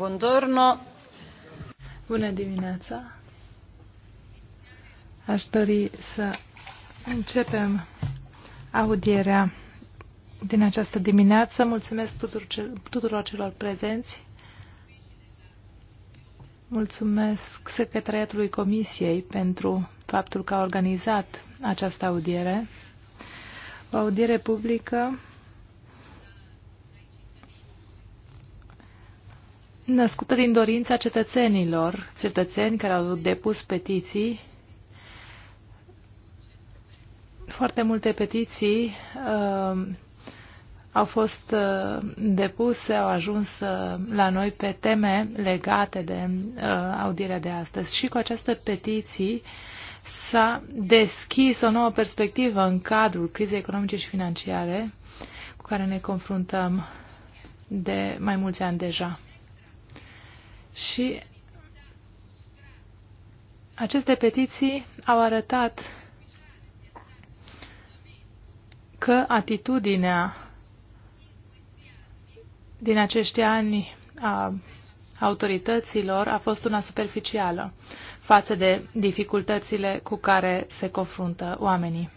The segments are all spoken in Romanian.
Buongiorno. Bună dimineața. Aș dori să începem audierea din această dimineață. Mulțumesc tuturor celor prezenți. Mulțumesc Secretariatului Comisiei pentru faptul că a organizat această audiere. O audiere publică născută din dorința cetățenilor, cetățeni care au depus petiții. Foarte multe petiții uh, au fost uh, depuse, au ajuns uh, la noi pe teme legate de uh, audierea de astăzi. Și cu aceste petiții s-a deschis o nouă perspectivă în cadrul crizei economice și financiare cu care ne confruntăm de mai mulți ani deja. Și aceste petiții au arătat că atitudinea din acești ani a autorităților a fost una superficială față de dificultățile cu care se confruntă oamenii.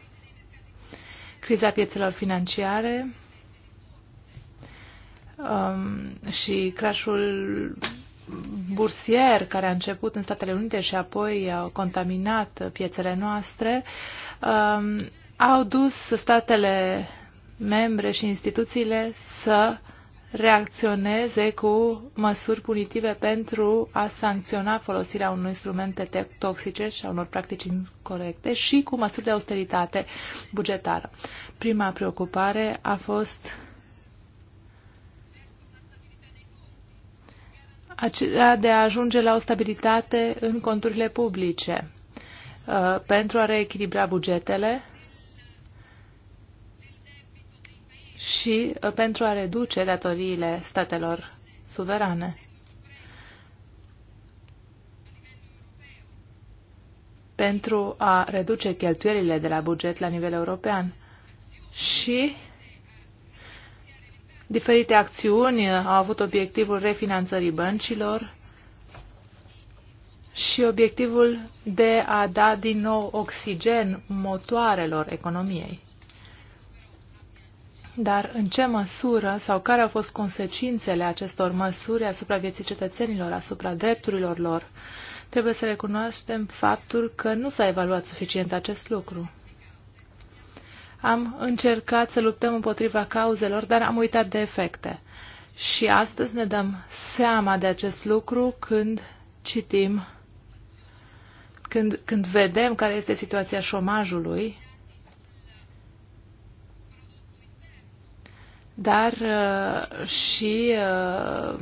Criza piețelor financiare um, și crashul bursier care a început în Statele Unite și apoi a contaminat piețele noastre, um, au dus statele membre și instituțiile să reacționeze cu măsuri punitive pentru a sancționa folosirea unor instrumente toxice și a unor practici incorrecte și cu măsuri de austeritate bugetară. Prima preocupare a fost aceea de a ajunge la o stabilitate în conturile publice uh, pentru a reechilibra bugetele și uh, pentru a reduce datoriile statelor suverane. pentru a reduce cheltuielile de la buget la nivel european și Diferite acțiuni au avut obiectivul refinanțării băncilor și obiectivul de a da din nou oxigen motoarelor economiei. Dar în ce măsură sau care au fost consecințele acestor măsuri asupra vieții cetățenilor, asupra drepturilor lor? Trebuie să recunoaștem faptul că nu s-a evaluat suficient acest lucru am încercat să luptăm împotriva cauzelor, dar am uitat de efecte. Și astăzi ne dăm seama de acest lucru când citim, când, când vedem care este situația șomajului, dar uh, și uh,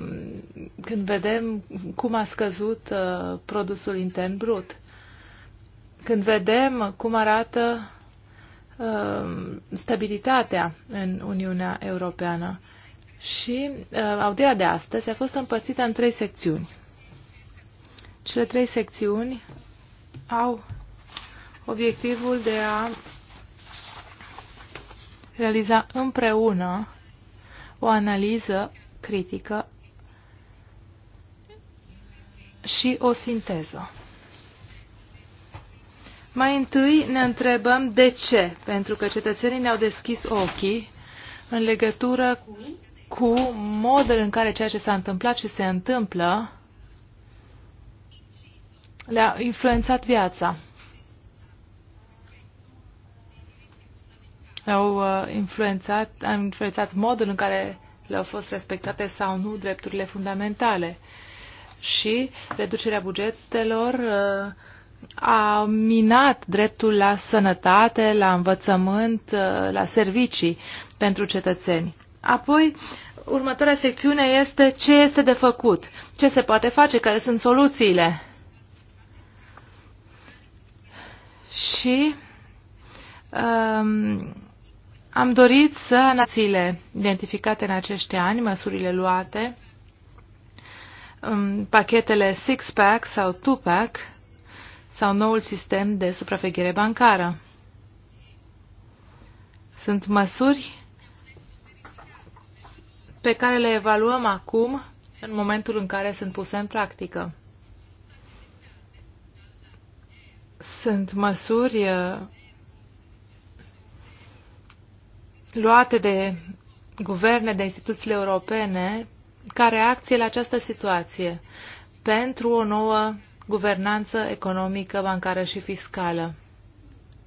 când vedem cum a scăzut uh, produsul intern brut, când vedem cum arată Um, stabilitatea în Uniunea Europeană. Și uh, audierea de astăzi a fost împărțită în trei secțiuni. Cele trei secțiuni au obiectivul de a realiza împreună o analiză critică și o sinteză. Mai întâi ne întrebăm de ce, pentru că cetățenii ne-au deschis ochii în legătură cu modul în care ceea ce s-a întâmplat și se întâmplă le-a influențat viața. Le-au uh, influențat, au influențat modul în care le-au fost respectate sau nu drepturile fundamentale și reducerea bugetelor uh, a minat dreptul la sănătate, la învățământ, uh, la servicii pentru cetățeni. Apoi, următoarea secțiune este ce este de făcut, ce se poate face, care sunt soluțiile. Și um, am dorit să națiile identificate în acești ani, măsurile luate, um, pachetele six-pack sau two-pack, sau noul sistem de supraveghere bancară. Sunt măsuri pe care le evaluăm acum în momentul în care sunt puse în practică. Sunt măsuri uh, luate de guverne, de instituțiile europene, ca reacție la această situație pentru o nouă guvernanță economică, bancară și fiscală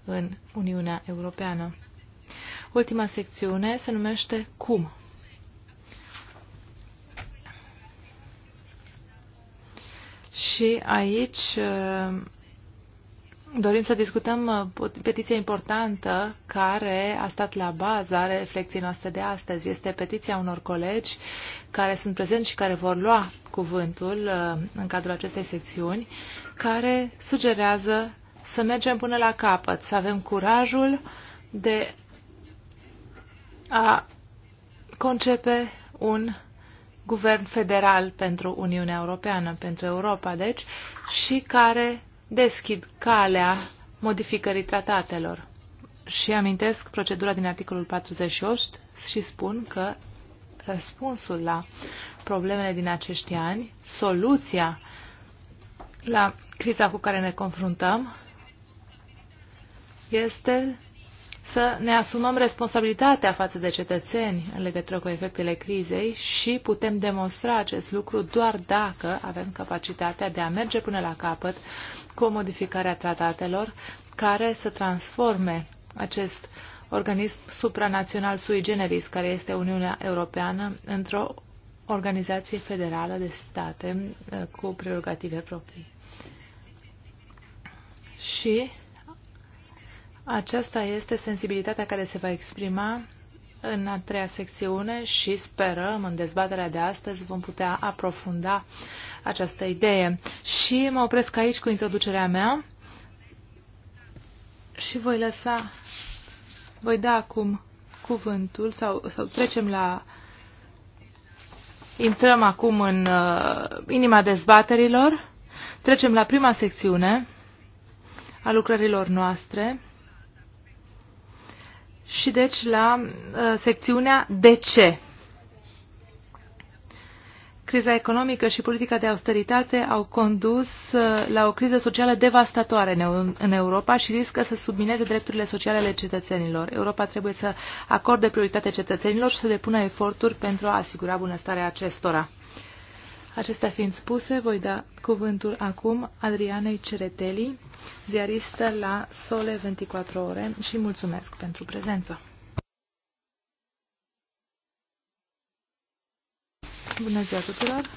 în Uniunea Europeană. Ultima secțiune se numește Cum. Și aici Dorim să discutăm uh, petiția importantă care a stat la baza reflexiei noastre de astăzi. Este petiția unor colegi care sunt prezenți și care vor lua cuvântul uh, în cadrul acestei secțiuni, care sugerează să mergem până la capăt, să avem curajul de a concepe un guvern federal pentru Uniunea Europeană, pentru Europa, deci, și care deschid calea modificării tratatelor. Și amintesc procedura din articolul 48 și spun că răspunsul la problemele din acești ani, soluția la criza cu care ne confruntăm, este să ne asumăm responsabilitatea față de cetățeni în legătură cu efectele crizei și putem demonstra acest lucru doar dacă avem capacitatea de a merge până la capăt cu o modificare a tratatelor care să transforme acest organism supranațional sui generis, care este Uniunea Europeană, într-o organizație federală de state eh, cu prerogative proprii. Și aceasta este sensibilitatea care se va exprima în a treia secțiune și sperăm în dezbaterea de astăzi vom putea aprofunda această idee. Și mă opresc aici cu introducerea mea și voi lăsa, voi da acum cuvântul sau, sau trecem la intrăm acum în uh, inima dezbaterilor. Trecem la prima secțiune a lucrărilor noastre și deci la uh, secțiunea De ce? Criza economică și politica de austeritate au condus uh, la o criză socială devastatoare în, în Europa și riscă să submineze drepturile sociale ale cetățenilor. Europa trebuie să acorde prioritate cetățenilor și să depună eforturi pentru a asigura bunăstarea acestora. Acestea fiind spuse, voi da cuvântul acum Adrianei Cereteli, ziaristă la Sole 24 ore și mulțumesc pentru prezență. Bună ziua tuturor!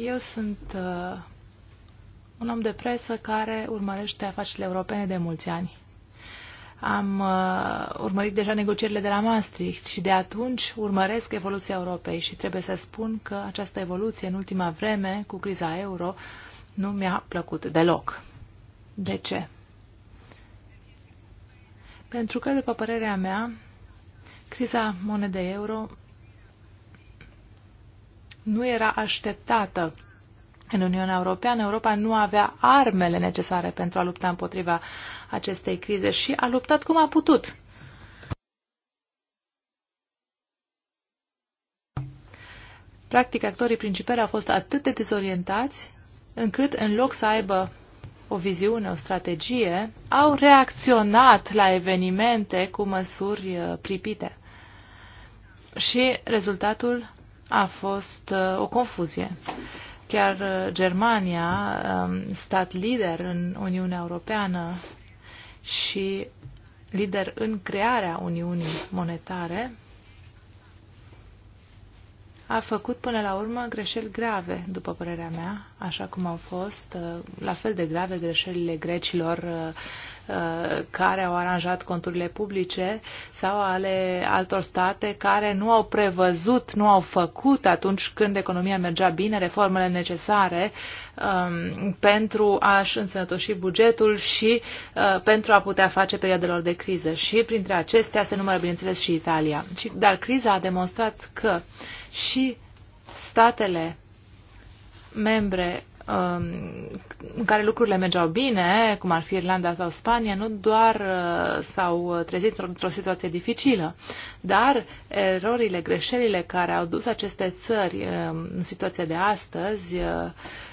Eu sunt un om de presă care urmărește afacerile europene de mulți ani. Am uh, urmărit deja negocierile de la Maastricht și de atunci urmăresc evoluția Europei și trebuie să spun că această evoluție în ultima vreme, cu criza euro, nu mi-a plăcut deloc. De ce? Pentru că, după părerea mea, criza monedei euro nu era așteptată în Uniunea Europeană, Europa nu avea armele necesare pentru a lupta împotriva acestei crize și a luptat cum a putut. Practic, actorii principali au fost atât de dezorientați încât, în loc să aibă o viziune, o strategie, au reacționat la evenimente cu măsuri uh, pripite. Și rezultatul a fost uh, o confuzie. Chiar uh, Germania, um, stat lider în Uniunea Europeană și lider în crearea Uniunii Monetare, a făcut până la urmă greșeli grave, după părerea mea, așa cum au fost uh, la fel de grave greșelile grecilor uh, Uh, care au aranjat conturile publice sau ale altor state care nu au prevăzut, nu au făcut atunci când economia mergea bine reformele necesare um, pentru a-și însănătoși bugetul și uh, pentru a putea face perioadelor de criză. Și printre acestea se numără, bineînțeles, și Italia. Dar criza a demonstrat că și statele membre Um, în care lucrurile mergeau bine, cum ar fi Irlanda sau Spania, nu doar uh, s-au uh, trezit într-o situație dificilă, dar erorile, greșelile care au dus aceste țări um, în situația de astăzi, uh,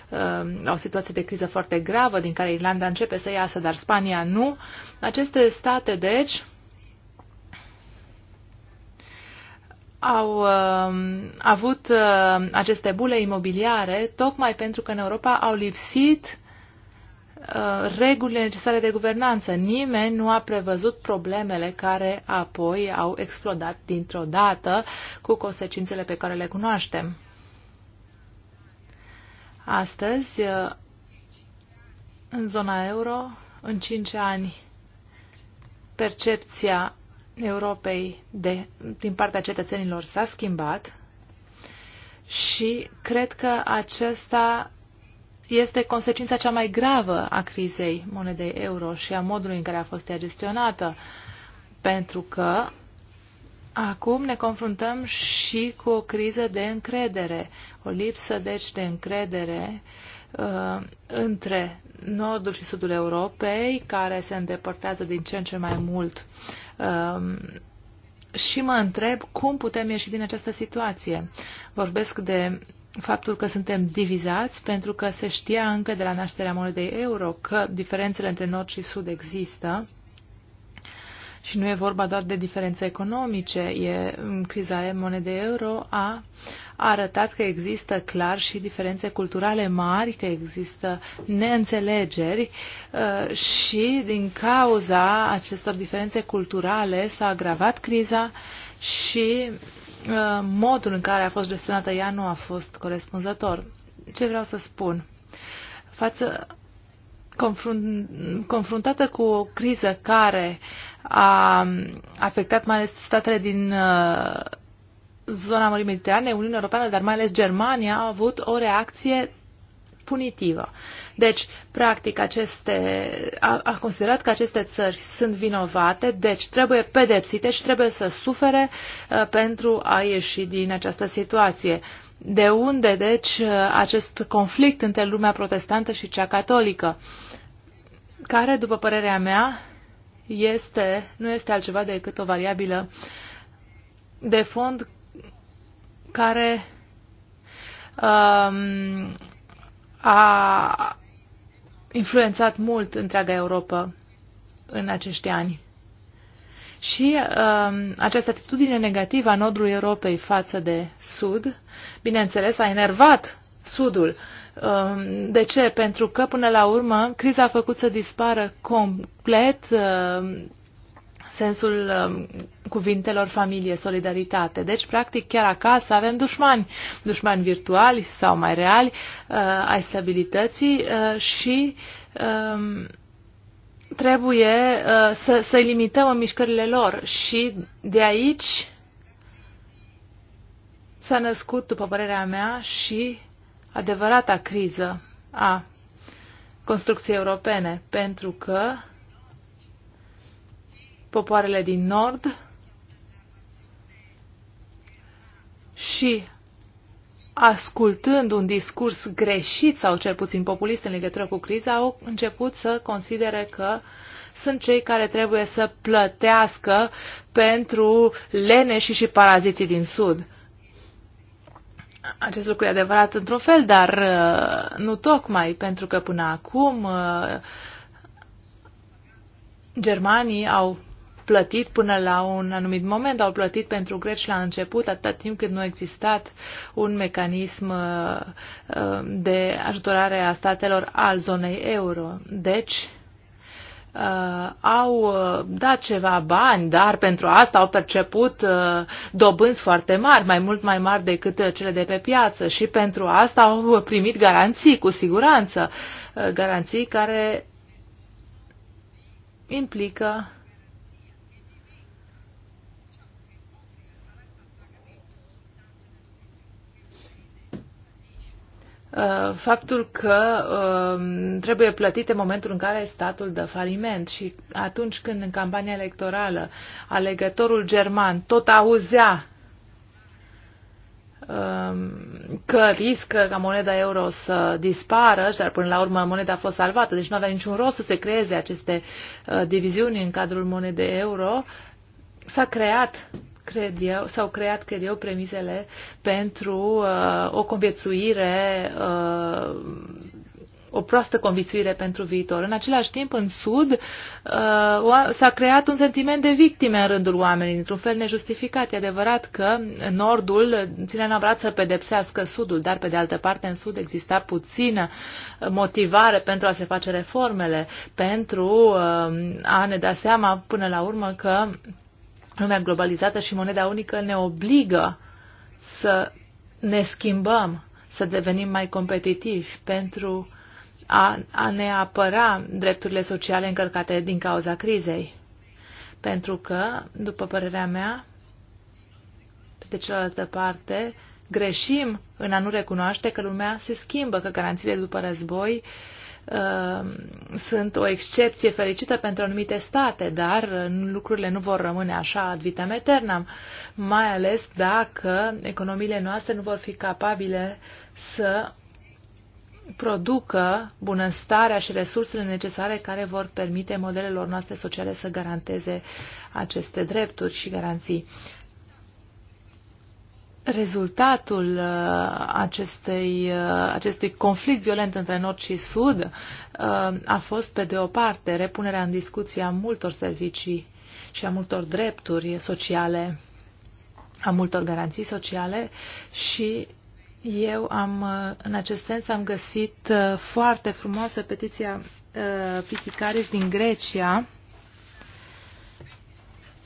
um, o situație de criză foarte gravă, din care Irlanda începe să iasă, dar Spania nu, aceste state, deci, au uh, avut uh, aceste bule imobiliare tocmai pentru că în Europa au lipsit uh, regulile necesare de guvernanță. Nimeni nu a prevăzut problemele care apoi au explodat dintr-o dată cu consecințele pe care le cunoaștem. Astăzi, uh, în zona euro, în 5 ani, percepția Europei de, din partea cetățenilor s-a schimbat și cred că acesta este consecința cea mai gravă a crizei monedei euro și a modului în care a fost ea gestionată, pentru că acum ne confruntăm și cu o criză de încredere, o lipsă deci de încredere uh, între nordul și sudul Europei, care se îndepărtează din ce în ce mai mult Um, și mă întreb cum putem ieși din această situație. Vorbesc de faptul că suntem divizați pentru că se știa încă de la nașterea monedei euro că diferențele între nord și sud există și nu e vorba doar de diferențe economice, e, criza monede euro a arătat că există clar și diferențe culturale mari, că există neînțelegeri ă, și din cauza acestor diferențe culturale s-a agravat criza și ă, modul în care a fost gestionată ea nu a fost corespunzător. Ce vreau să spun? Față confruntată cu o criză care a afectat mai ales statele din uh, zona Mării Mediterane, Uniunea Europeană, dar mai ales Germania, au avut o reacție punitivă. Deci, practic, aceste, a, a considerat că aceste țări sunt vinovate, deci trebuie pedepsite și trebuie să sufere a, uh, pentru a ieși din această situație. De unde, deci, uh, acest conflict între lumea protestantă și cea catolică, care, după părerea mea, este, nu este altceva decât o variabilă de fond care um, a influențat mult întreaga Europa în acești ani. Și um, această atitudine negativă a nodului Europei față de Sud, bineînțeles, a enervat Sudul. Uh, Um, de ce? Pentru că, până la urmă, criza a făcut să dispară complet um, sensul um, cuvintelor familie, solidaritate. Deci, practic, chiar acasă avem dușmani, dușmani virtuali sau mai reali uh, ai stabilității uh, și trebuie uh, să, să limităm în mișcările lor și de aici s-a născut, după părerea mea, și adevărata criză a construcției europene, pentru că popoarele din nord și ascultând un discurs greșit sau cel puțin populist în legătură cu criza, au început să considere că sunt cei care trebuie să plătească pentru leneșii și paraziții din Sud. Acest lucru e adevărat într-un fel, dar uh, nu tocmai, pentru că până acum uh, germanii au plătit până la un anumit moment, au plătit pentru greci la început, atât timp cât nu a existat un mecanism uh, de ajutorare a statelor al zonei euro. Deci, uh, au uh, dat ceva bani, dar pentru asta au perceput uh, dobânzi foarte mari, mai mult mai mari decât uh, cele de pe piață și pentru asta au uh, primit garanții, cu siguranță, uh, garanții care implică Uh, faptul că um, trebuie plătite în momentul în care statul dă faliment și atunci când în campania electorală alegătorul german tot auzea um, că riscă ca moneda euro să dispară, dar până la urmă moneda a fost salvată, deci nu avea niciun rost să se creeze aceste uh, diviziuni în cadrul monedei euro, s-a creat cred eu, s-au creat, cred eu, premisele pentru uh, o conviețuire uh, o proastă conviețuire pentru viitor. În același timp, în Sud uh, s-a creat un sentiment de victime în rândul oamenilor, într-un fel nejustificat. E adevărat că Nordul ține neapărat să pedepsească Sudul, dar pe de altă parte în Sud exista puțină motivare pentru a se face reformele, pentru uh, a ne da seama până la urmă că lumea globalizată și moneda unică ne obligă să ne schimbăm, să devenim mai competitivi pentru a, a ne apăra drepturile sociale încărcate din cauza crizei. Pentru că, după părerea mea, de cealaltă parte, greșim în a nu recunoaște că lumea se schimbă, că garanțiile după război uh, Ehm, sunt o excepție fericită pentru anumite state, dar uh, lucrurile nu vor rămâne așa ad vitam aeternam, mai ales dacă economiile noastre nu vor fi capabile să producă bunăstarea și resursele necesare care vor permite modelelor noastre sociale să garanteze aceste drepturi și garanții rezultatul uh, acestei, uh, acestui conflict violent între Nord și Sud uh, a fost, pe de o parte, repunerea în discuție a multor servicii și a multor drepturi sociale, a multor garanții sociale și eu am, în acest sens, am găsit foarte frumoasă petiția Piticaris din Grecia,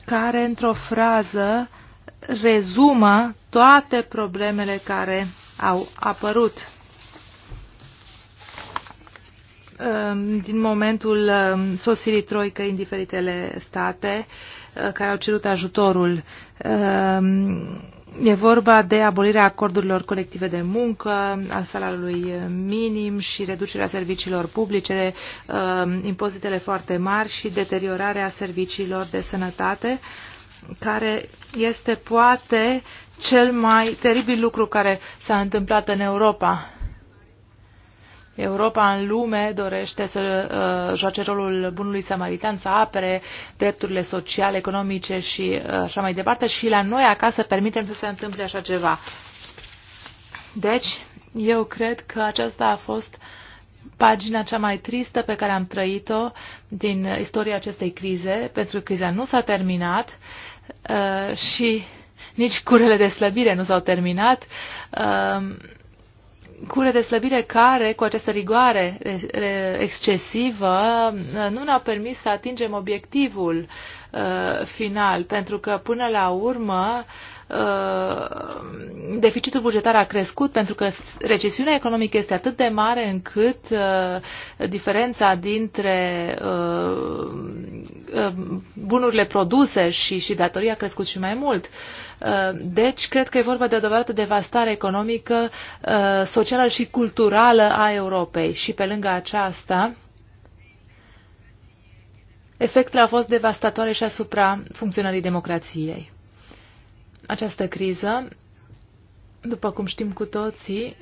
care, într-o frază, rezumă toate problemele care au apărut din momentul um, sosirii troică în diferitele state uh, care au cerut ajutorul. Um, e vorba de abolirea acordurilor colective de muncă, a salariului uh, minim și reducerea serviciilor publice, um, impozitele foarte mari și deteriorarea serviciilor de sănătate care este poate cel mai teribil lucru care s-a întâmplat în Europa. Europa în lume dorește să uh, joace rolul bunului samaritan, să apere drepturile sociale, economice și uh, așa mai departe și la noi acasă permitem să se întâmple așa ceva. Deci, eu cred că aceasta a fost pagina cea mai tristă pe care am trăit-o din istoria acestei crize, pentru că criza nu s-a terminat. Uh, Uh, și nici curele de slăbire nu s-au terminat. Um, curele cure de slăbire care, cu această rigoare excesivă, uh, nu ne-au permis să atingem obiectivul uh, final, pentru că până la urmă Uh, deficitul bugetar a crescut pentru că recesiunea economică este atât de mare încât uh, diferența dintre uh, bunurile produse și, și datoria a crescut și mai mult. Deci, cred că e vorba de o adevărată devastare economică, socială și culturală a Europei. Și pe lângă aceasta, efectele au fost devastatoare și asupra funcționării democrației. Această criză, după cum știm cu toții,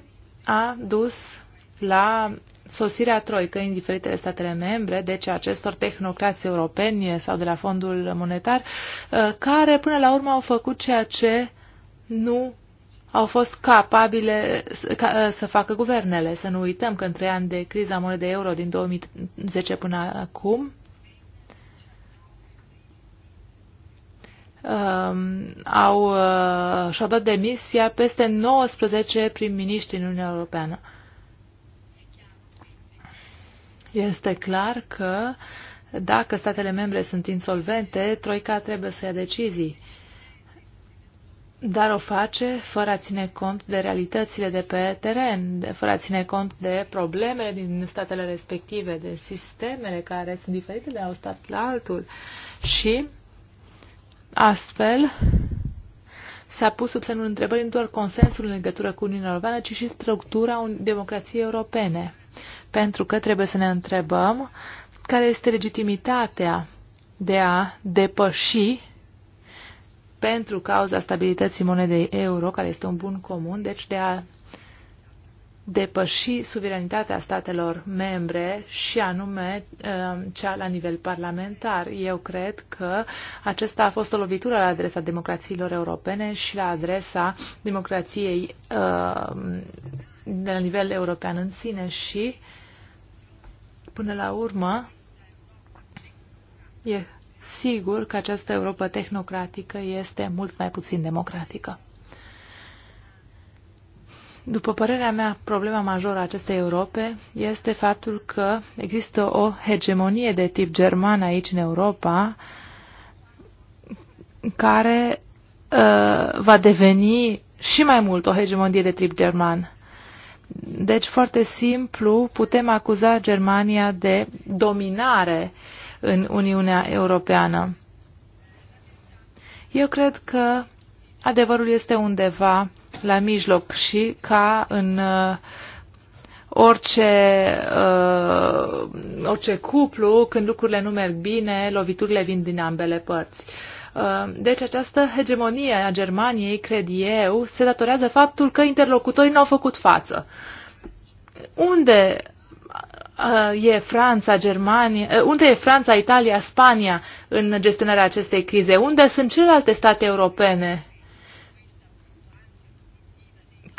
a dus la sosirea troică în diferitele statele membre, deci acestor tehnocrați europeni sau de la fondul monetar, uh, care până la urmă au făcut ceea ce nu au fost capabile uh, să facă guvernele. Să nu uităm că în trei ani de criza monedei euro din 2010 până acum, uh, au, uh, și-au dat demisia peste 19 prim-miniștri în Uniunea Europeană. Este clar că dacă statele membre sunt insolvente, Troica trebuie să ia decizii dar o face fără a ține cont de realitățile de pe teren, fără a ține cont de problemele din statele respective, de sistemele care sunt diferite de la un stat la altul și Astfel, s-a pus sub semnul întrebării nu doar consensul în legătură cu Uniunea Europeană, ci și structura democrației europene. Pentru că trebuie să ne întrebăm care este legitimitatea de a depăși pentru cauza stabilității monedei euro, care este un bun comun, deci de a depăși suveranitatea statelor membre și anume um, cea la nivel parlamentar. Eu cred că acesta a fost o lovitură la adresa democrațiilor europene și la adresa democrației um, de la nivel european în sine și până la urmă e sigur că această Europa tehnocratică este mult mai puțin democratică. După părerea mea, problema majoră a acestei Europe este faptul că există o hegemonie de tip german aici în Europa care uh, va deveni și mai mult o hegemonie de tip german. Deci, foarte simplu, putem acuza Germania de dominare în Uniunea Europeană. Eu cred că adevărul este undeva la mijloc și ca în uh, orice, uh, orice cuplu, când lucrurile nu merg bine, loviturile vin din ambele părți. Uh, deci această hegemonie a Germaniei, cred eu, se datorează faptul că interlocutorii n-au făcut față. Unde uh, e Franța, Germania, uh, unde e Franța, Italia, Spania în gestionarea acestei crize? Unde sunt celelalte state europene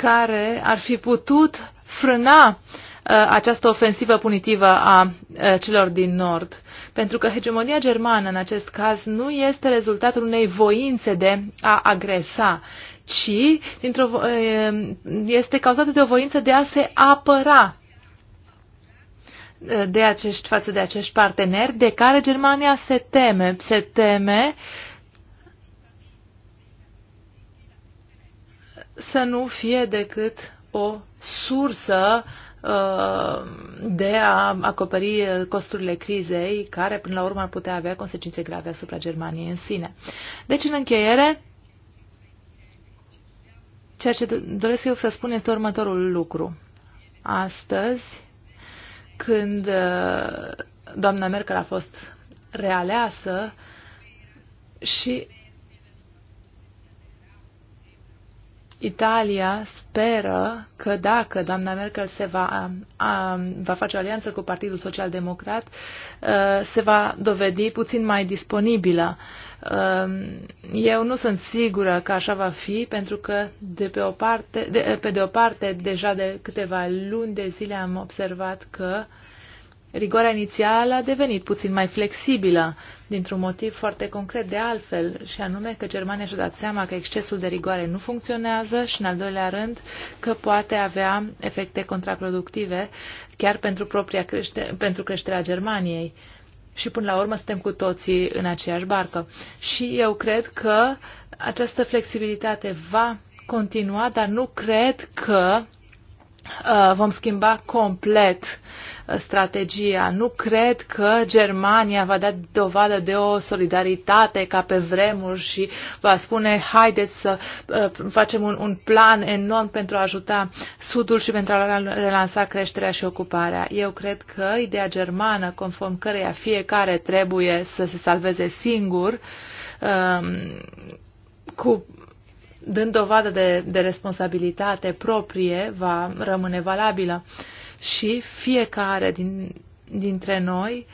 care ar fi putut frâna uh, această ofensivă punitivă a uh, celor din Nord. Pentru că hegemonia germană, în acest caz, nu este rezultatul unei voințe de a agresa, ci uh, este cauzată de o voință de a se apăra uh, de acești, față de acești parteneri de care Germania se teme. Se teme uh, să nu fie decât o sursă uh, de a acoperi costurile crizei, care până la urmă ar putea avea consecințe grave asupra Germaniei în sine. Deci, în încheiere, ceea ce doresc eu să spun este următorul lucru. Astăzi, când uh, doamna Merkel a fost realeasă și Italia speră că dacă doamna Merkel se va, a, um, um, va face o alianță cu Partidul Social Democrat, uh, se va dovedi puțin mai disponibilă. Um, eu nu sunt sigură că așa va fi, pentru că de pe, o parte, de, pe de o parte, deja de câteva luni de zile am observat că uh, rigoarea inițială a devenit puțin mai flexibilă, dintr-un motiv foarte concret de altfel, și anume că Germania și-a dat seama că excesul de rigoare nu funcționează și, în al doilea rând, că poate avea efecte contraproductive chiar pentru, propria crește- pentru creșterea Germaniei. Și până la urmă suntem cu toții în aceeași barcă. Și eu cred că această flexibilitate va continua, dar nu cred că uh, vom schimba complet uh, Uh, strategia. Nu cred că Germania va da dovadă de o solidaritate ca pe vremuri și va spune haideți să uh, facem un, un plan enorm pentru a ajuta Sudul și pentru a relansa creșterea și ocuparea. Eu cred că ideea germană, conform căreia fiecare trebuie să se salveze singur, um, cu dând dovadă de, de responsabilitate proprie, va rămâne valabilă. Uh, și fiecare din, dintre noi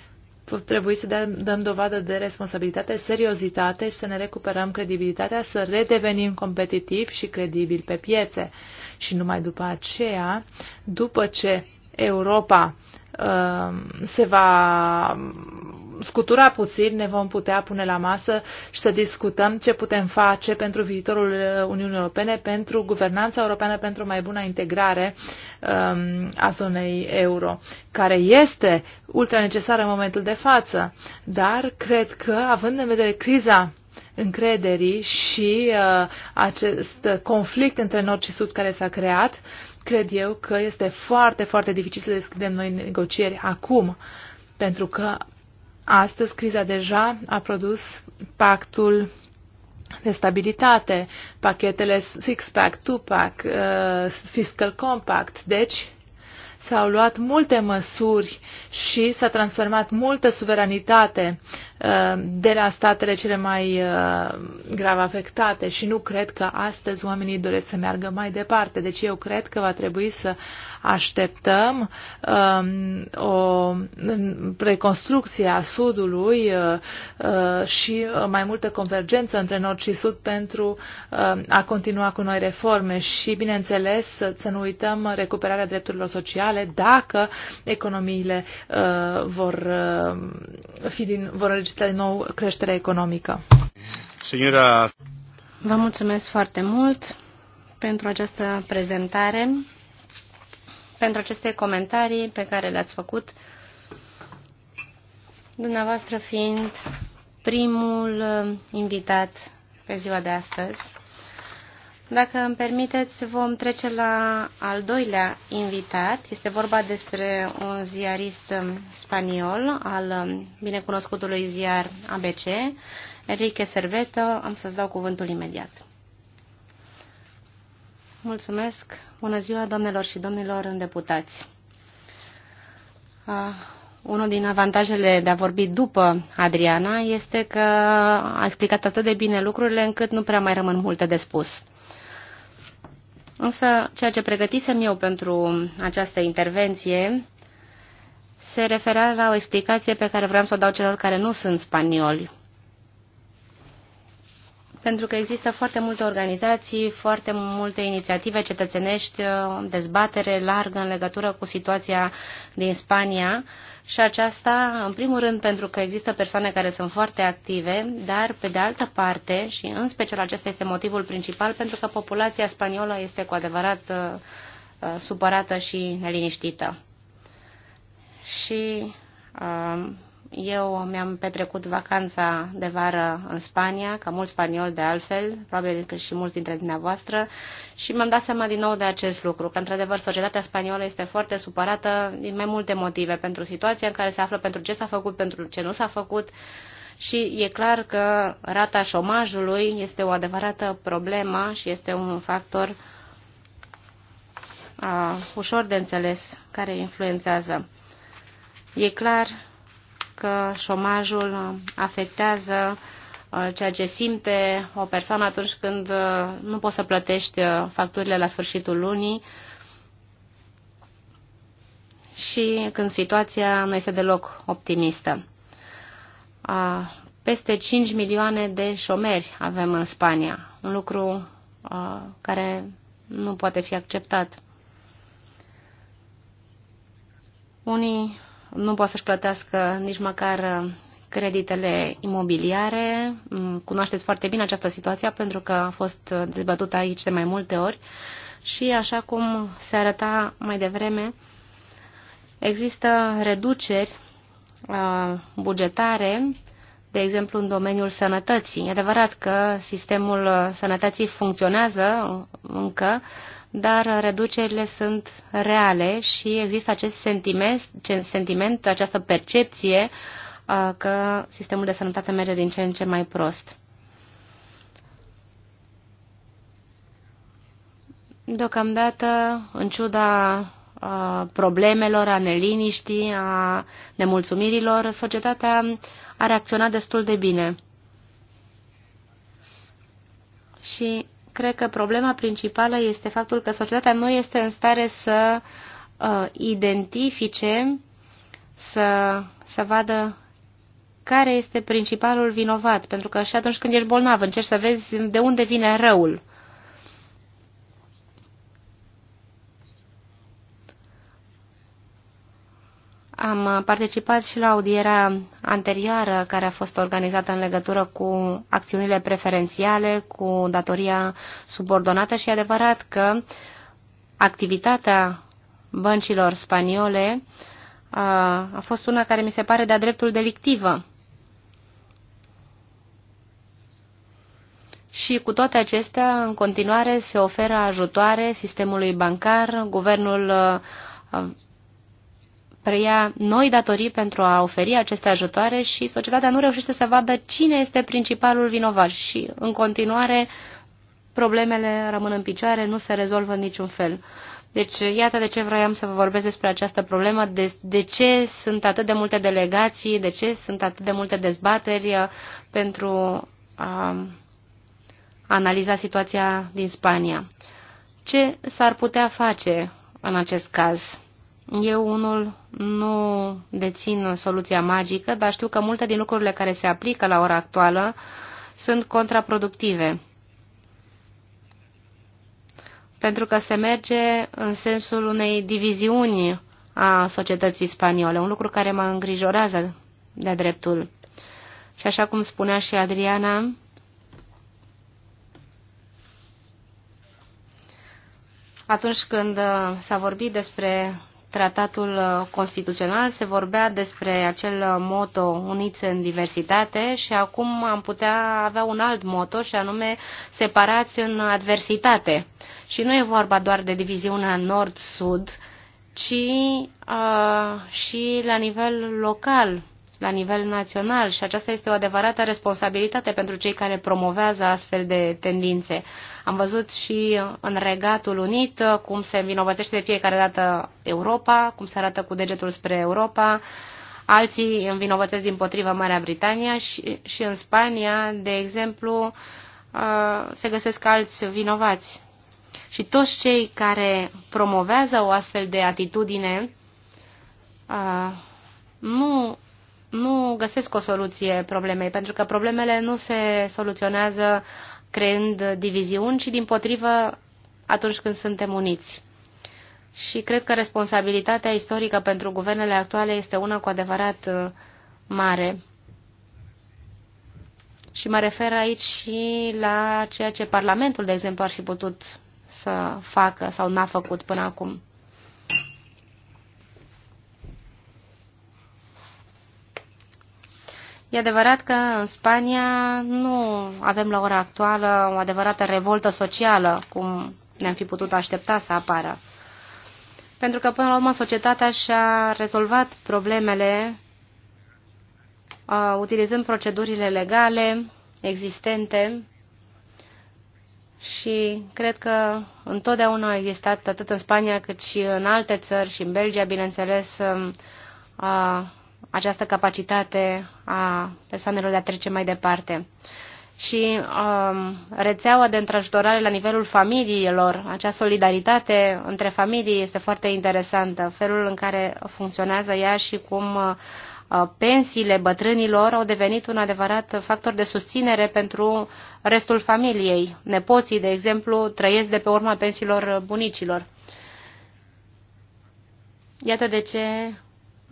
trebuie să dăm, dăm dovadă de responsabilitate, seriozitate și să ne recuperăm credibilitatea, să redevenim competitivi și credibili pe piețe. Și numai după aceea, după ce Europa Um, se va scutura puțin, ne vom putea pune la masă și să discutăm ce putem face pentru viitorul uh, Uniunii Europene, pentru guvernanța europeană, pentru mai bună integrare um, a zonei euro, care este ultra necesară în momentul de față, dar cred că, având în vedere criza încrederii și uh, acest conflict între nord și sud care s-a creat, cred eu că este foarte, foarte dificil să deschidem noi negocieri acum, pentru că astăzi criza deja a produs pactul de stabilitate, pachetele six-pack, two-pack, uh, fiscal compact. Deci, s-au luat multe măsuri și s-a transformat multă suveranitate uh, de la statele cele mai uh, grav afectate și nu cred că astăzi oamenii doresc să meargă mai departe. Deci eu cred că va trebui să Așteptăm um, o reconstrucție a Sudului uh, uh, și mai multă convergență între Nord și Sud pentru uh, a continua cu noi reforme și, bineînțeles, să nu uităm recuperarea drepturilor sociale dacă economiile uh, vor, uh, fi din, vor registra din nou creștere economică. Signora... Vă mulțumesc foarte mult pentru această prezentare pentru aceste comentarii pe care le-ați făcut, dumneavoastră fiind primul uh, invitat pe ziua de astăzi. Dacă îmi permiteți, vom trece la al doilea invitat. Este vorba despre un ziarist um, spaniol al um, binecunoscutului ziar ABC, Enrique Serveto. Am să-ți dau cuvântul imediat. Mulțumesc. Bună ziua, doamnelor și domnilor îndeputați. Uh, unul din avantajele de a vorbi după Adriana este că a explicat atât de bine lucrurile încât nu prea mai rămân multe de spus. Însă, ceea ce pregătisem eu pentru această intervenție se referea la o explicație pe care vreau să o dau celor care nu sunt spanioli pentru că există foarte multe organizații, foarte multe inițiative cetățenești, uh, dezbatere largă în legătură cu situația din Spania și aceasta, în primul rând, pentru că există persoane care sunt foarte active, dar, pe de altă parte, și în special acesta este motivul principal, pentru că populația spaniolă este cu adevărat uh, uh, supărată și neliniștită. Și eu mi-am petrecut vacanța de vară în Spania, ca mulți spanioli de altfel, probabil că și mulți dintre dumneavoastră, și mi-am dat seama din nou de acest lucru, că într-adevăr societatea spaniolă este foarte supărată din mai multe motive, pentru situația în care se află, pentru ce s-a făcut, pentru ce nu s-a făcut, și e clar că rata șomajului este o adevărată problemă și este un factor uh, ușor de înțeles care influențează. E clar că șomajul afectează uh, ceea ce simte o persoană atunci când uh, nu poți să plătești uh, facturile la sfârșitul lunii și când situația nu este deloc optimistă. Peste 5 milioane de șomeri avem în Spania, un lucru care nu poate fi acceptat. Unii nu poate să-și plătească nici măcar creditele imobiliare. Mm, cunoașteți foarte bine această situație pentru că a fost dezbătută aici de mai multe ori și așa cum se arăta mai devreme, există reduceri bugetare, de exemplu în domeniul sănătății. E adevărat că sistemul sănătății funcționează încă, dar reducerile sunt reale și există acest sentiment, sentiment această percepție uh, că sistemul de sănătate merge din ce în ce mai prost. Deocamdată, în ciuda uh, problemelor, a neliniștii, a nemulțumirilor, societatea a reacționat destul de bine. Și cred că problema principală este faptul că societatea nu este în stare să uh, identifice, să, să vadă care este principalul vinovat. Pentru că și atunci când ești bolnav, încerci să vezi de unde vine răul. Uh, Am participat și la audierea anterioară care a fost organizată în legătură cu acțiunile preferențiale, cu datoria subordonată și adevărat că activitatea băncilor spaniole a, a fost una care mi se pare de-a dreptul delictivă. Și cu toate acestea, în continuare se oferă ajutoare sistemului bancar, guvernul a, preia noi datorii pentru a oferi aceste ajutoare și societatea nu reușește să vadă cine este principalul vinovat și, în continuare, problemele rămân în picioare, nu se rezolvă în niciun fel. Deci, iată de ce vroiam să vă vorbesc despre această problemă, de, de ce sunt atât de multe delegații, de ce sunt atât de multe dezbateri uh, pentru a um, analiza situația din Spania. Ce s-ar putea face în acest caz? Eu unul nu dețin soluția magică, dar știu că multe din lucrurile care se aplică la ora actuală sunt contraproductive. Pentru că se merge în sensul unei diviziuni a societății spaniole, un lucru care mă îngrijorează de dreptul. Și așa cum spunea și Adriana, atunci când s-a vorbit despre tratatul uh, constituțional se vorbea despre acel uh, moto uniți în diversitate și acum am putea avea un alt moto și anume separați în adversitate. Și nu e vorba doar de diviziunea nord-sud, ci uh, și la nivel local la nivel național și aceasta este o adevărată responsabilitate pentru cei care promovează astfel de tendințe. Am văzut și în Regatul Unit uh, cum se învinovățește de fiecare dată Europa, cum se arată cu degetul spre Europa, alții învinovățesc din potriva Marea Britania și, și în Spania, de exemplu, uh, se găsesc alți vinovați. Și toți cei care promovează o astfel de atitudine uh, nu nu găsesc o soluție problemei, pentru că problemele nu se soluționează creând diviziuni, ci din potrivă atunci când suntem uniți. Și cred că responsabilitatea istorică pentru guvernele actuale este una cu adevărat uh, mare. Și mă refer aici și la ceea ce Parlamentul, de exemplu, ar fi putut să facă sau n-a făcut până acum. E adevărat că în Spania nu avem la ora actuală o adevărată revoltă socială, cum ne-am fi putut aștepta să apară. Pentru că, până la urmă, societatea și-a rezolvat problemele uh, utilizând procedurile legale existente și cred că întotdeauna a existat, atât în Spania cât și în alte țări și în Belgia, bineînțeles, um, uh, această capacitate a persoanelor de a trece mai departe. Și um, rețeaua de întrajutorare la nivelul familiilor, acea solidaritate între familii este foarte interesantă, felul în care funcționează ea și cum uh, pensiile bătrânilor au devenit un adevărat factor de susținere pentru restul familiei. Nepoții, de exemplu, trăiesc de pe urma pensiilor bunicilor. Iată de ce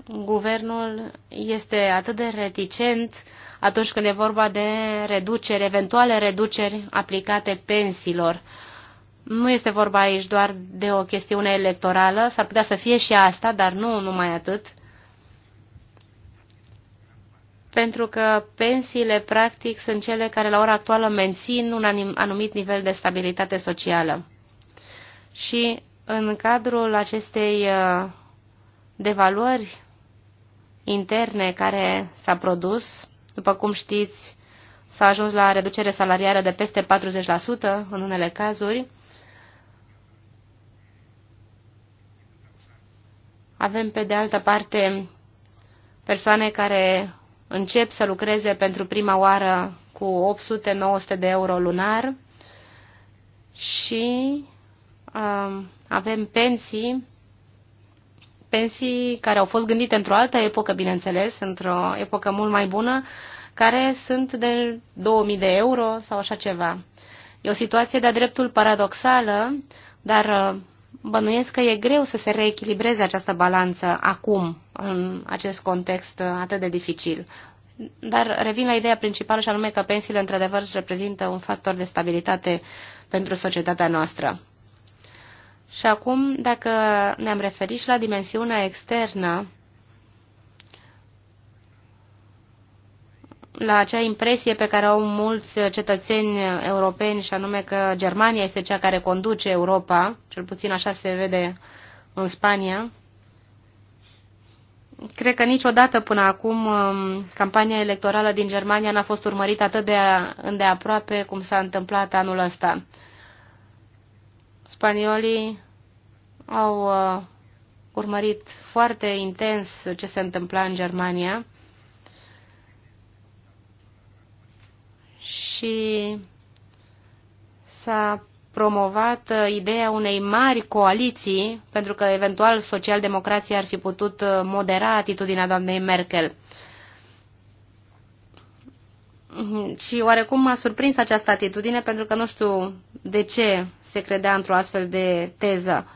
guvernul este atât de reticent atunci când e vorba de reduceri, eventuale reduceri aplicate pensiilor. Nu este vorba aici doar de o chestiune electorală, s-ar putea să fie și asta, dar nu numai atât. Pentru că pensiile, practic, sunt cele care la ora actuală mențin un anumit nivel de stabilitate socială. Și în cadrul acestei uh, devaluări interne care s-a produs. După cum știți, s-a ajuns la reducere salariară de peste 40% în unele cazuri. Avem, pe de altă parte, persoane care încep să lucreze pentru prima oară cu 800-900 de euro lunar și uh, avem pensii pensii care au fost gândite într-o altă epocă, bineînțeles, într-o epocă mult mai bună, care sunt de 2000 de euro sau așa ceva. E o situație de-a dreptul paradoxală, dar uh, bănuiesc că e greu să se reechilibreze această balanță acum, în acest context uh, atât de dificil. Dar revin la ideea principală și anume că pensiile într-adevăr reprezintă un factor de stabilitate pentru societatea noastră. Și acum, dacă ne-am referit și la dimensiunea externă, la acea impresie pe care au mulți cetățeni europeni, și anume că Germania este cea care conduce Europa, cel puțin așa se vede în Spania, Cred că niciodată până acum um, campania electorală din Germania n-a fost urmărită atât de îndeaproape cum s-a întâmplat anul ăsta. Spaniolii au uh, urmărit foarte intens ce se întâmpla în Germania și s-a promovat uh, ideea unei mari coaliții, pentru că eventual socialdemocrația ar fi putut uh, modera atitudinea doamnei Merkel. Și oarecum m-a surprins această atitudine, pentru că nu știu de ce se credea într-o astfel de teză.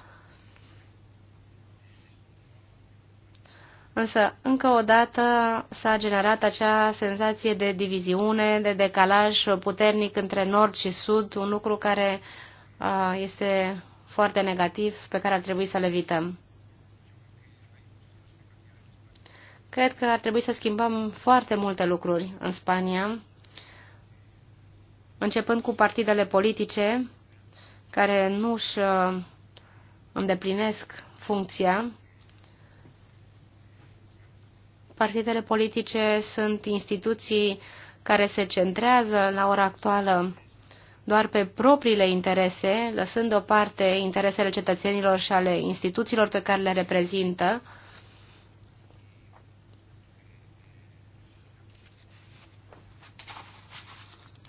Însă, încă o dată s-a generat acea senzație de diviziune, de decalaj puternic între nord și sud, un lucru care uh, este foarte negativ, pe care ar trebui să-l evităm. Cred că ar trebui să schimbăm foarte multe lucruri în Spania, începând cu partidele politice, care nu își uh, îndeplinesc funcția Partidele politice sunt instituții care se centrează la ora actuală doar pe propriile interese, lăsând deoparte interesele cetățenilor și ale instituțiilor pe care le reprezintă,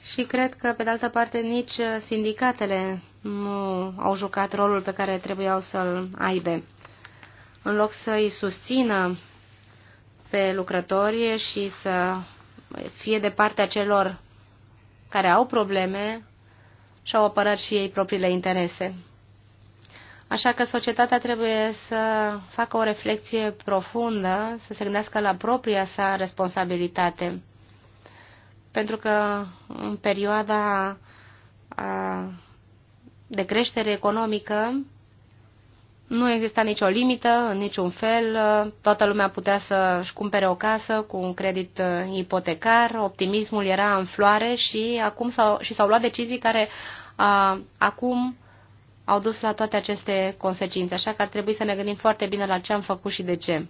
Și cred că, pe de altă parte, nici sindicatele nu au jucat rolul pe care trebuiau să-l aibă. În loc să îi susțină pe lucrători și să fie de partea celor care au probleme și au apărat și ei propriile interese. Așa că societatea trebuie să facă o reflexie profundă, să se gândească la propria sa responsabilitate. Pentru că în perioada de creștere economică, nu exista nicio limită, în niciun fel. Toată lumea putea să-și cumpere o casă cu un credit uh, ipotecar. Optimismul era în floare și acum s-au, și au luat decizii care a, acum au dus la toate aceste consecințe. Așa că ar trebui să ne gândim foarte bine la ce am făcut și de ce.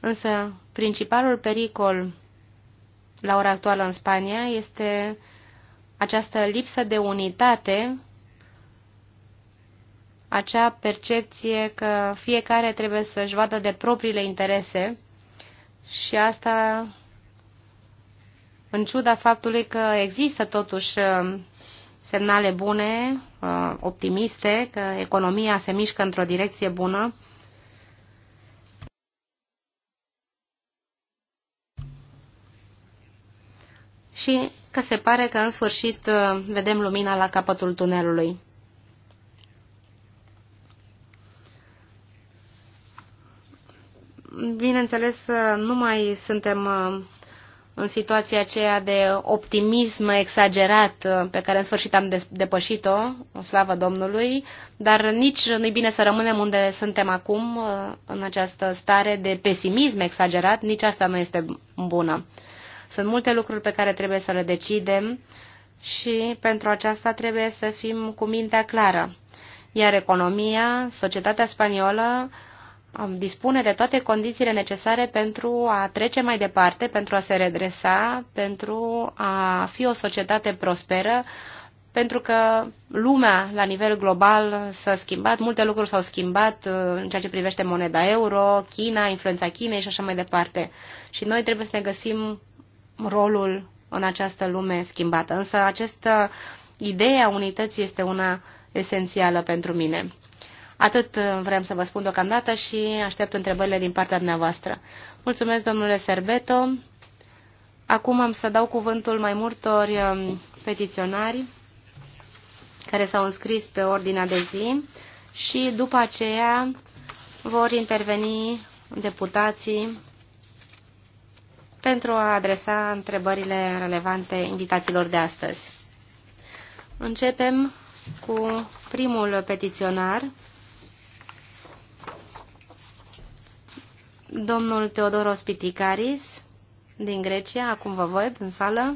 Însă, principalul pericol la ora actuală în Spania este această lipsă de unitate acea percepție că fiecare trebuie să-și vadă de propriile interese și asta în ciuda faptului că există totuși uh, semnale bune, uh, optimiste, că economia se mișcă într-o direcție bună. Și că se pare că în sfârșit uh, vedem lumina la capătul tunelului. bineînțeles, nu mai suntem uh, în situația aceea de optimism exagerat uh, pe care în sfârșit am depășit-o, o slavă Domnului, dar nici nu-i bine să rămânem unde suntem acum, uh, în această stare de pesimism exagerat, nici asta nu este bună. Sunt multe lucruri pe care trebuie să le decidem și pentru aceasta trebuie să fim cu mintea clară. Iar economia, societatea spaniolă, dispune de toate condițiile necesare pentru a trece mai departe, pentru a se redresa, pentru a fi o societate prosperă, pentru că lumea la nivel global s-a schimbat, multe lucruri s-au schimbat uh, în ceea ce privește moneda euro, China, influența Chinei și așa mai departe. Și noi trebuie să ne găsim rolul în această lume schimbată. Însă această idee a unității este una esențială pentru mine. Atât uh, vrem să vă spun deocamdată și aștept întrebările din partea dumneavoastră. Mulțumesc, domnule Serbeto. Acum am să dau cuvântul mai multor um, petiționari care s-au înscris pe ordinea de zi și după aceea vor interveni deputații pentru a adresa întrebările relevante invitațiilor de astăzi. Începem cu primul petiționar, domnul Teodoros Piticaris din Grecia, acum vă văd în sală,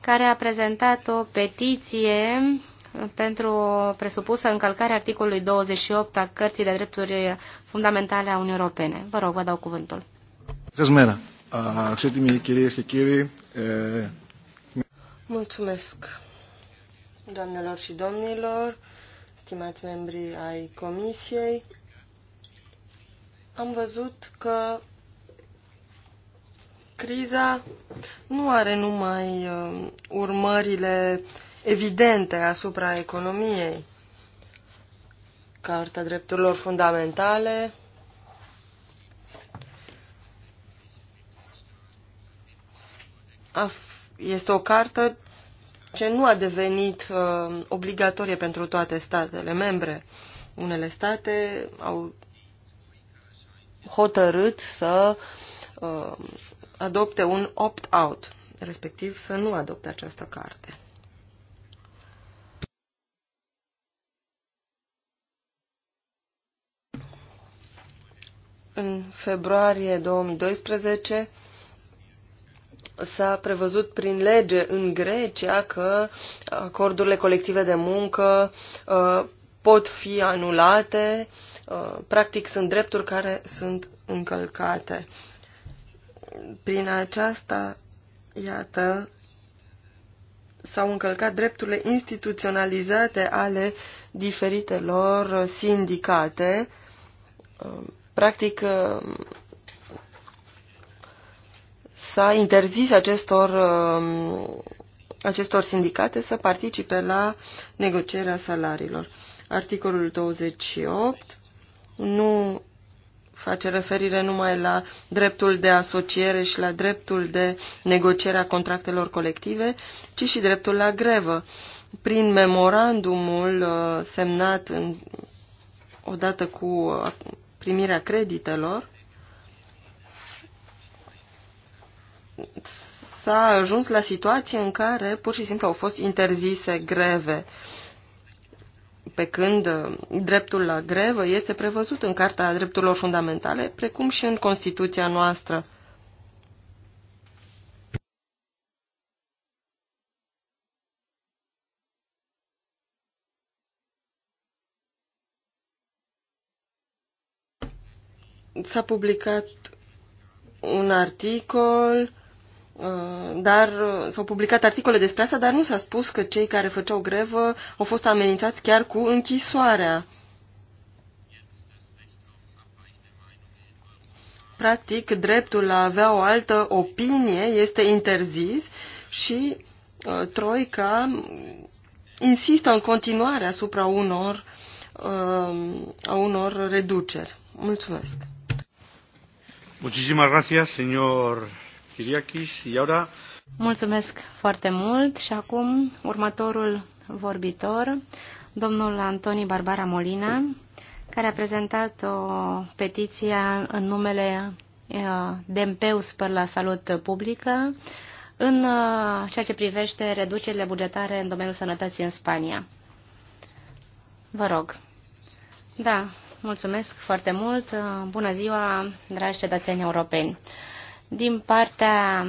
care a prezentat o petiție pentru o presupusă încălcare articolului 28 a Cărții de Drepturi Fundamentale a Uniunii Europene. Vă rog, vă dau cuvântul. Mulțumesc, doamnelor și domnilor, stimați membri ai Comisiei am văzut că criza nu are numai uh, urmările evidente asupra economiei. Carta drepturilor fundamentale este o cartă ce nu a devenit uh, obligatorie pentru toate statele membre. Unele state au hotărât să uh, adopte un opt-out, respectiv să nu adopte această carte. În februarie 2012 s-a prevăzut prin lege în Grecia că acordurile colective de muncă uh, pot fi anulate uh, Uh, practic sunt drepturi care sunt încălcate. Prin aceasta, iată, s-au încălcat drepturile instituționalizate ale diferitelor sindicate. Uh, practic, uh, s-a interzis acestor, acestor sindicate să participe la negocierea salariilor. Articolul 28 nu face referire numai la dreptul de asociere și la dreptul de negociere a contractelor colective, ci și dreptul la grevă. Prin memorandumul uh, semnat în, odată cu uh, primirea creditelor, s-a ajuns la situație în care pur și simplu au fost interzise greve. Uh, pe când uh, dreptul la grevă este prevăzut în Carta Drepturilor Fundamentale, precum și în Constituția noastră. S-a publicat un articol Uh, dar uh, s-au publicat articole despre asta, dar nu s-a spus că cei care făceau grevă au fost amenințați chiar cu închisoarea. Practic, dreptul la avea o altă opinie este interzis și uh, Troica insistă în continuare asupra unor, uh, a unor reduceri. Mulțumesc. Muchísimas gracias, señor da. Mulțumesc foarte mult și acum următorul vorbitor, domnul Antoni Barbara Molina, care a prezentat o petiție în numele eh, Dempeus per la salut publică în eh, ceea ce privește reducerile bugetare în domeniul sănătății în Spania. Vă rog. Da, mulțumesc foarte mult. Bună ziua, dragi cetățeni europeni din partea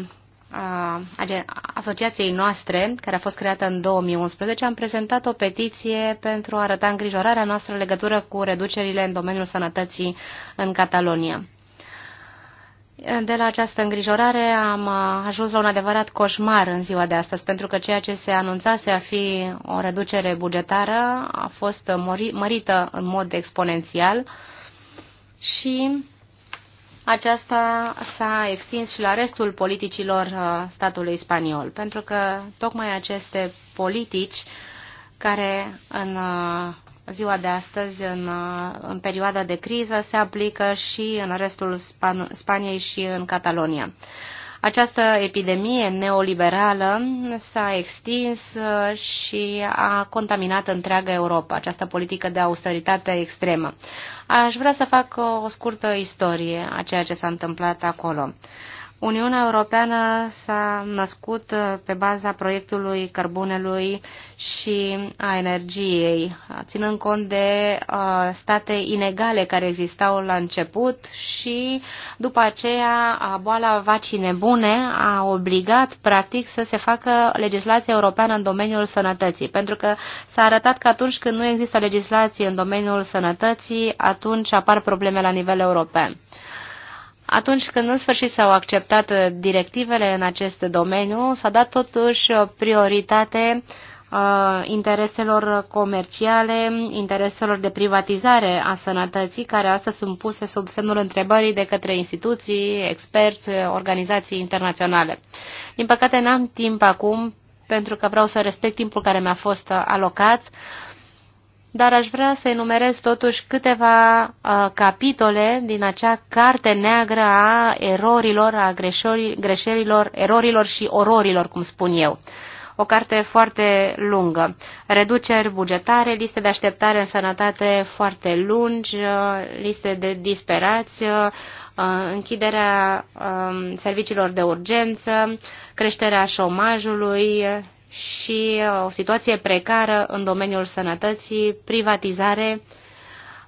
asociației noastre, care a fost creată în 2011, am prezentat o petiție pentru a arăta îngrijorarea noastră în legătură cu reducerile în domeniul sănătății în Catalonia. De la această îngrijorare am ajuns la un adevărat coșmar în ziua de astăzi, pentru că ceea ce se anunțase a fi o reducere bugetară a fost mărită în mod exponențial și aceasta s-a extins și la restul politicilor uh, statului spaniol, pentru că tocmai aceste politici care în uh, ziua de astăzi, în, uh, în perioada de criză, se aplică și în restul Span Spaniei și în Catalonia. Această epidemie neoliberală s-a extins uh, și a contaminat întreaga Europa, această politică de austeritate extremă. Aș vrea să fac o scurtă istorie a ceea ce s-a întâmplat acolo. Uniunea Europeană s-a născut uh, pe baza proiectului cărbunelui și a energiei, ținând cont de uh, state inegale care existau la început și după aceea boala vacii nebune a obligat practic să se facă legislația europeană în domeniul sănătății, pentru că s-a arătat că atunci când nu există legislație în domeniul sănătății, atunci apar probleme la nivel european. Atunci când în sfârșit s-au acceptat uh, directivele în acest domeniu, s-a dat totuși uh, prioritate uh, intereselor comerciale, intereselor de privatizare a sănătății, care astăzi sunt puse sub semnul întrebării de către instituții, experți, organizații internaționale. Din păcate, n-am timp acum, pentru că vreau să respect timpul care mi-a fost alocat, dar aș vrea să enumerez totuși câteva uh, capitole din acea carte neagră a erorilor, a greșelilor, erorilor și ororilor, cum spun eu. O carte foarte lungă. Reduceri bugetare, liste de așteptare în sănătate foarte lungi, uh, liste de disperați, uh, închiderea um, serviciilor de urgență, creșterea șomajului și uh, o situație precară în domeniul sănătății, privatizare,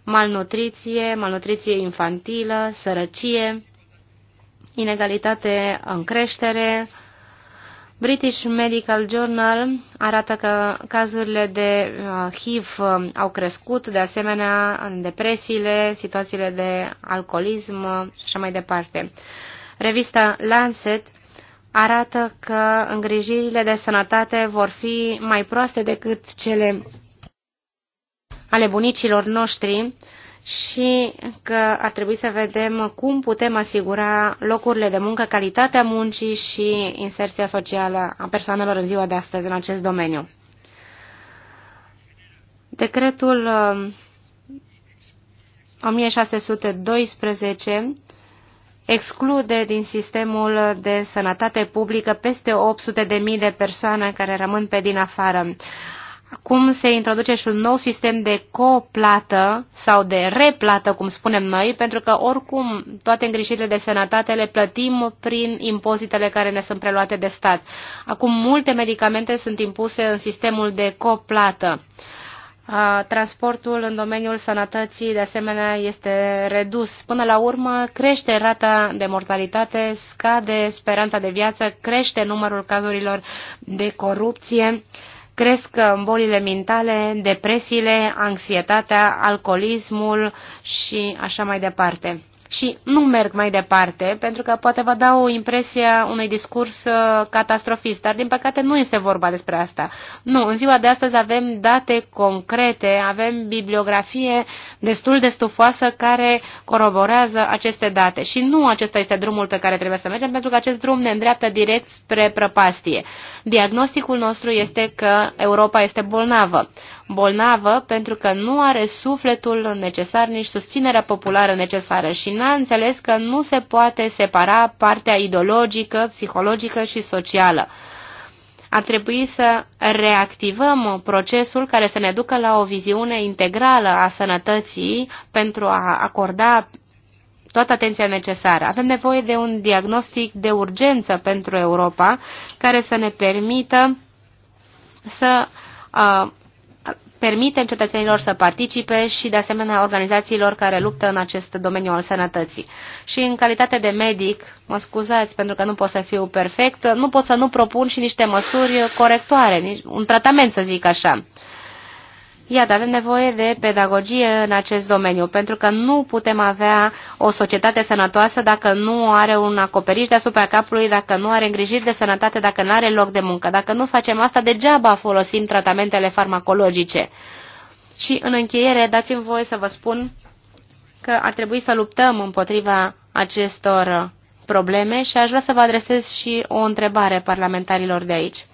malnutriție, malnutriție infantilă, sărăcie, inegalitate în creștere. British Medical Journal arată că cazurile de uh, HIV uh, au crescut, de asemenea în depresiile, situațiile de alcoolism și așa mai departe. Revista Lancet arată că îngrijirile de sănătate vor fi mai proaste decât cele ale bunicilor noștri și că ar trebui să vedem cum putem asigura locurile de muncă, calitatea muncii și inserția socială a persoanelor în ziua de astăzi în acest domeniu. Decretul 1612 uh, exclude din sistemul de sănătate publică peste 800.000 de persoane care rămân pe din afară. Acum se introduce și un nou sistem de coplată sau de replată, cum spunem noi, pentru că oricum toate îngrijirile de sănătate le plătim prin impozitele care ne sunt preluate de stat. Acum multe medicamente sunt impuse în sistemul de coplată. Transportul în domeniul sănătății, de asemenea, este redus. Până la urmă, crește rata de mortalitate, scade speranța de viață, crește numărul cazurilor de corupție, cresc bolile mentale, depresiile, anxietatea, alcoolismul și așa mai departe. Și nu merg mai departe, pentru că poate vă dau impresia unui discurs uh, catastrofist, dar din păcate nu este vorba despre asta. Nu, în ziua de astăzi avem date concrete, avem bibliografie destul de stufoasă care coroborează aceste date. Și nu acesta este drumul pe care trebuie să mergem, pentru că acest drum ne îndreaptă direct spre prăpastie. Diagnosticul nostru este că Europa este bolnavă bolnavă pentru că nu are sufletul necesar, nici susținerea populară necesară și n-a înțeles că nu se poate separa partea ideologică, psihologică și socială. Ar trebui să reactivăm procesul care să ne ducă la o viziune integrală a sănătății pentru a acorda toată atenția necesară. Avem nevoie de un diagnostic de urgență pentru Europa care să ne permită să uh, permitem cetățenilor să participe și, de asemenea, organizațiilor care luptă în acest domeniu al sănătății. Și în calitate de medic, mă scuzați pentru că nu pot să fiu perfect, nu pot să nu propun și niște măsuri corectoare, un tratament, să zic așa. Iată, avem nevoie de pedagogie în acest domeniu, pentru că nu putem avea o societate sănătoasă dacă nu are un acoperiș deasupra capului, dacă nu are îngrijiri de sănătate, dacă nu are loc de muncă. Dacă nu facem asta, degeaba folosim tratamentele farmacologice. Și în încheiere, dați-mi voie să vă spun că ar trebui să luptăm împotriva acestor probleme și aș vrea să vă adresez și o întrebare parlamentarilor de aici.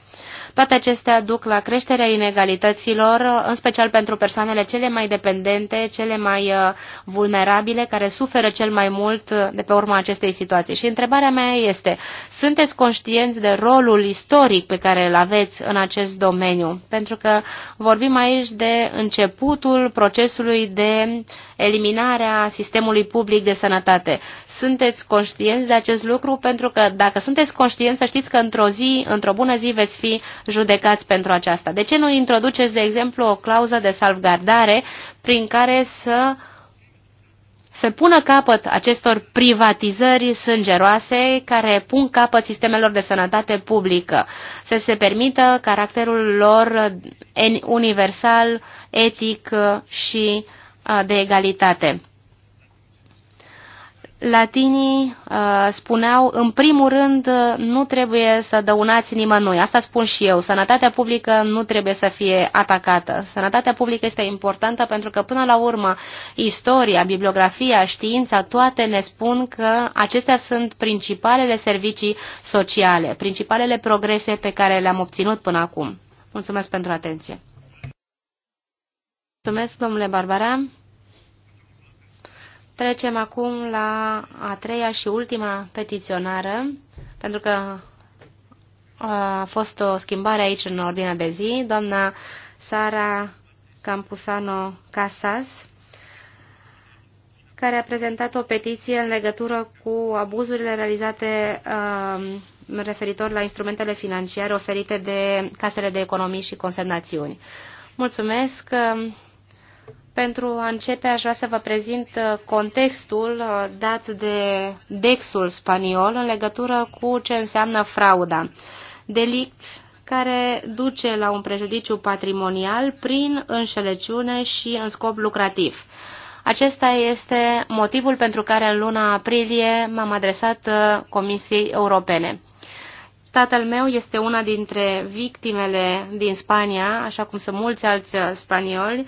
Toate acestea duc la creșterea inegalităților, în special pentru persoanele cele mai dependente, cele mai uh, vulnerabile, care suferă cel mai mult uh, de pe urma acestei situații. Și întrebarea mea este, sunteți conștienți de rolul istoric pe care îl aveți în acest domeniu? Pentru că vorbim aici de începutul procesului de eliminarea sistemului public de sănătate sunteți conștienți de acest lucru, pentru că dacă sunteți conștienți, să știți că într-o zi, într-o bună zi, veți fi judecați pentru aceasta. De ce nu introduceți, de exemplu, o clauză de salvgardare prin care să se pună capăt acestor privatizări sângeroase care pun capăt sistemelor de sănătate publică, să se permită caracterul lor universal, etic și de egalitate latinii uh, spuneau, în primul rând, uh, nu trebuie să dăunați nimănui. Asta spun și eu. Sănătatea publică nu trebuie să fie atacată. Sănătatea publică este importantă pentru că, până la urmă, istoria, bibliografia, știința, toate ne spun că acestea sunt principalele servicii sociale, principalele progrese pe care le-am obținut până acum. Mulțumesc pentru atenție. Mulțumesc, domnule Barbara. Trecem acum la a treia și ultima petiționară, pentru că a fost o schimbare aici în ordinea de zi. Doamna Sara Campusano Casas, care a prezentat o petiție în legătură cu abuzurile realizate uh, referitor la instrumentele financiare oferite de casele de economii și consemnațiuni. Mulțumesc! Uh, pentru a începe, aș vrea să vă prezint uh, contextul uh, dat de Dexul spaniol în legătură cu ce înseamnă frauda. Delict care duce la un prejudiciu patrimonial prin înșelăciune și în scop lucrativ. Acesta este motivul pentru care în luna aprilie m-am adresat uh, Comisiei Europene. Tatăl meu este una dintre victimele din Spania, așa cum sunt mulți alți spanioli,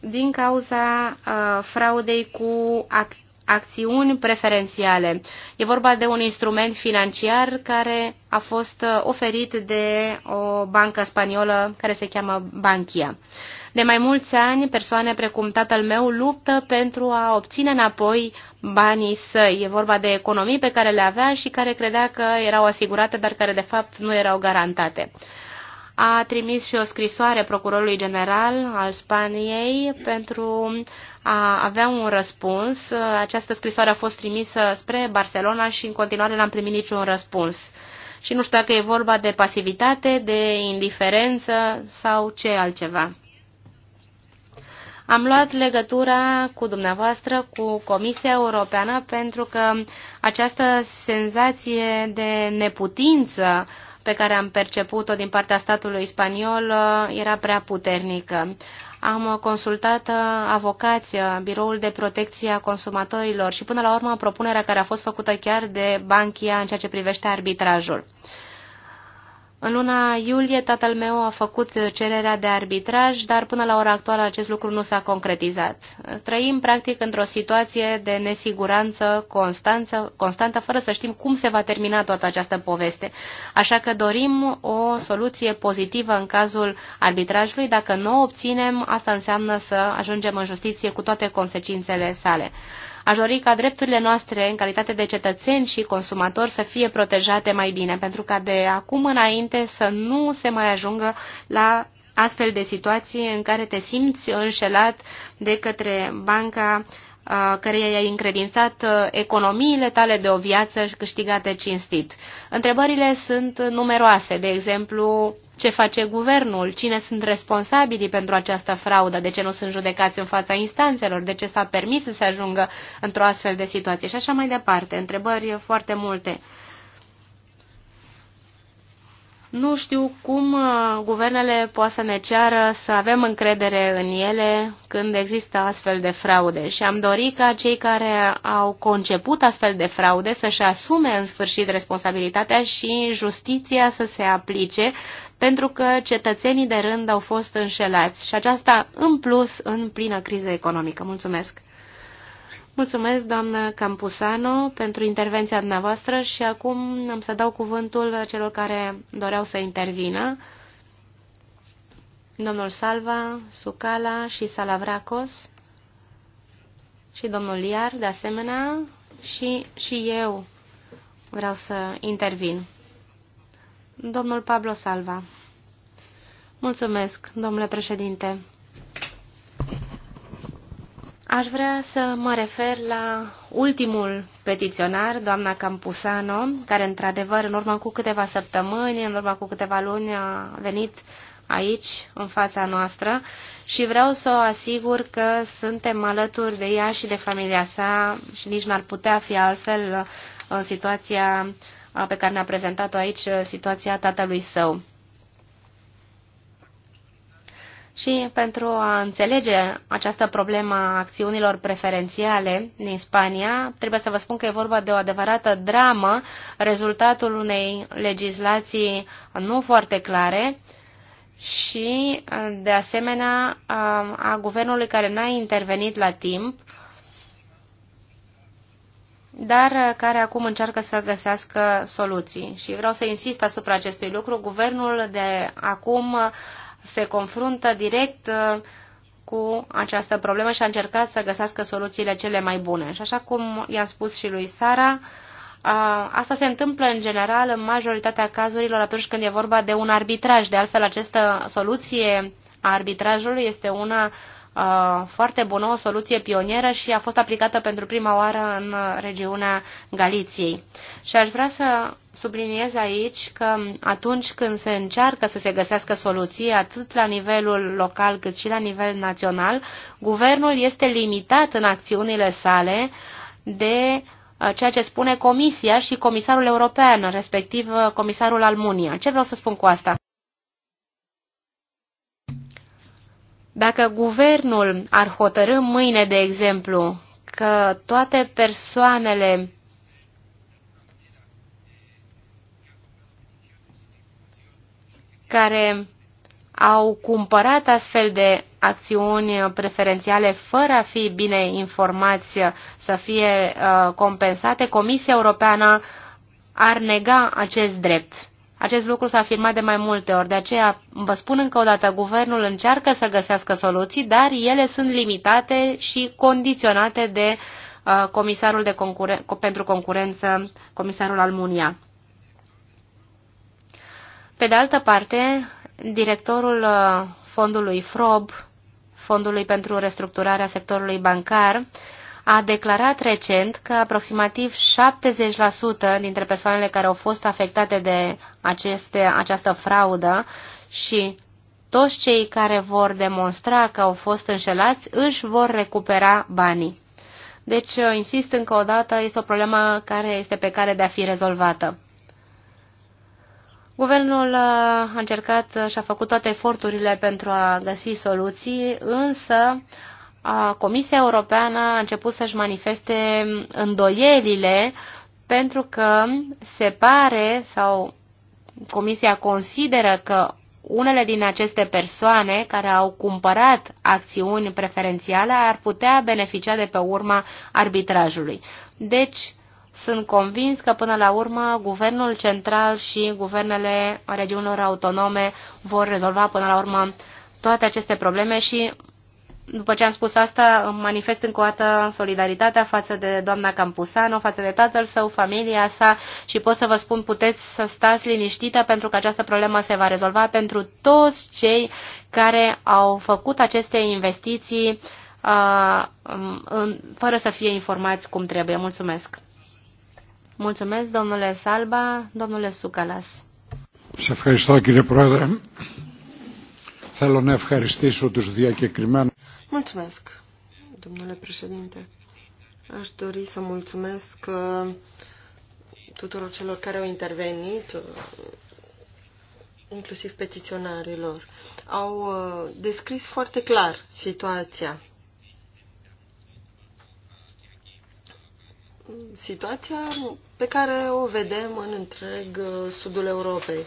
din cauza uh, fraudei cu ac acțiuni preferențiale. E vorba de un instrument financiar care a fost uh, oferit de o bancă spaniolă care se cheamă Bankia. De mai mulți ani, persoane precum tatăl meu luptă pentru a obține înapoi banii săi. E vorba de economii pe care le avea și care credea că erau asigurate, dar care de fapt nu erau garantate a trimis și o scrisoare procurorului general al Spaniei pentru a avea un răspuns. Această scrisoare a fost trimisă spre Barcelona și în continuare n-am primit niciun răspuns. Și nu știu dacă e vorba de pasivitate, de indiferență sau ce altceva. Am luat legătura cu dumneavoastră, cu Comisia Europeană, pentru că această senzație de neputință pe care am perceput-o din partea statului spaniol uh, era prea puternică. Am consultat uh, avocați, uh, biroul de protecție a consumatorilor și până la urmă propunerea care a fost făcută chiar de Banchia în ceea ce privește arbitrajul. În luna iulie, tatăl meu a făcut cererea de arbitraj, dar până la ora actuală acest lucru nu s-a concretizat. Trăim, practic, într-o situație de nesiguranță constanță, constantă, fără să știm cum se va termina toată această poveste. Așa că dorim o soluție pozitivă în cazul arbitrajului. Dacă nu o obținem, asta înseamnă să ajungem în justiție cu toate consecințele sale. Aș dori ca drepturile noastre în calitate de cetățeni și consumatori să fie protejate mai bine, pentru ca de acum înainte să nu se mai ajungă la astfel de situații în care te simți înșelat de către banca uh, care i-ai încredințat uh, economiile tale de o viață câștigată cinstit. Întrebările sunt numeroase, de exemplu, ce face guvernul, cine sunt responsabilii pentru această fraudă, de ce nu sunt judecați în fața instanțelor, de ce s-a permis să se ajungă într-o astfel de situație și așa mai departe. Întrebări foarte multe. Nu știu cum uh, guvernele poate să ne ceară să avem încredere în ele când există astfel de fraude și am dorit ca cei care au conceput astfel de fraude să-și asume în sfârșit responsabilitatea și justiția să se aplice pentru că cetățenii de rând au fost înșelați și aceasta în plus în plină criză economică. Mulțumesc! Mulțumesc, doamnă Campusano, pentru intervenția dumneavoastră și acum am să dau cuvântul celor care doreau să intervină. Domnul Salva, Sucala și Salavracos și domnul Iar, de asemenea, și, și eu vreau să intervin. Domnul Pablo Salva. Mulțumesc, domnule președinte. Aș vrea să mă refer la ultimul petiționar, doamna Campusano, care într-adevăr în urmă cu câteva săptămâni, în urmă cu câteva luni a venit aici, în fața noastră, și vreau să o asigur că suntem alături de ea și de familia sa și nici n-ar putea fi altfel în uh, situația uh, pe care ne-a prezentat-o aici, uh, situația tatălui său. Și pentru a înțelege această problemă a acțiunilor preferențiale din Spania, trebuie să vă spun că e vorba de o adevărată dramă, rezultatul unei legislații nu foarte clare și, de asemenea, a guvernului care n-a intervenit la timp, dar care acum încearcă să găsească soluții. Și vreau să insist asupra acestui lucru. Guvernul de acum se confruntă direct uh, cu această problemă și a încercat să găsească soluțiile cele mai bune. Și așa cum i-am spus și lui Sara, Asta se întâmplă în general în majoritatea cazurilor atunci când e vorba de un arbitraj. De altfel, această soluție a arbitrajului este una foarte bună, o soluție pionieră și a fost aplicată pentru prima oară în regiunea Galiției. Și aș vrea să subliniez aici că atunci când se încearcă să se găsească soluții, atât la nivelul local cât și la nivel național, guvernul este limitat în acțiunile sale de ceea ce spune Comisia și Comisarul European, respectiv Comisarul Almunia. Ce vreau să spun cu asta? Dacă guvernul ar hotărâ mâine, de exemplu, că toate persoanele care au cumpărat astfel de acțiuni preferențiale fără a fi bine informați să fie uh, compensate, Comisia Europeană ar nega acest drept. Acest lucru s-a afirmat de mai multe ori, de aceea vă spun încă o dată, guvernul încearcă să găsească soluții, dar ele sunt limitate și condiționate de uh, comisarul de concuren pentru concurență, comisarul Almunia. Pe de altă parte, directorul uh, fondului FROB, Fondului pentru Restructurarea Sectorului Bancar, a declarat recent că aproximativ 70% dintre persoanele care au fost afectate de aceste, această fraudă și toți cei care vor demonstra că au fost înșelați își vor recupera banii. Deci, insist încă o dată, este o problemă care este pe care de a fi rezolvată. Guvernul uh, a încercat și a făcut toate eforturile pentru a găsi soluții, însă Comisia Europeană a început să-și manifeste îndoielile pentru că se pare sau Comisia consideră că unele din aceste persoane care au cumpărat acțiuni preferențiale ar putea beneficia de pe urma arbitrajului. Deci, sunt convins că până la urmă guvernul central și guvernele regiunilor autonome vor rezolva până la urmă toate aceste probleme și după ce am spus asta, îmi manifest încă o dată solidaritatea față de doamna Campusano, față de tatăl său, familia sa și pot să vă spun, puteți să stați liniștită pentru că această problemă se va rezolva pentru toți cei care au făcut aceste investiții uh, în, fără să fie informați cum trebuie. Mulțumesc! Mulțumesc, domnule Salba, domnule Sucalas. să vă mulțumesc, domnule Πρόεδρε. Θέλω να ευχαριστήσω τους διακεκριμένους. Mulțumesc, domnule președinte. Aș dori să mulțumesc uh, tuturor celor care au intervenit, uh, inclusiv petiționarilor. Au uh, descris foarte clar situația. Situația pe care o vedem în întreg sudul Europei.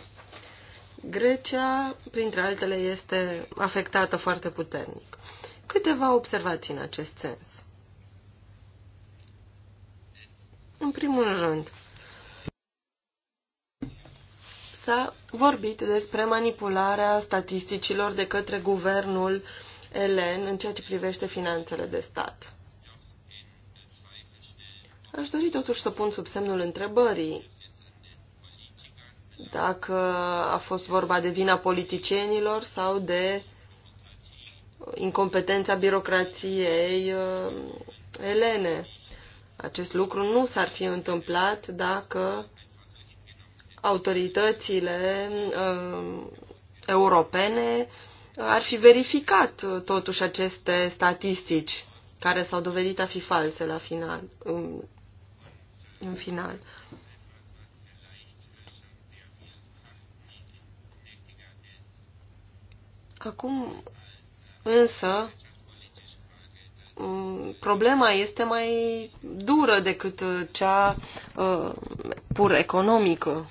Grecia, printre altele, este afectată foarte puternic câteva observații în acest sens. În primul rând, s-a vorbit despre manipularea statisticilor de către guvernul elen în ceea ce privește finanțele de stat. Aș dori totuși să pun sub semnul întrebării dacă a fost vorba de vina politicienilor sau de uh, incompetența birocrației uh, elene. Acest lucru nu s-ar fi întâmplat dacă autoritățile uh, europene uh, ar fi verificat uh, totuși aceste statistici care s-au dovedit a fi false la final, în, în final. Acum, Însă, problema este mai dură decât uh, cea uh, pur economică.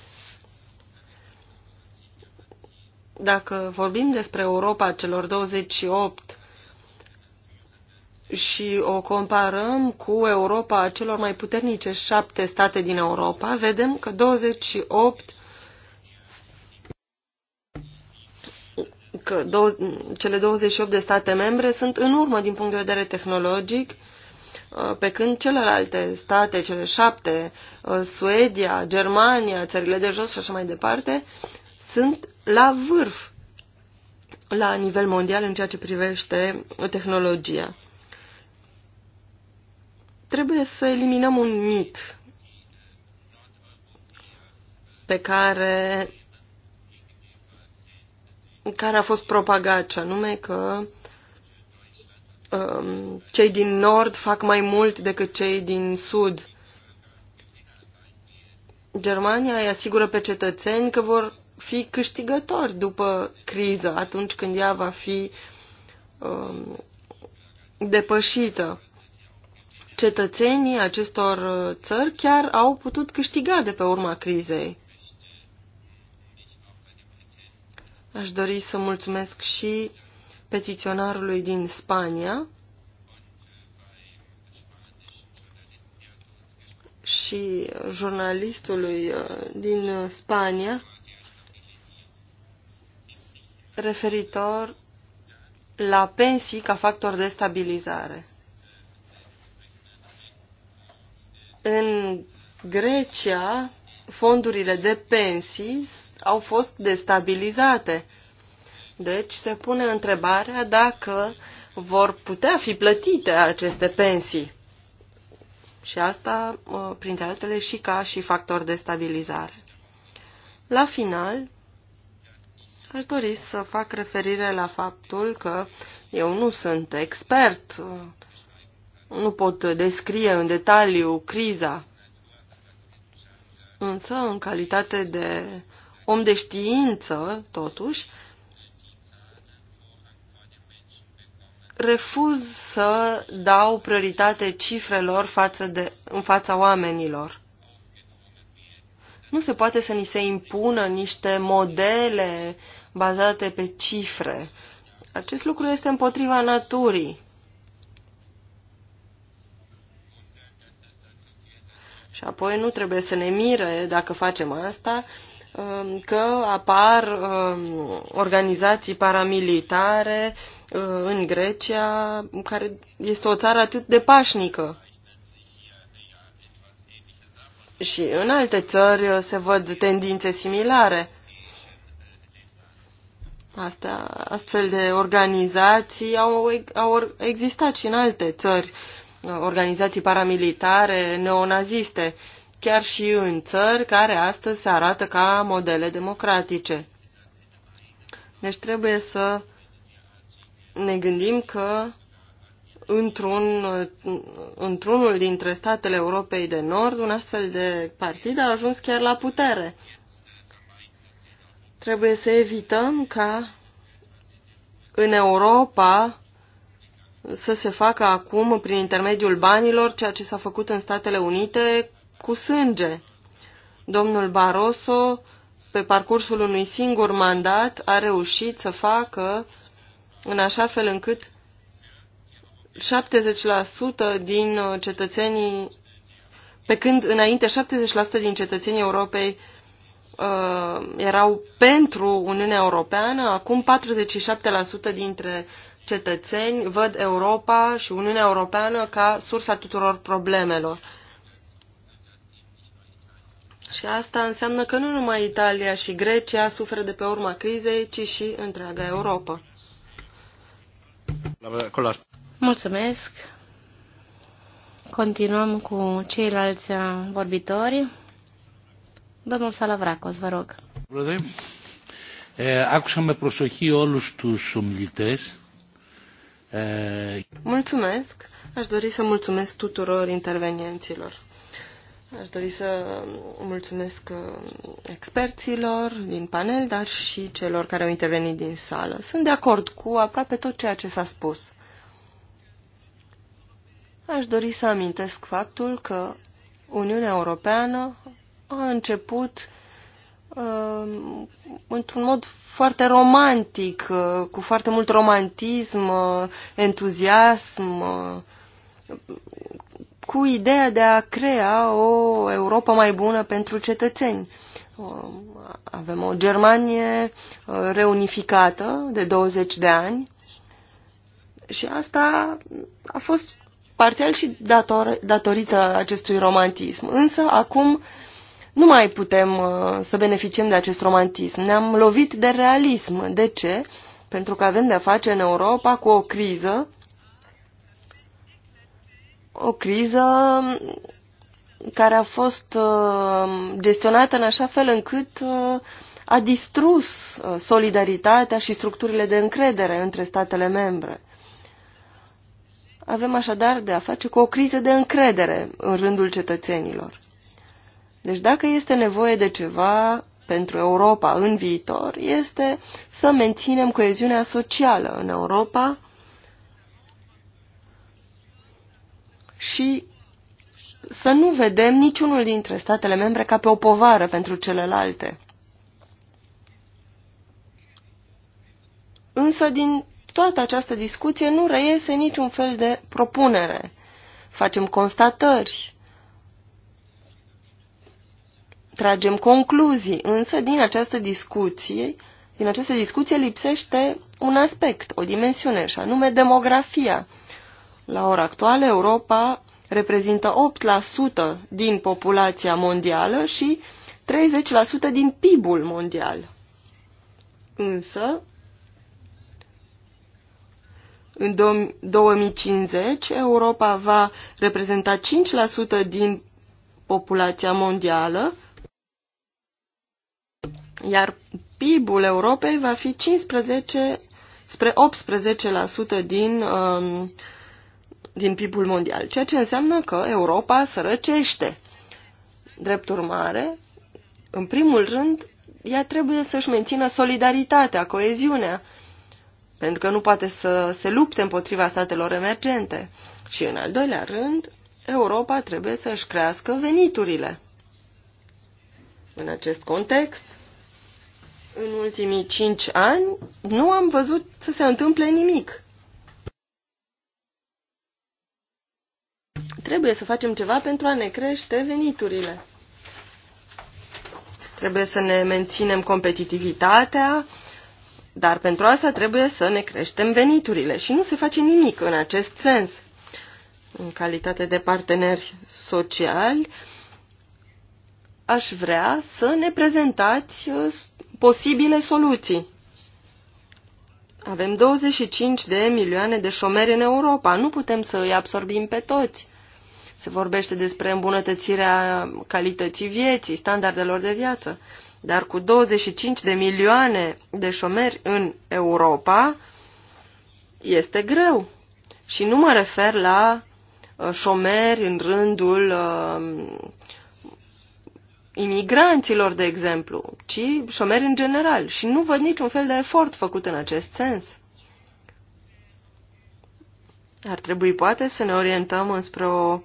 Dacă vorbim despre Europa celor 28 și o comparăm cu Europa celor mai puternice șapte state din Europa, vedem că 28 dou cele 28 de state membre sunt în urmă din punct de vedere tehnologic, uh, pe când celelalte state, cele șapte, uh, Suedia, Germania, țările de jos și așa mai departe, sunt la vârf la nivel mondial în ceea ce privește tehnologia. Trebuie să eliminăm un mit pe care care a fost propagat, și anume că um, cei din nord fac mai mult decât cei din sud. Germania îi asigură pe cetățeni că vor fi câștigători după criză, atunci când ea va fi um, depășită. Cetățenii acestor uh, țări chiar au putut câștiga de pe urma crizei. Aș dori să mulțumesc și petiționarului din Spania și jurnalistului uh, din Spania referitor la pensii ca factor de stabilizare. În Grecia, fondurile de pensii au fost destabilizate. Deci se pune întrebarea dacă vor putea fi plătite aceste pensii. Și asta, printre altele, și ca și factor de stabilizare. La final, aș dori să fac referire la faptul că eu nu sunt expert, nu pot descrie în detaliu criza, însă în calitate de om de știință, totuși, refuz să dau prioritate cifrelor față de, în fața oamenilor. Nu se poate să ni se impună niște modele bazate pe cifre. Acest lucru este împotriva naturii. Și apoi nu trebuie să ne mire dacă facem asta, Um, că apar um, organizații paramilitare uh, în Grecia, care este o țară atât de pașnică. Și în alte țări uh, se văd tendințe similare. Asta, astfel de organizații au, au existat și în alte țări, uh, organizații paramilitare, neonaziste. Uh, chiar și în țări care astăzi se arată ca modele democratice. Deci trebuie să ne gândim că într-un, într-unul dintre statele Europei de Nord, un astfel de partid a ajuns chiar la putere. Trebuie să evităm ca în Europa să se facă acum, prin intermediul banilor, ceea ce s-a făcut în Statele Unite cu sânge. Domnul Barroso, pe parcursul unui singur mandat, a reușit să facă în așa fel încât 70% din uh, cetățenii, pe când înainte 70% din cetățenii Europei uh, erau pentru Uniunea Europeană, acum 47% dintre cetățeni văd Europa și Uniunea Europeană ca sursa tuturor problemelor. Și asta înseamnă că nu numai Italia și Grecia suferă de pe urma crizei, ci și întreaga Europa. Mulțumesc. Continuăm cu ceilalți vorbitori. Domnul Salavracos, vă rog. Eh, eh, mulțumesc. Aș dori să mulțumesc tuturor intervenienților. Aș dori să mulțumesc uh, experților din panel, dar și celor care au intervenit din sală. Sunt de acord cu aproape tot ceea ce s-a spus. Aș dori să amintesc faptul că Uniunea Europeană a început uh, într-un mod foarte romantic, uh, cu foarte mult romantism, uh, entuziasm, uh, cu ideea de a crea o Europa mai bună pentru cetățeni. Avem o Germanie uh, reunificată de 20 de ani și asta a fost parțial și dator, datorită acestui romantism. Însă acum nu mai putem uh, să beneficiem de acest romantism. Ne-am lovit de realism. De ce? Pentru că avem de-a face în Europa cu o criză o criză care a fost uh, gestionată în așa fel încât uh, a distrus uh, solidaritatea și structurile de încredere între statele membre. Avem așadar de a face cu o criză de încredere în rândul cetățenilor. Deci dacă este nevoie de ceva pentru Europa în viitor, este să menținem coeziunea socială în Europa și să nu vedem niciunul dintre statele membre ca pe o povară pentru celelalte. Însă din toată această discuție nu reiese niciun fel de propunere. Facem constatări, tragem concluzii, însă din această discuție, din această discuție lipsește un aspect, o dimensiune, și anume demografia. La ora actuală, Europa reprezintă 8% din populația mondială și 30% din PIB-ul mondial. Însă, în 2050, Europa va reprezenta 5% din populația mondială, iar PIB-ul Europei va fi 15 spre 18% din um, din PIB-ul mondial, ceea ce înseamnă că Europa sărăcește. Drept urmare, în primul rând, ea trebuie să-și mențină solidaritatea, coeziunea, pentru că nu poate să se lupte împotriva statelor emergente. Și în al doilea rând, Europa trebuie să-și crească veniturile. În acest context, în ultimii cinci ani, nu am văzut să se întâmple nimic. Trebuie să facem ceva pentru a ne crește veniturile. Trebuie să ne menținem competitivitatea, dar pentru asta trebuie să ne creștem veniturile și nu se face nimic în acest sens. În calitate de parteneri sociali, aș vrea să ne prezentați uh, posibile soluții. Avem 25 de milioane de șomeri în Europa, nu putem să îi absorbim pe toți. Se vorbește despre îmbunătățirea calității vieții, standardelor de viață. Dar cu 25 de milioane de șomeri în Europa este greu. Și nu mă refer la uh, șomeri în rândul uh, imigranților, de exemplu, ci șomeri în general. Și nu văd niciun fel de efort făcut în acest sens. Ar trebui poate să ne orientăm înspre o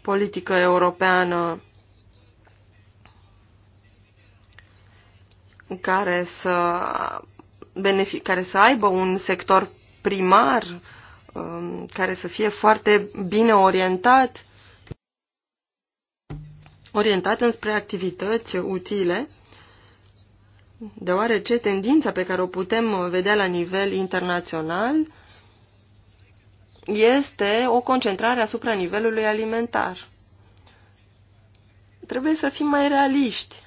politică europeană care să, benefic- care să aibă un sector primar um, care să fie foarte bine orientat, orientat înspre activități utile, deoarece tendința pe care o putem vedea la nivel internațional este o concentrare asupra nivelului alimentar. Trebuie să fim mai realiști.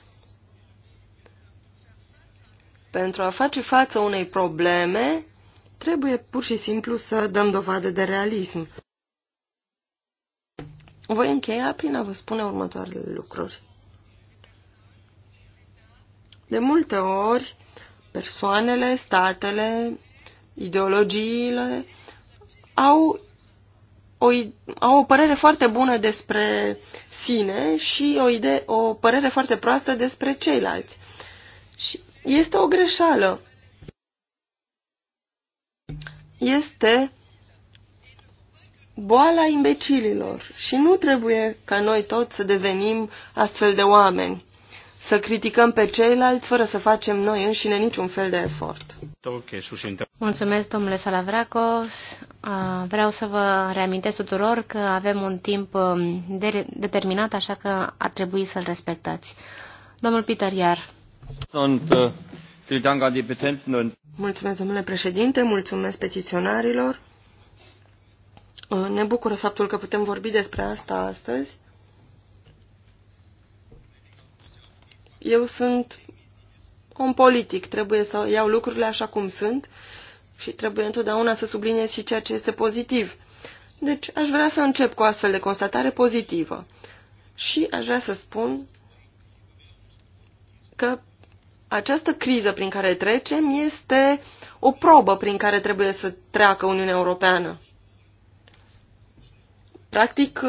Pentru a face față unei probleme, trebuie pur și simplu să dăm dovadă de realism. Voi încheia prin a vă spune următoarele lucruri. De multe ori, persoanele, statele, ideologiile au o, au o părere foarte bună despre sine și o, idee, o părere foarte proastă despre ceilalți. Și este o greșeală. Este boala imbecililor și nu trebuie ca noi toți să devenim astfel de oameni să criticăm pe ceilalți fără să facem noi înșine niciun fel de efort. Mulțumesc, domnule Salavracos. Vreau să vă reamintesc tuturor că avem un timp um, de determinat, așa că ar trebui să-l respectați. Domnul Peter Iar. Sunt, uh, Mulțumesc, domnule președinte, mulțumesc petiționarilor. Uh, ne bucură faptul că putem vorbi despre asta astăzi. Eu sunt om politic, trebuie să iau lucrurile așa cum sunt și trebuie întotdeauna să subliniez și ceea ce este pozitiv. Deci aș vrea să încep cu astfel de constatare pozitivă. Și aș vrea să spun că această criză prin care trecem este o probă prin care trebuie să treacă Uniunea Europeană. Practic,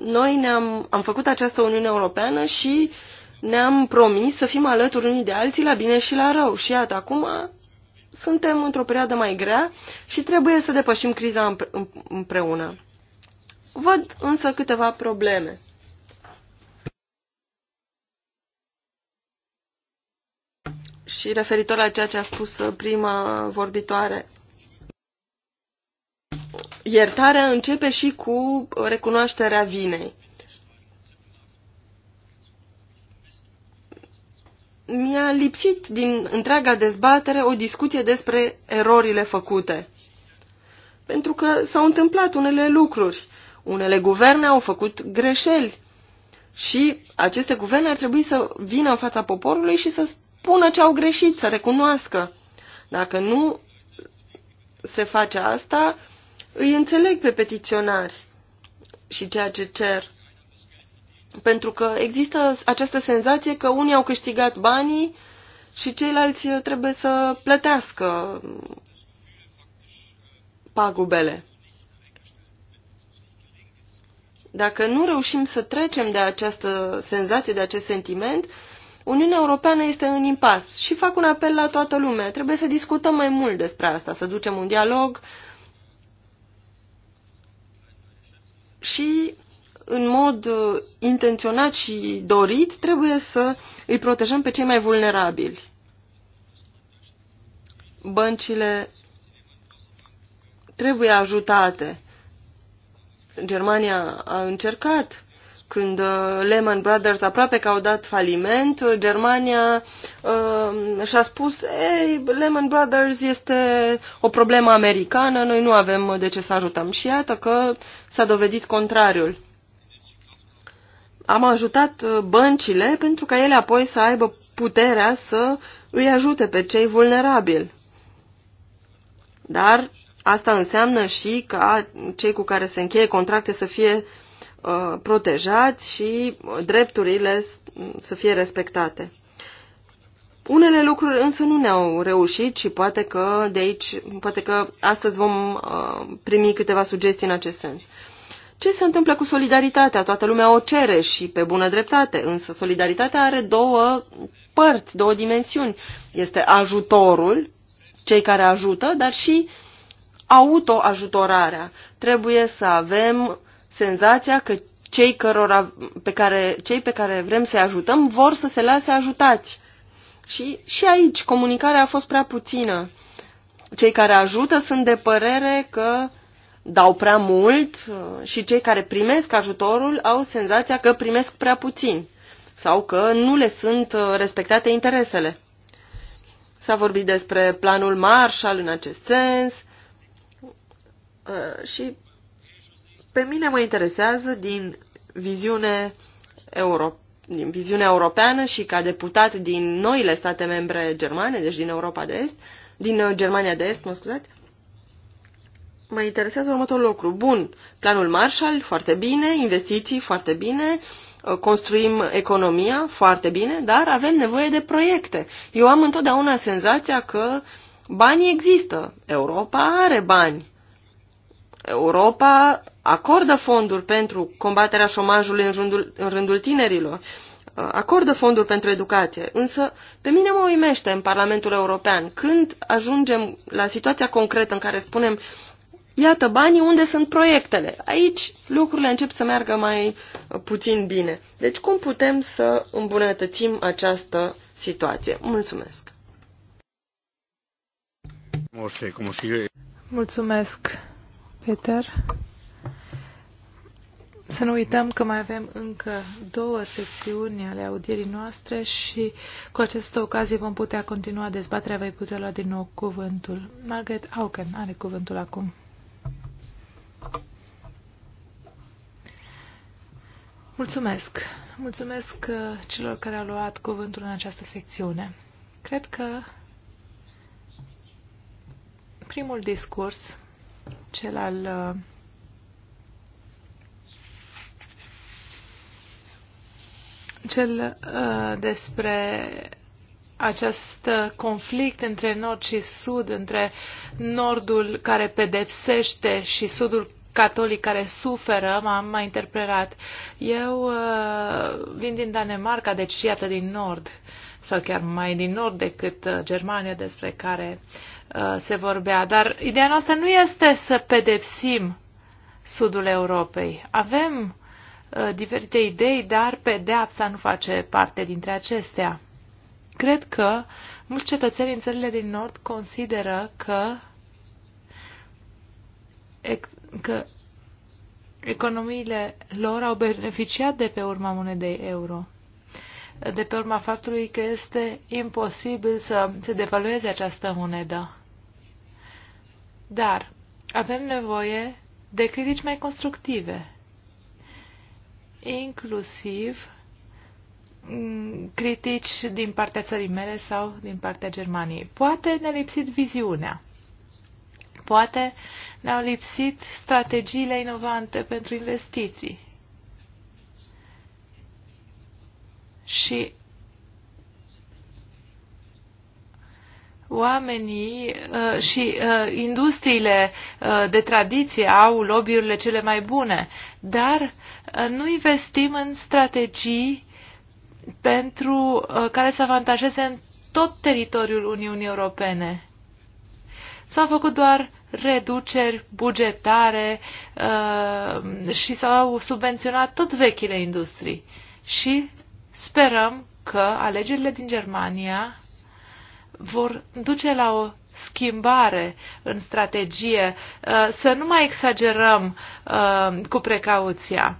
noi ne-am am făcut această Uniune Europeană și uh, ne-am promis să fim alături unii de alții la bine și la rău. Și iată, acum suntem într-o perioadă mai grea și trebuie să depășim criza împreună. Văd însă câteva probleme. Și referitor la ceea ce a spus prima vorbitoare, iertarea începe și cu recunoașterea vinei. mi-a lipsit din întreaga dezbatere o discuție despre erorile făcute. Pentru că s-au întâmplat unele lucruri, unele guverne au făcut greșeli și aceste guverne ar trebui să vină în fața poporului și să spună ce au greșit, să recunoască. Dacă nu se face asta, îi înțeleg pe petiționari și ceea ce cer pentru că există această senzație că unii au câștigat banii și ceilalți uh, trebuie să plătească pagubele. Dacă nu reușim să trecem de această senzație, de acest sentiment, Uniunea Europeană este în impas și fac un apel la toată lumea. Trebuie să discutăm mai mult despre asta, să ducem un dialog și în mod uh, intenționat și dorit, trebuie să îi protejăm pe cei mai vulnerabili. Băncile trebuie ajutate. Germania a încercat când uh, Lehman Brothers aproape că au dat faliment, uh, Germania uh, și-a spus Ei, Lehman Brothers este o problemă americană, noi nu avem de ce să ajutăm. Și iată că s-a dovedit contrariul am ajutat uh, băncile pentru ca ele apoi să aibă puterea să îi ajute pe cei vulnerabili. Dar asta înseamnă și ca cei cu care se încheie contracte să fie uh, protejați și uh, drepturile mm, să fie respectate. Unele lucruri însă nu ne-au reușit și poate că de aici, poate că astăzi vom uh, primi câteva sugestii în acest sens. Ce se întâmplă cu solidaritatea? Toată lumea o cere și pe bună dreptate, însă solidaritatea are două părți, două dimensiuni. Este ajutorul, cei care ajută, dar și autoajutorarea. Trebuie să avem senzația că cei, cărora, pe care, cei pe care vrem să-i ajutăm vor să se lase ajutați. Și, și aici comunicarea a fost prea puțină. Cei care ajută sunt de părere că dau prea mult uh, și cei care primesc ajutorul au senzația că primesc prea puțin sau că nu le sunt uh, respectate interesele. S-a vorbit despre planul Marshall în acest sens uh, și pe mine mă interesează din viziune europeană din viziunea europeană și ca deputat din noile state membre germane, deci din Europa de Est, din Germania de Est, mă scuzați, mă interesează următorul lucru. Bun, planul Marshall, foarte bine, investiții, foarte bine, ă, construim economia, foarte bine, dar avem nevoie de proiecte. Eu am întotdeauna senzația că banii există. Europa are bani. Europa acordă fonduri pentru combaterea șomajului în rândul, în rândul tinerilor, ă, acordă fonduri pentru educație. Însă, pe mine mă uimește în Parlamentul European când ajungem la situația concretă în care spunem iată banii, unde sunt proiectele? Aici lucrurile încep să meargă mai puțin bine. Deci cum putem să îmbunătățim această situație? Mulțumesc! Mulțumesc, Peter. Să nu uităm că mai avem încă două secțiuni ale audierii noastre și cu această ocazie vom putea continua dezbaterea, vei putea lua din nou cuvântul. Margaret Auken are cuvântul acum. Mulțumesc. Mulțumesc uh, celor care au luat cuvântul în această secțiune. Cred că primul discurs, cel al uh, cel uh, despre acest conflict între nord și sud, între nordul care pedepsește și sudul catolic care suferă, m-am mai interpretat. Eu uh, vin din Danemarca, deci iată din nord, sau chiar mai din nord decât uh, Germania despre care uh, se vorbea. Dar ideea noastră nu este să pedepsim sudul Europei. Avem uh, diferite idei, dar pedeapsa nu face parte dintre acestea. Cred că mulți cetățeni în țările din nord consideră că că economiile lor au beneficiat de pe urma monedei euro, de pe urma faptului că este imposibil să se devalueze această monedă. Dar avem nevoie de critici mai constructive, inclusiv mm, critici din partea țării mele sau din partea Germaniei. Poate ne-a lipsit viziunea. Poate ne-au lipsit strategiile inovante pentru investiții. Și oamenii uh, și uh, industriile uh, de tradiție au lobbyurile cele mai bune, dar uh, nu investim în strategii pentru uh, care să avantajeze în tot teritoriul Uniunii Europene. S-au făcut doar reduceri bugetare uh, și s-au subvenționat tot vechile industrii. Și sperăm că alegerile din Germania vor duce la o schimbare în strategie, uh, să nu mai exagerăm uh, cu precauția.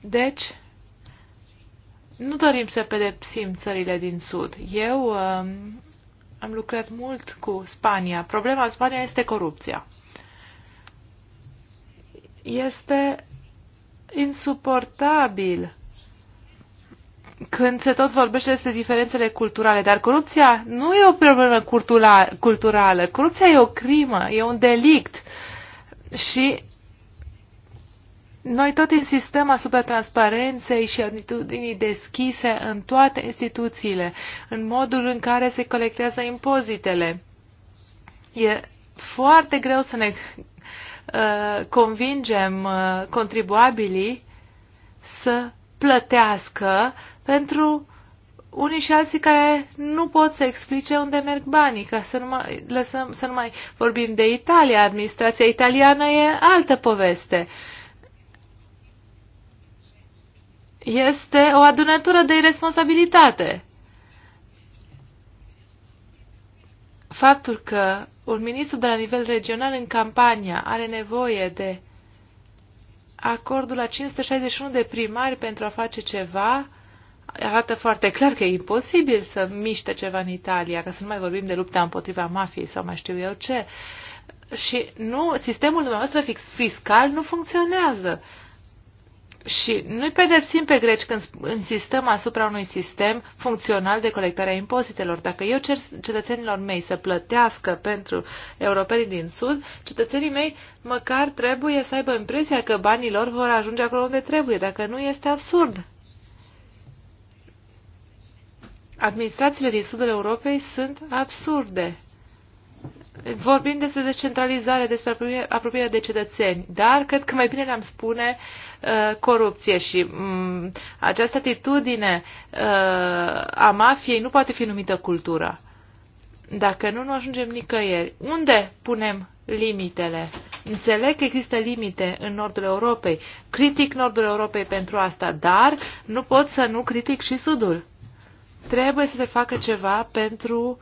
Deci, nu dorim să pedepsim țările din Sud. Eu uh, am lucrat mult cu Spania. Problema în Spania este corupția. Este insuportabil când se tot vorbește despre diferențele culturale, dar corupția nu e o problemă cultura, culturală. Corupția e o crimă, e un delict. Și noi tot insistăm asupra transparenței și atitudinii deschise în toate instituțiile, în modul în care se colectează impozitele. E foarte greu să ne uh, convingem uh, contribuabilii să plătească pentru unii și alții care nu pot să explice unde merg banii, ca să nu mai, lăsăm, să nu mai vorbim de Italia. Administrația italiană e altă poveste. Uh, este o adunătură de responsabilitate. Faptul că un ministru de la nivel regional în campania are nevoie de acordul la 561 de primari pentru a face ceva, arată foarte clar că e imposibil să miște ceva în Italia, ca să nu mai vorbim de lupta împotriva mafiei sau mai știu eu ce. Și nu, sistemul dumneavoastră fiscal nu funcționează. Și nu-i pedepsim pe greci când insistăm asupra unui sistem funcțional de colectare a impozitelor. Dacă eu cer cetățenilor mei să plătească pentru europenii din Sud, cetățenii mei măcar trebuie să aibă impresia că banii lor vor ajunge acolo unde trebuie, dacă nu este absurd. Administrațiile din Sudul Europei sunt absurde. Vorbim despre descentralizare, despre apropierea de cetățeni, dar cred că mai bine le-am spune uh, corupție și um, această atitudine uh, a mafiei nu poate fi numită cultura. Dacă nu, nu ajungem nicăieri. Unde punem limitele? Înțeleg că există limite în nordul Europei. Critic nordul Europei pentru asta, dar nu pot să nu critic și sudul. Trebuie să se facă ceva pentru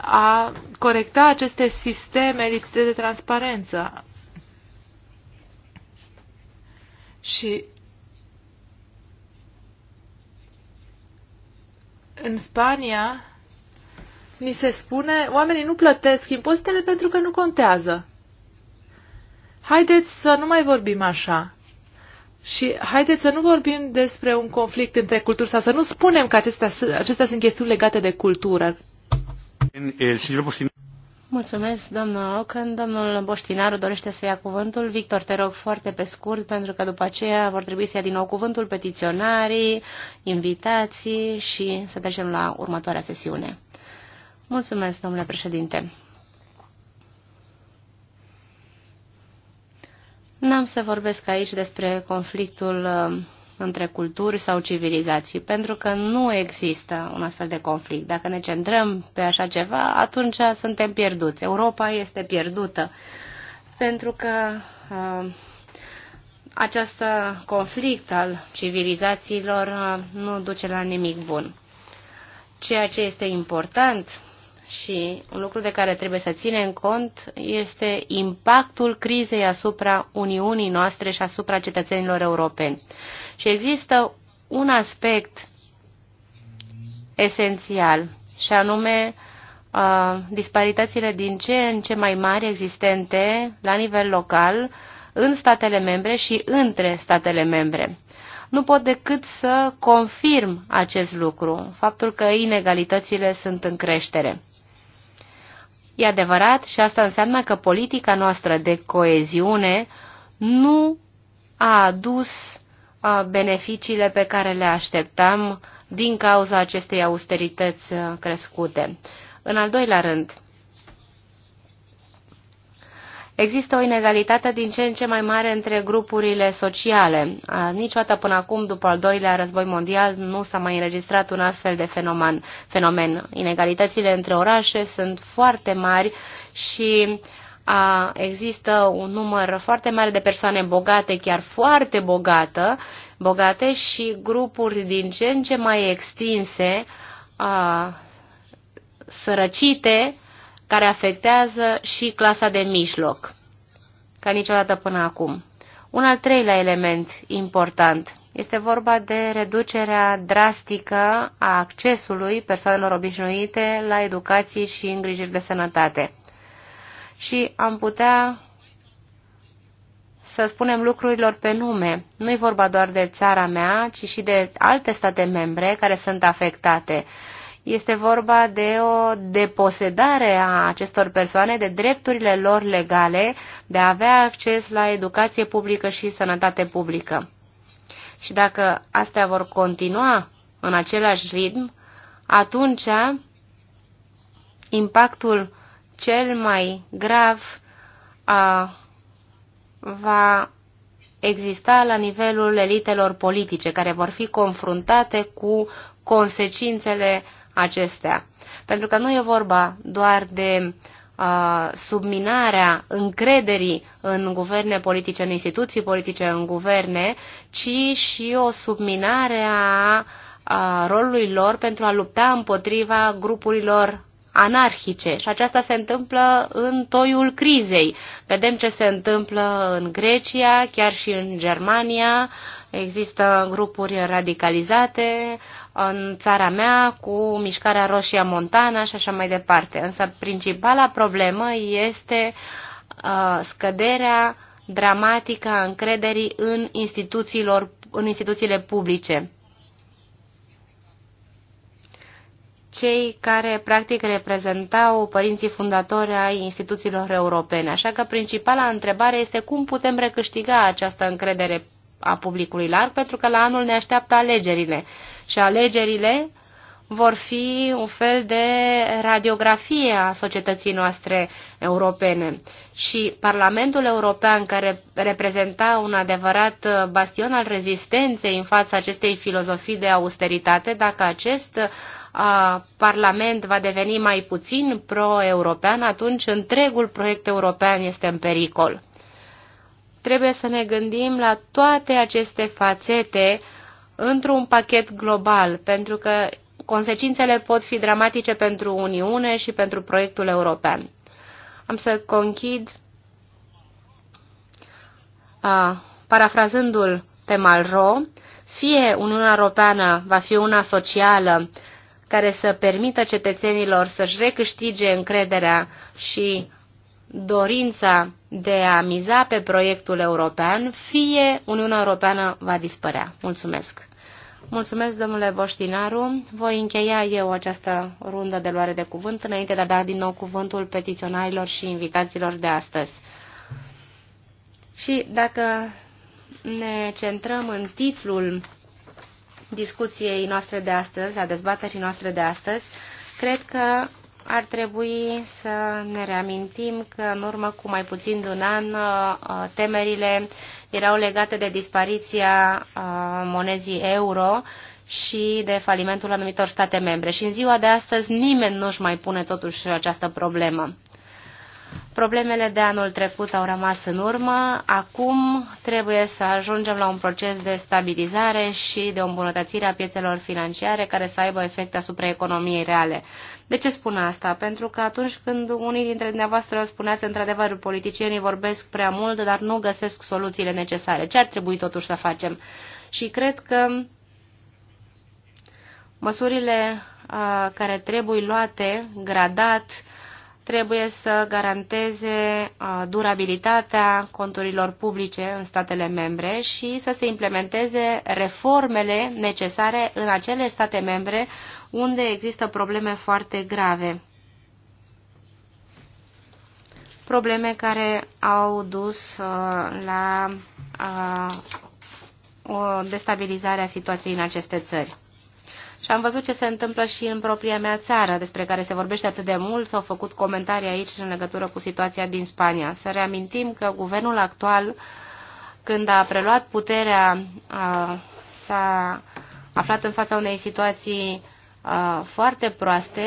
a corecta aceste sisteme lipsite de transparență. Și în Spania ni se spune, oamenii nu plătesc impozitele pentru că nu contează. Haideți să nu mai vorbim așa. Și haideți să nu vorbim despre un conflict între culturi sau să nu spunem că acestea, acestea sunt chestiuni legate de cultură. Mulțumesc, doamnă Ocan. Domnul Boștinaru dorește să ia cuvântul. Victor, te rog foarte pe scurt, pentru că după aceea vor trebui să ia din nou cuvântul petiționarii, invitații și să trecem la următoarea sesiune. Mulțumesc, domnule președinte. N-am să vorbesc aici despre conflictul uh, între culturi sau civilizații, pentru că nu există un astfel de conflict. Dacă ne centrăm pe așa ceva, atunci suntem pierduți. Europa este pierdută, pentru că uh, acest conflict al civilizațiilor uh, nu duce la nimic bun. Ceea ce este important și un lucru de care trebuie să ținem cont este impactul crizei asupra Uniunii noastre și asupra cetățenilor europeni. Și există un aspect esențial, și anume uh, disparitățile din ce în ce mai mari existente la nivel local în statele membre și între statele membre. Nu pot decât să confirm acest lucru, faptul că inegalitățile sunt în creștere. E adevărat și asta înseamnă că politica noastră de coeziune nu a adus beneficiile pe care le așteptam din cauza acestei austerități crescute. În al doilea rând, Există o inegalitate din ce în ce mai mare între grupurile sociale. Niciodată până acum, după al doilea război mondial, nu s-a mai înregistrat un astfel de fenomen. fenomen. Inegalitățile între orașe sunt foarte mari și a, există un număr foarte mare de persoane bogate, chiar foarte bogată, bogate și grupuri din ce în ce mai extinse, a, sărăcite, care afectează și clasa de mijloc, ca niciodată până acum. Un al treilea element important este vorba de reducerea drastică a accesului persoanelor obișnuite la educație și îngrijiri de sănătate. Și am putea să spunem lucrurilor pe nume. Nu e vorba doar de țara mea, ci și de alte state membre care sunt afectate. Este vorba de o deposedare a acestor persoane de drepturile lor legale de a avea acces la educație publică și sănătate publică. Și dacă astea vor continua în același ritm, atunci impactul cel mai grav a, va exista la nivelul elitelor politice, care vor fi confruntate cu consecințele acestea. Pentru că nu e vorba doar de subminarea încrederii în guverne politice, în instituții politice, în guverne, ci și o subminare a rolului lor pentru a lupta împotriva grupurilor anarhice și aceasta se întâmplă în toiul crizei. Vedem ce se întâmplă în Grecia, chiar și în Germania, există grupuri radicalizate, în țara mea cu mișcarea Roșia Montana și așa mai departe. Însă principala problemă este uh, scăderea dramatică a încrederii în, instituțiilor, în instituțiile publice. cei care practic reprezentau părinții fundatori ai instituțiilor europene. Așa că principala întrebare este cum putem recâștiga această încredere a publicului larg, pentru că la anul ne așteaptă alegerile și alegerile vor fi un fel de radiografie a societății noastre europene. Și Parlamentul European, care reprezenta un adevărat bastion al rezistenței în fața acestei filozofii de austeritate, dacă acest a, Parlament va deveni mai puțin pro-european, atunci întregul proiect european este în pericol. Trebuie să ne gândim la toate aceste fațete într-un pachet global, pentru că consecințele pot fi dramatice pentru Uniune și pentru proiectul european. Am să conchid a, parafrazându-l pe Malro, fie Uniunea Europeană va fi una socială care să permită cetățenilor să-și recâștige încrederea și dorința de a miza pe proiectul european, fie Uniunea Europeană va dispărea. Mulțumesc! Mulțumesc, domnule Boștinaru. Voi încheia eu această rundă de luare de cuvânt înainte de a da din nou cuvântul petiționarilor și invitaților de astăzi. Și dacă ne centrăm în titlul discuției noastre de astăzi, a dezbaterii noastre de astăzi, cred că ar trebui să ne reamintim că în urmă cu mai puțin de un an uh, temerile erau legate de dispariția uh, monezii euro și de falimentul anumitor state membre. Și în ziua de astăzi nimeni nu-și mai pune totuși această problemă. Problemele de anul trecut au rămas în urmă. Acum trebuie să ajungem la un proces de stabilizare și de îmbunătățire a piețelor financiare care să aibă efecte asupra economiei reale. De ce spun asta? Pentru că atunci când unii dintre dumneavoastră spuneați într-adevăr politicienii vorbesc prea mult, dar nu găsesc soluțiile necesare. Ce ar trebui totuși să facem? Și cred că măsurile care trebuie luate gradat trebuie să garanteze durabilitatea conturilor publice în statele membre și să se implementeze reformele necesare în acele state membre unde există probleme foarte grave. Probleme care au dus uh, la uh, o destabilizare a situației în aceste țări. Și am văzut ce se întâmplă și în propria mea țară, despre care se vorbește atât de mult, s-au făcut comentarii aici în legătură cu situația din Spania. Să reamintim că guvernul actual, când a preluat puterea, uh, s-a aflat în fața unei situații foarte proaste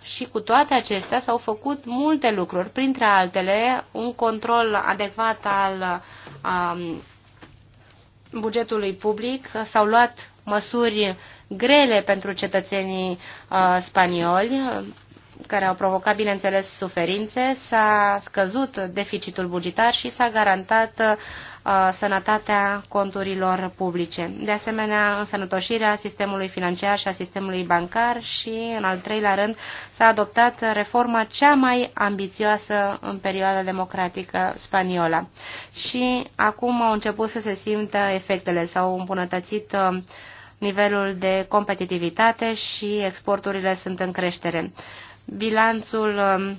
și cu toate acestea s-au făcut multe lucruri, printre altele un control adecvat al bugetului public, s-au luat măsuri grele pentru cetățenii spanioli, care au provocat, bineînțeles, suferințe, s-a scăzut deficitul bugetar și s-a garantat uh, sănătatea conturilor publice. De asemenea, însănătoșirea sistemului financiar și a sistemului bancar și, în al treilea rând, s-a adoptat reforma cea mai ambițioasă în perioada democratică spaniolă. Și acum au început să se simtă efectele, s-au îmbunătățit uh, nivelul de competitivitate și exporturile sunt în creștere. Bilanțul um,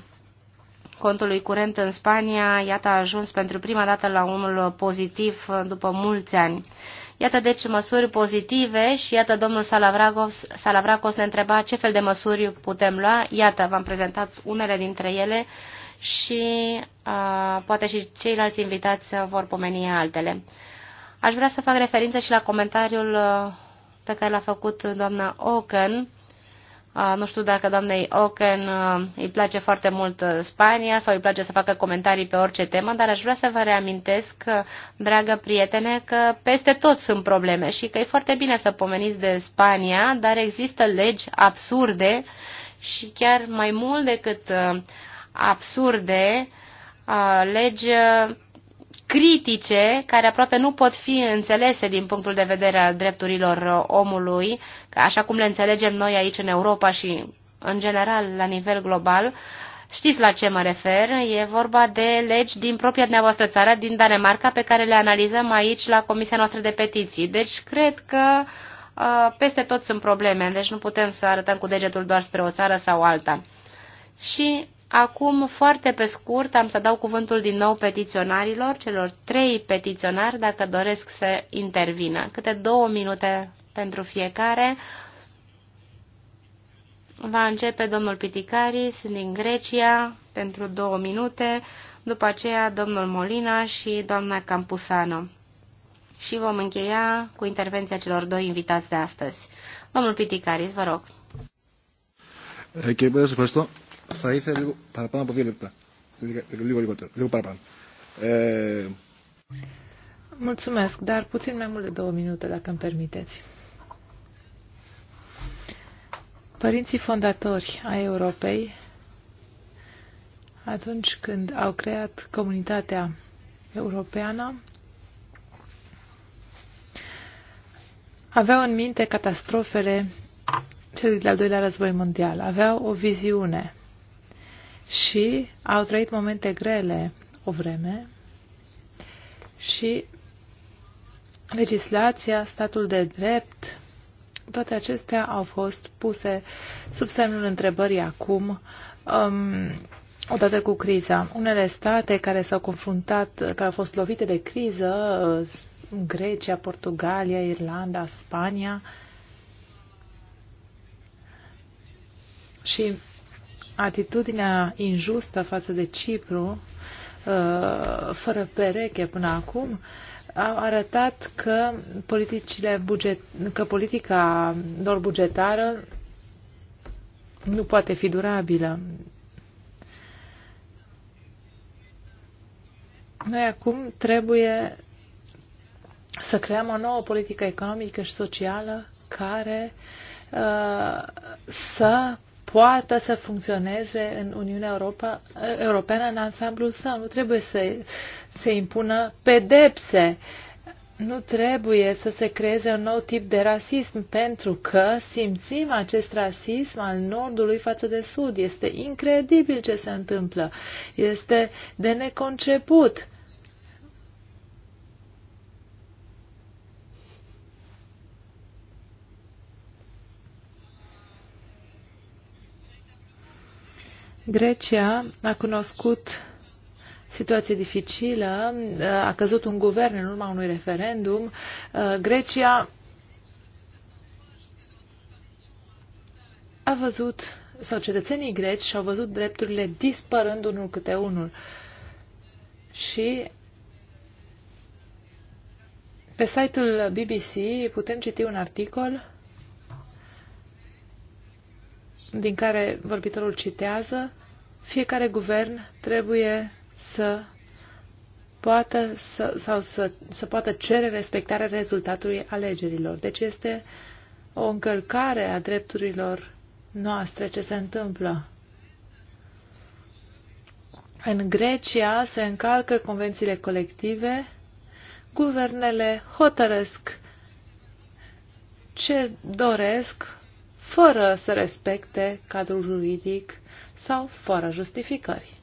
contului curent în Spania, iată, a ajuns pentru prima dată la unul pozitiv uh, după mulți ani. Iată deci măsuri pozitive și iată domnul Salavracos, Salavracos ne întreba ce fel de măsuri putem lua. Iată, v-am prezentat unele dintre ele și uh, poate și ceilalți invitați vor pomeni altele. Aș vrea să fac referință și la comentariul uh, pe care l-a făcut doamna Oken nu știu dacă doamnei Oken îi place foarte mult Spania sau îi place să facă comentarii pe orice temă, dar aș vrea să vă reamintesc, dragă prietene, că peste tot sunt probleme și că e foarte bine să pomeniți de Spania, dar există legi absurde și chiar mai mult decât absurde, legi critice care aproape nu pot fi înțelese din punctul de vedere al drepturilor omului, așa cum le înțelegem noi aici în Europa și în general la nivel global. Știți la ce mă refer? E vorba de legi din propria dumneavoastră țară, din Danemarca, pe care le analizăm aici la Comisia noastră de petiții. Deci cred că uh, peste tot sunt probleme, deci nu putem să arătăm cu degetul doar spre o țară sau alta. Și Acum, foarte pe scurt, am să dau cuvântul din nou petiționarilor, celor trei petiționari, dacă doresc să intervină. Câte două minute pentru fiecare. Va începe domnul Piticaris din Grecia pentru două minute, după aceea domnul Molina și doamna Campusano. Și vom încheia cu intervenția celor doi invitați de astăzi. Domnul Piticaris, vă rog. Okay, θα ήθελα λίγο παραπάνω από δύο λεπτά. Λίγο, λίγο λιγότερο, λίγο παραπάνω. Ε... Mulțumesc, dar puțin mai mult de două minute, dacă îmi permiteți. Părinții fondatori ai Europei, atunci când au creat comunitatea europeană, aveau în minte catastrofele celui de-al doilea război mondial. Aveau o viziune și au trăit momente grele o vreme și legislația, statul de drept, toate acestea au fost puse sub semnul întrebării acum, um, odată cu criza. Unele state care s-au confruntat, care au fost lovite de criză, Grecia, Portugalia, Irlanda, Spania, și atitudinea injustă față de Cipru, uh, fără pereche până acum, au arătat că, politicile buget, că politica lor bugetară nu poate fi durabilă. Noi acum trebuie să creăm o nouă politică economică și socială care uh, să poată să funcționeze în Uniunea Europa, Europeană în ansamblul său. Nu trebuie să se impună pedepse. Nu trebuie să se creeze un nou tip de rasism, pentru că simțim acest rasism al nordului față de sud. Este incredibil ce se întâmplă. Este de neconceput Grecia a cunoscut situație dificilă, a căzut un guvern în urma unui referendum. Uh, Grecia a văzut, sau cetățenii greci și-au văzut drepturile dispărând unul câte unul. Și pe site-ul BBC putem citi un articol din care vorbitorul citează, fiecare guvern trebuie să poată să, sau să, să poată cere respectarea rezultatului alegerilor. Deci este o încălcare a drepturilor noastre ce se întâmplă. În Grecia se încalcă convențiile colective, guvernele hotărăsc ce doresc fără să respecte cadrul juridic sau fără justificări.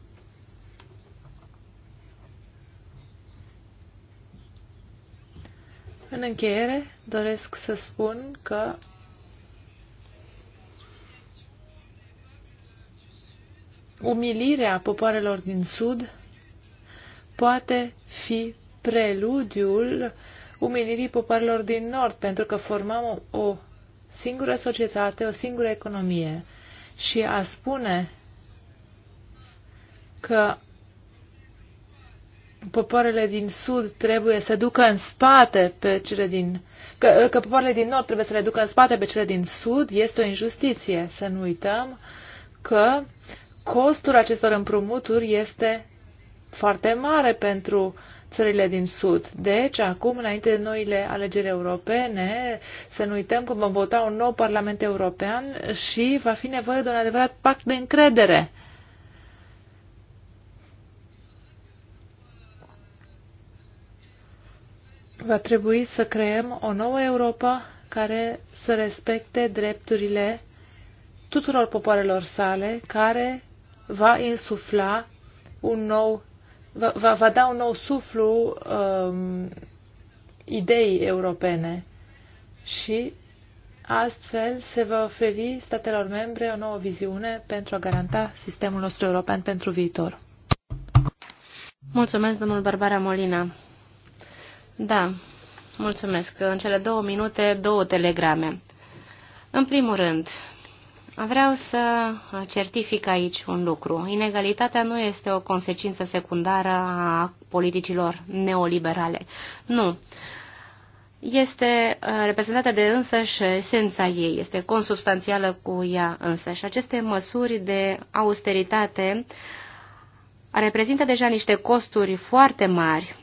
În încheiere, doresc să spun că umilirea popoarelor din Sud poate fi preludiul umilirii popoarelor din Nord, pentru că formăm o singură societate, o singură economie. Și a spune că popoarele din sud trebuie să ducă în spate pe cele din că, că popoarele din nord trebuie să le ducă în spate pe cele din sud este o injustiție. Să nu uităm că costul acestor împrumuturi este foarte mare pentru țările din Sud. Deci, acum, înainte de noile alegeri europene, să nu uităm că vom vota un nou Parlament European și va fi nevoie de un adevărat pact de încredere. Va trebui să creăm o nouă Europa care să respecte drepturile tuturor popoarelor sale, care va insufla un nou va, va, da un nou suflu um, ideii europene și astfel se va oferi statelor membre o nouă viziune pentru a garanta sistemul nostru european pentru viitor. Mulțumesc, domnul Barbara Molina. Da, mulțumesc. În cele două minute, două telegrame. În primul rând, Vreau să certific aici un lucru. Inegalitatea nu este o consecință secundară a politicilor neoliberale. Nu. Este uh, reprezentată de însăși esența ei, este consubstanțială cu ea însăși. Aceste măsuri de austeritate reprezintă deja niște costuri foarte mari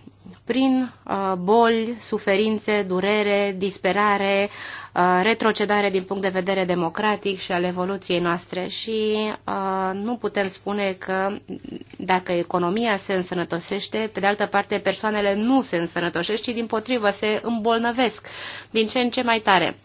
prin uh, boli, suferințe, durere, disperare, Uh, retrocedare din punct de vedere democratic și al evoluției noastre și uh, nu putem spune că dacă economia se însănătoșește pe de altă parte persoanele nu se însănătoșesc, ci din potrivă se îmbolnăvesc din ce în ce mai tare.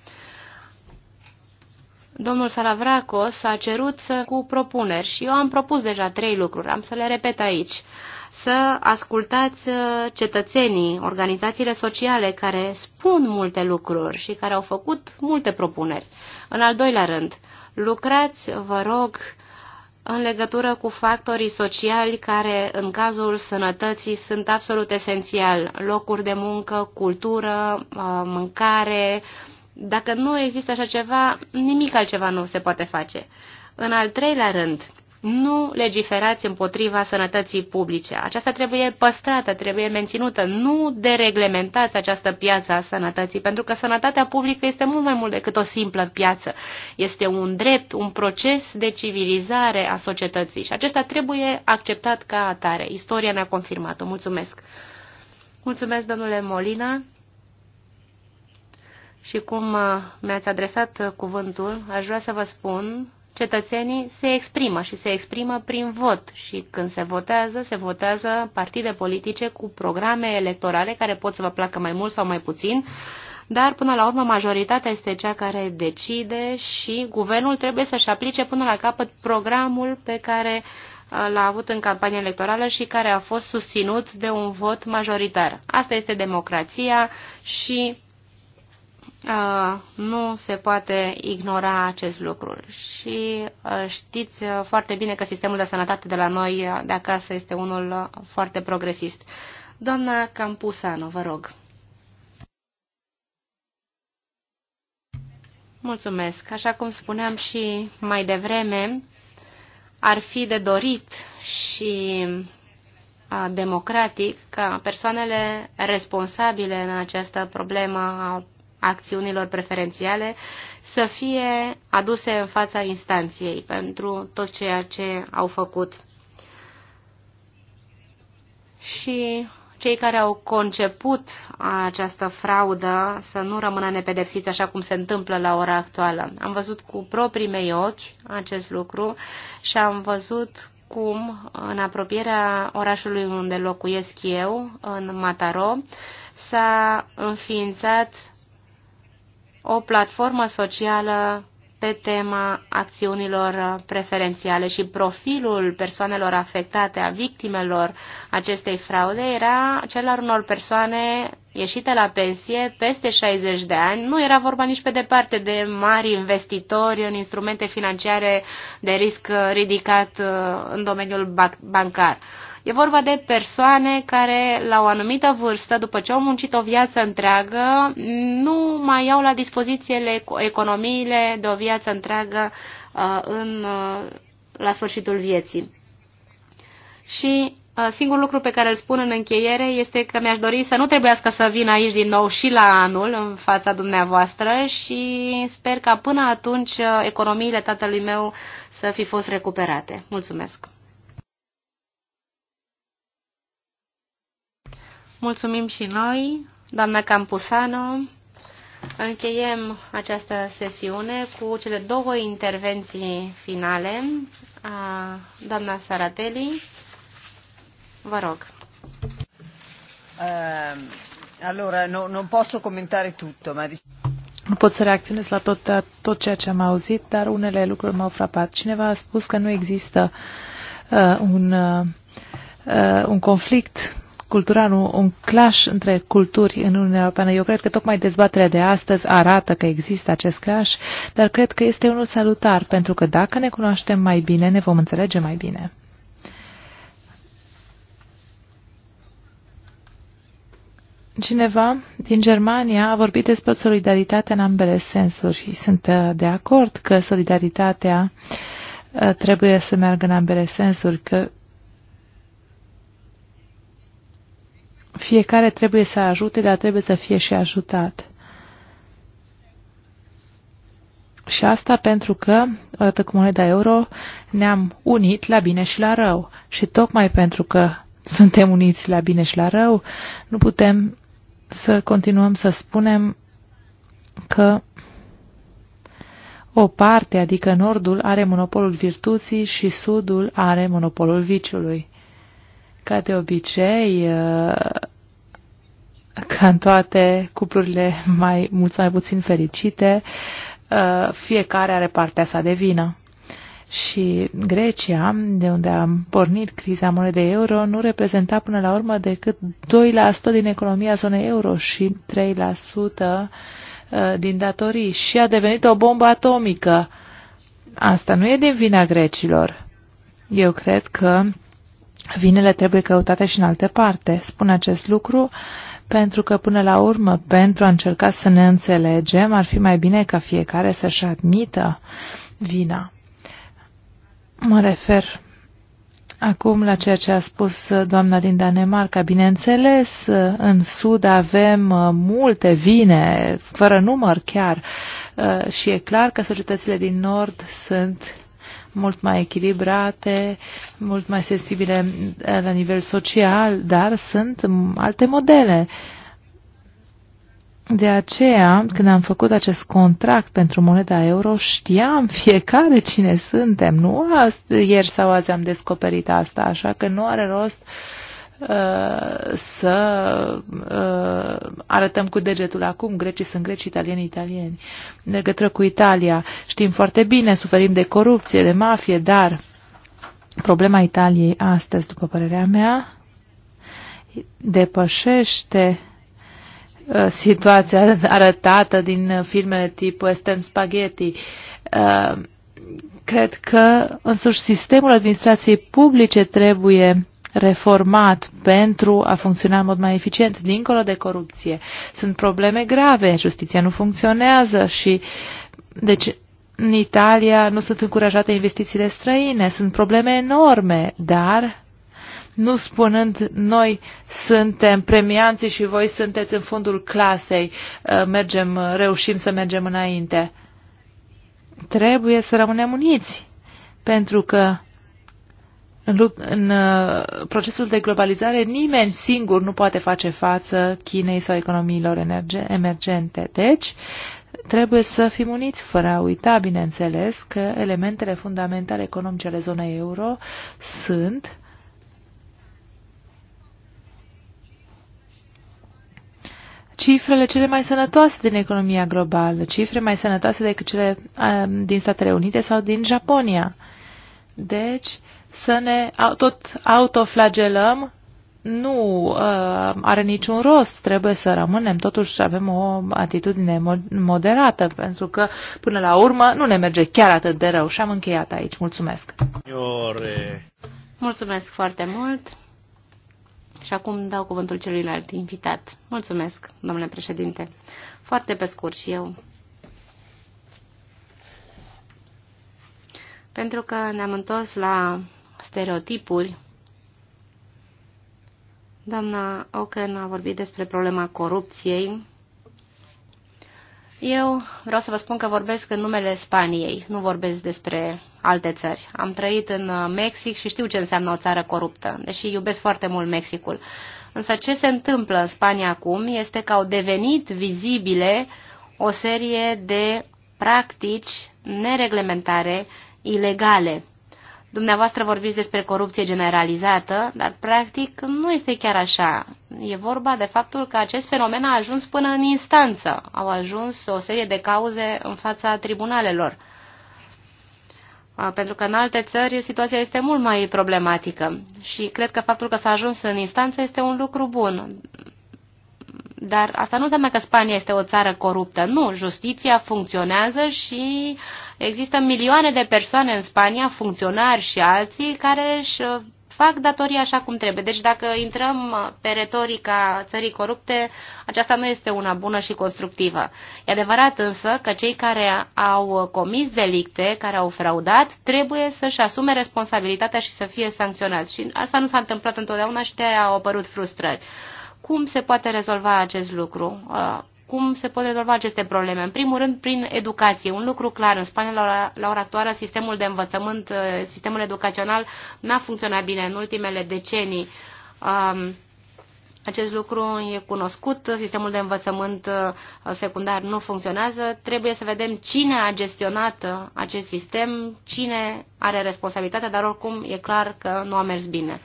Domnul Salavracos a cerut să cu propuneri și eu am propus deja trei lucruri, am să le repet aici. Uh, să ascultați uh, cetățenii, organizațiile sociale care spun multe lucruri și care au făcut multe propuneri. În al doilea rând, lucrați, vă rog, în legătură cu factorii sociali care, în cazul sănătății, sunt absolut esențial. Locuri de muncă, cultură, uh, mâncare. Dacă nu există așa ceva, nimic altceva nu se poate face. În al treilea rând, nu legiferați împotriva sănătății publice. Aceasta trebuie păstrată, trebuie menținută. Nu dereglementați această piață a sănătății, pentru că sănătatea publică este mult mai mult decât o simplă piață. Este un drept, un proces de civilizare a societății și acesta trebuie acceptat ca atare. Istoria ne-a confirmat-o. Mulțumesc! Mulțumesc, domnule Molina! Și cum uh, mi-ați adresat uh, cuvântul, aș vrea să vă spun cetățenii se exprimă și se exprimă prin vot și când se votează, se votează partide politice cu programe electorale care pot să vă placă mai mult sau mai puțin, dar până la urmă majoritatea este cea care decide și guvernul trebuie să-și aplice până la capăt programul pe care uh, l-a avut în campanie electorală și care a fost susținut de un vot majoritar. Asta este democrația și Uh, nu se poate ignora acest lucru. Și uh, știți uh, foarte bine că sistemul de sănătate de la noi de acasă este unul foarte progresist. Doamna Campusano, vă rog. Mulțumesc. Așa cum spuneam și mai devreme, ar fi de dorit și democratic ca persoanele responsabile în această problemă a acțiunilor preferențiale să fie aduse în fața instanției pentru tot ceea ce au făcut. Și cei care au conceput această fraudă să nu rămână nepedepsiți așa cum se întâmplă la ora actuală. Am văzut cu proprii mei ochi acest lucru și am văzut cum, în apropierea orașului unde locuiesc eu, în Mataro, s-a înființat o platformă socială pe tema acțiunilor preferențiale și profilul persoanelor afectate, a victimelor acestei fraude, era cel al unor persoane ieșite la pensie peste 60 de ani. Nu era vorba nici pe departe de mari investitori în instrumente financiare de risc ridicat uh, în domeniul bancar. E vorba de persoane care, la o anumită vârstă, după ce au muncit o viață întreagă, nu mai au la dispoziție economiile de o viață întreagă uh, în, uh, la sfârșitul vieții. Și uh, singurul lucru pe care îl spun în încheiere este că mi-aș dori să nu trebuiască să vin aici din nou și la anul în fața dumneavoastră și sper ca până atunci economiile tatălui meu să fi fost recuperate. Mulțumesc! Mulțumim și noi, doamna Campusano. Încheiem această sesiune cu cele două intervenții finale. Doamna Saratelli, vă rog. Uh, allora, no, non posso commentare tutto, ma... Nu pot să reacționez la tot, tot ceea ce am auzit, dar unele lucruri m-au frapat. Cineva a spus că nu există uh, un, uh, uh un conflict cultural, un clash între culturi în Uniunea Europeană. Eu cred că tocmai dezbaterea de astăzi arată că există acest clash, dar cred că este unul salutar, pentru că dacă ne cunoaștem mai bine, ne vom înțelege mai bine. Cineva din Germania a vorbit despre solidaritate în ambele sensuri și sunt uh, de acord că solidaritatea uh, trebuie să meargă în ambele sensuri, că Fiecare trebuie să ajute, dar trebuie să fie și ajutat. Și asta pentru că, odată cu moneda euro, ne-am unit la bine și la rău. Și tocmai pentru că suntem uniți la bine și la rău, nu putem să continuăm să spunem că o parte, adică nordul, are monopolul virtuții și sudul are monopolul viciului. Ca de obicei, uh, ca în toate cuplurile mai mult sau mai puțin fericite, uh, fiecare are partea sa de vină. Și Grecia, de unde am pornit criza monedei euro, nu reprezenta până la urmă decât 2% din economia zonei euro și 3% uh, din datorii și a devenit o bombă atomică. Asta nu e din vina grecilor. Eu cred că vinele trebuie căutate și în alte parte. Spun acest lucru pentru că, până la urmă, pentru a încerca să ne înțelegem, ar fi mai bine ca fiecare să-și admită vina. Mă refer acum la ceea ce a spus doamna din Danemarca. Bineînțeles, în Sud avem uh, multe vine, fără număr chiar, uh, și e clar că societățile din Nord sunt mult mai echilibrate, mult mai sensibile eh, la nivel social, dar sunt mm, alte modele. De aceea, când am făcut acest contract pentru moneda euro, știam fiecare cine suntem. Nu ieri sau azi am descoperit asta, așa că nu are rost uh, Uh, să uh, arătăm cu degetul acum, grecii sunt greci, italieni, italieni. În legătură cu Italia, știm foarte bine, suferim de corupție, de mafie, dar problema Italiei astăzi, după părerea mea, depășește uh, situația arătată din filmele tip Western Spaghetti. Cred că însuși sistemul administrației publice trebuie reformat pentru a funcționa în mod mai eficient, dincolo de corupție. Sunt probleme grave, justiția nu funcționează și, deci, în Italia nu sunt încurajate investițiile străine, sunt probleme enorme, dar nu spunând noi suntem premianții și voi sunteți în fundul clasei, uh, mergem, uh, reușim să mergem înainte. Trebuie să rămânem uniți, pentru că în, în uh, procesul de globalizare nimeni singur nu poate face față Chinei sau economiilor energe emergente. Deci, trebuie să fim uniți, fără a uita, bineînțeles, că elementele fundamentale economice ale zonei euro sunt cifrele cele mai sănătoase din economia globală, cifre mai sănătoase decât cele um, din Statele Unite sau din Japonia. Deci, să ne tot autoflagelăm nu uh, are niciun rost, trebuie să rămânem, totuși avem o atitudine moderată, pentru că până la urmă nu ne merge chiar atât de rău și am încheiat aici. Mulțumesc! Iore. Mulțumesc foarte mult și acum dau cuvântul celuilalt invitat. Mulțumesc, domnule președinte. Foarte pe scurt și eu. Pentru că ne-am întors la stereotipuri. Doamna Oken a vorbit despre problema corupției. Eu vreau să vă spun că vorbesc în numele Spaniei, nu vorbesc despre alte țări. Am trăit în uh, Mexic și știu ce înseamnă o țară coruptă, deși iubesc foarte mult Mexicul. Însă ce se întâmplă în Spania acum este că au devenit vizibile o serie de practici nereglementare, ilegale. Dumneavoastră vorbiți despre corupție generalizată, dar practic nu este chiar așa. E vorba de faptul că acest fenomen a ajuns până în instanță. Au ajuns o serie de cauze în fața tribunalelor. Pentru că în alte țări situația este mult mai problematică și cred că faptul că s-a ajuns în instanță este un lucru bun. Dar asta nu înseamnă că Spania este o țară coruptă. Nu, justiția funcționează și există milioane de persoane în Spania, funcționari și alții, care își uh, fac datoria așa cum trebuie. Deci dacă intrăm uh, pe retorica țării corupte, aceasta nu este una bună și constructivă. E adevărat însă că cei care au comis delicte, care au fraudat, trebuie să-și asume responsabilitatea și să fie sancționați. Și asta nu s-a întâmplat întotdeauna și de-aia au apărut frustrări. Cum se poate rezolva acest lucru? Uh, cum se pot rezolva aceste probleme? În primul rând, prin educație. Un lucru clar, în Spania, la ora, la ora actuală, sistemul de învățământ, uh, sistemul educațional n-a funcționat bine în ultimele decenii. Um, acest lucru e cunoscut, sistemul de învățământ uh, secundar nu funcționează. Trebuie să vedem cine a gestionat acest sistem, cine are responsabilitatea, dar oricum e clar că nu a mers bine.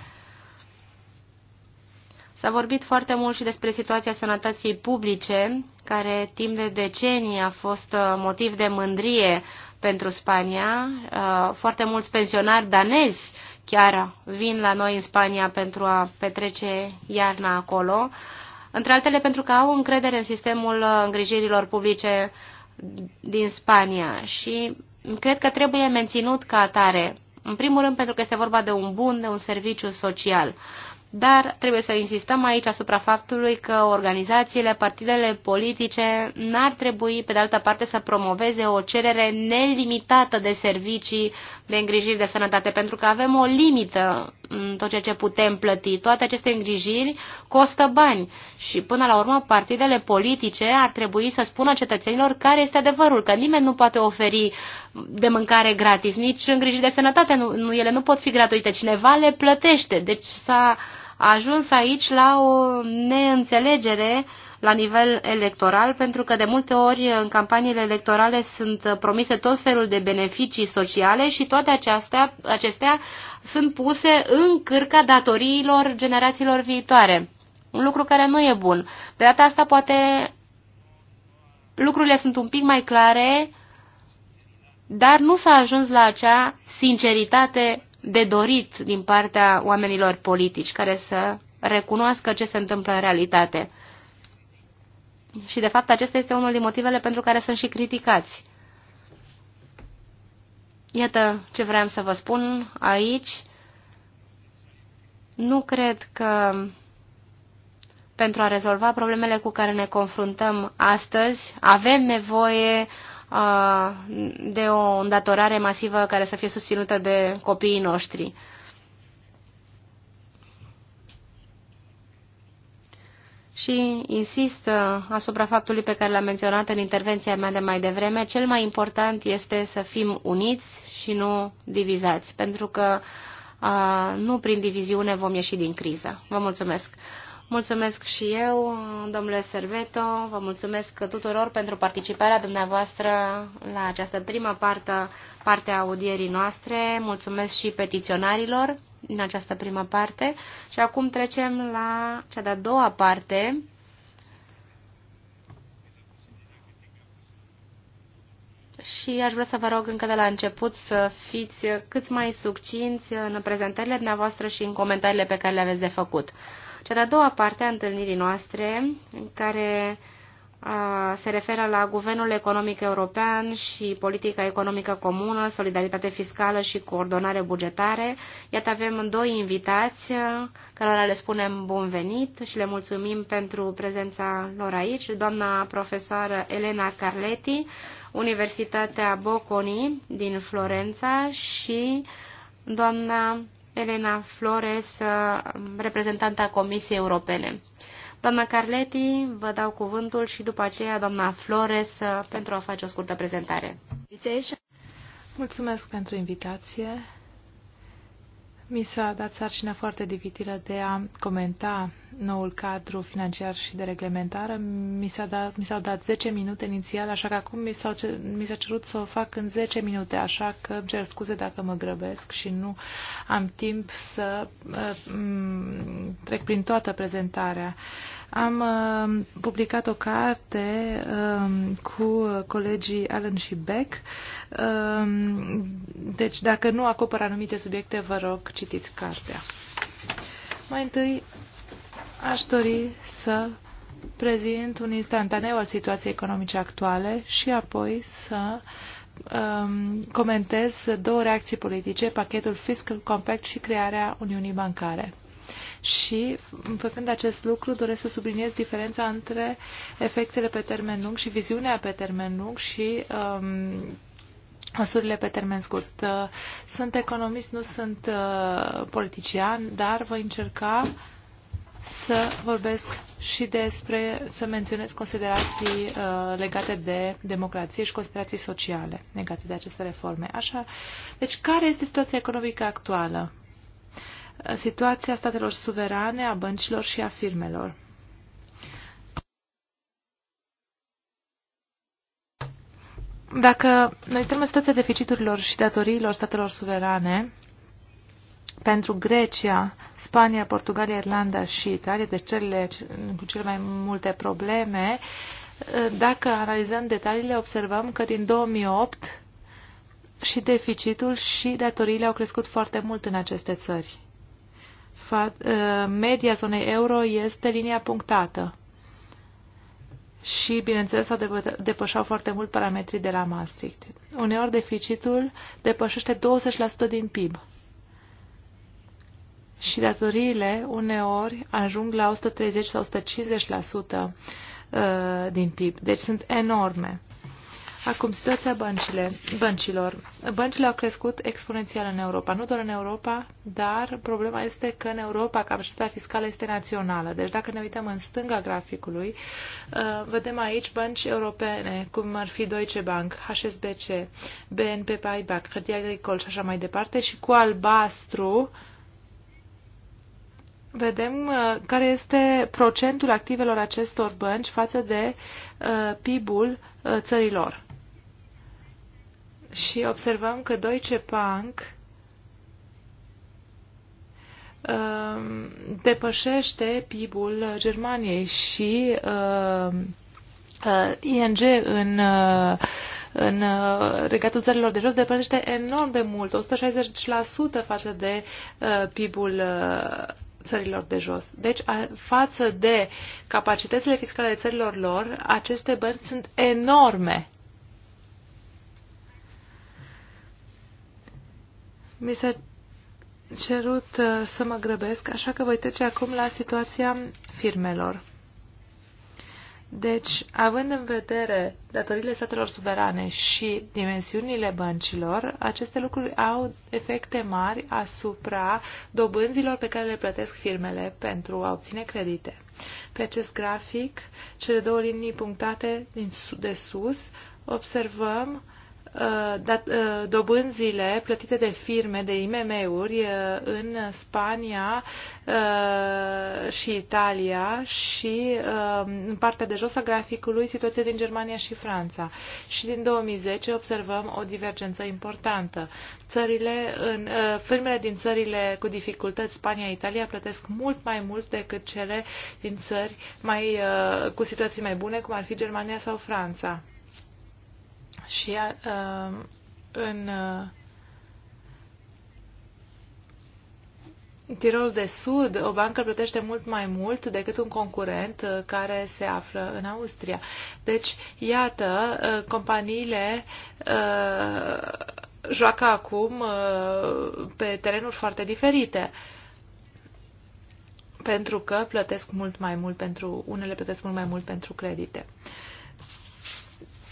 S-a vorbit foarte mult și despre situația sănătății publice, care timp de decenii a fost uh, motiv de mândrie pentru Spania. Uh, foarte mulți pensionari danezi chiar vin la noi în Spania pentru a petrece iarna acolo, între altele pentru că au încredere în sistemul uh, îngrijirilor publice din Spania și cred că trebuie menținut ca atare, în primul rând pentru că este vorba de un bun, de un serviciu social. Dar trebuie să insistăm aici asupra faptului că organizațiile, partidele politice n-ar trebui, pe de altă parte, să promoveze o cerere nelimitată de servicii de îngrijiri de sănătate, pentru că avem o limită tot ceea ce putem plăti. Toate aceste îngrijiri costă bani și până la urmă partidele politice ar trebui să spună cetățenilor care este adevărul, că nimeni nu poate oferi de mâncare gratis, nici îngrijiri de sănătate, nu, nu, ele nu pot fi gratuite, cineva le plătește. Deci s-a ajuns aici la o neînțelegere uh, la nivel electoral, pentru că de multe ori în campaniile electorale sunt promise tot felul de beneficii sociale și toate acestea, acestea sunt puse în cârca datoriilor generațiilor viitoare. Un lucru care nu e bun. De data asta poate lucrurile sunt un pic mai clare, dar nu s-a ajuns la acea sinceritate de dorit din partea oamenilor politici care să recunoască ce se întâmplă în realitate. Și, de fapt, acesta este unul din motivele pentru care sunt și criticați. Iată ce vreau să vă spun aici. Nu cred că pentru a rezolva problemele cu care ne confruntăm astăzi avem nevoie de o îndatorare masivă care să fie susținută de copiii noștri. și insist uh, asupra faptului pe care l-am menționat în intervenția mea de mai devreme, cel mai important este să fim uniți și nu divizați, pentru că a, uh, nu prin diviziune vom ieși din criză. Vă mulțumesc! Mulțumesc și eu, domnule Serveto, vă mulțumesc tuturor pentru participarea dumneavoastră la această prima parte, parte a audierii noastre, mulțumesc și petiționarilor în această primă parte și acum trecem la cea de-a doua parte. Și aș vrea să vă rog încă de la început să fiți cât mai succinți în prezentările dumneavoastră și în comentariile pe care le aveți de făcut. Cea de-a doua parte a întâlnirii noastre, în care se referă la Guvernul Economic European și Politica Economică Comună, Solidaritate Fiscală și Coordonare Bugetare. Iată, avem doi invitați uh, cărora le spunem bun venit și le mulțumim pentru prezența lor aici. Doamna profesoară Elena Carletti, Universitatea Bocconi din Florența și doamna Elena Flores, uh, reprezentanta Comisiei Europene. Doamna Carleti, vă dau cuvântul și după aceea doamna Flores uh, pentru a face o scurtă prezentare. Mulțumesc pentru invitație. Mi s-a dat sarcina foarte dificilă de a comenta noul cadru financiar și de reglementare. Mi, s-a dat, mi s-au dat 10 minute inițial, așa că acum mi, s-au, mi s-a cerut să o fac în 10 minute, așa că îmi cer scuze dacă mă grăbesc și nu am timp să uh, trec prin toată prezentarea. Uh, am uh, publicat o carte uh, cu colegii Allen și Beck. Uh, deci, dacă nu acopăr anumite subiecte, vă rog, citiți cartea. Mai întâi, aș dori să prezint un instantaneu al situației economice actuale și apoi să um, comentez două reacții politice, pachetul Fiscal Compact și crearea Uniunii Bancare și, făcând acest lucru, doresc să subliniez diferența între efectele pe termen lung și viziunea pe termen lung și um, măsurile pe termen scurt. Uh, sunt economist, nu sunt uh, politician, dar voi încerca să vorbesc și despre, să menționez considerații uh, legate de democrație și considerații sociale legate de aceste reforme. Așa, deci care este situația economică actuală? situația statelor suverane, a băncilor și a firmelor. Dacă noi uităm situația deficiturilor și datoriilor statelor suverane, pentru Grecia, Spania, Portugalia, Irlanda și Italia, de deci cele cu cele mai multe probleme, dacă analizăm detaliile, observăm că din 2008 și deficitul și datoriile au crescut foarte mult în aceste țări. Uh, media zonei euro este linia punctată. Și, bineînțeles, s-au depășat foarte mult parametrii de la Maastricht. Uneori deficitul depășește 20% din PIB. Și datoriile uneori ajung la 130 sau 150% uh, din PIB. Deci sunt enorme. Acum, situația băncile, băncilor. Băncile au crescut exponențial în Europa, nu doar în Europa, dar problema este că în Europa capacitatea fiscală este națională. Deci dacă ne uităm în stânga graficului, uh, vedem aici bănci europene, cum ar fi Deutsche Bank, HSBC, BNP Paribas, Credit Agricole și așa mai departe, și cu albastru vedem uh, care este procentul activelor acestor bănci față de uh, PIB-ul țărilor și observăm că Deutsche Bank um, depășește PIB-ul Germaniei și um, uh, ING în, uh, în uh, regatul țărilor de jos depășește enorm de mult, 160% față de PIB-ul țărilor de jos. Deci, față de capacitățile fiscale ale țărilor lor, aceste bărți sunt enorme Mi s-a cerut uh, să mă grăbesc, așa că voi trece acum la situația firmelor. Deci, având în vedere datorile statelor suverane și dimensiunile băncilor, aceste lucruri au efecte mari asupra dobânzilor pe care le plătesc firmele pentru a obține credite. Pe acest grafic, cele două linii punctate de sus, observăm uh, Uh, dat, uh, dobânzile plătite de firme, de IMM-uri uh, în Spania și Italia și în partea de jos a graficului situația din Germania și Franța. Și din 2010 observăm o divergență importantă. Țările în, firmele din țările cu dificultăți, Spania, Italia, plătesc mult mai mult decât cele din țări mai, cu situații mai bune, cum ar fi Germania sau Franța și uh, în uh, Tirol de Sud, o bancă plătește mult mai mult decât un concurent uh, care se află în Austria. Deci, iată, uh, companiile uh, joacă acum pe terenuri foarte diferite. Pentru că plătesc mult mai mult pentru, unele plătesc mult mai mult pentru credite. Uh,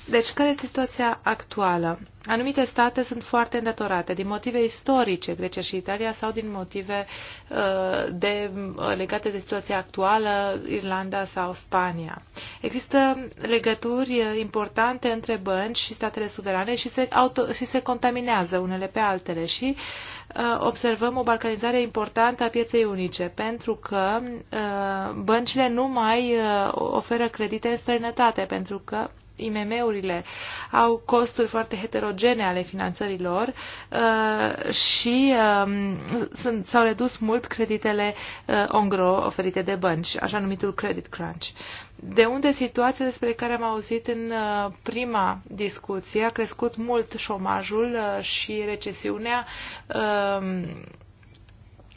deci, care este situația actuală? Anumite state sunt foarte îndatorate din motive istorice, Grecia și Italia, sau din motive uh, de, uh, legate de situația actuală, Irlanda sau Spania. Există legături uh, importante între bănci și statele suverane și se, auto, și se contaminează unele pe altele și uh, observăm o balcanizare importantă a pieței unice, pentru că uh, băncile nu mai uh, oferă credite în străinătate, pentru că IMM-urile au costuri foarte heterogene ale finanțării lor uh, și um, s-au redus mult creditele uh, ongro oferite de bănci, așa numitul credit crunch. De unde situația despre care am auzit în uh, prima discuție a crescut mult șomajul și recesiunea um,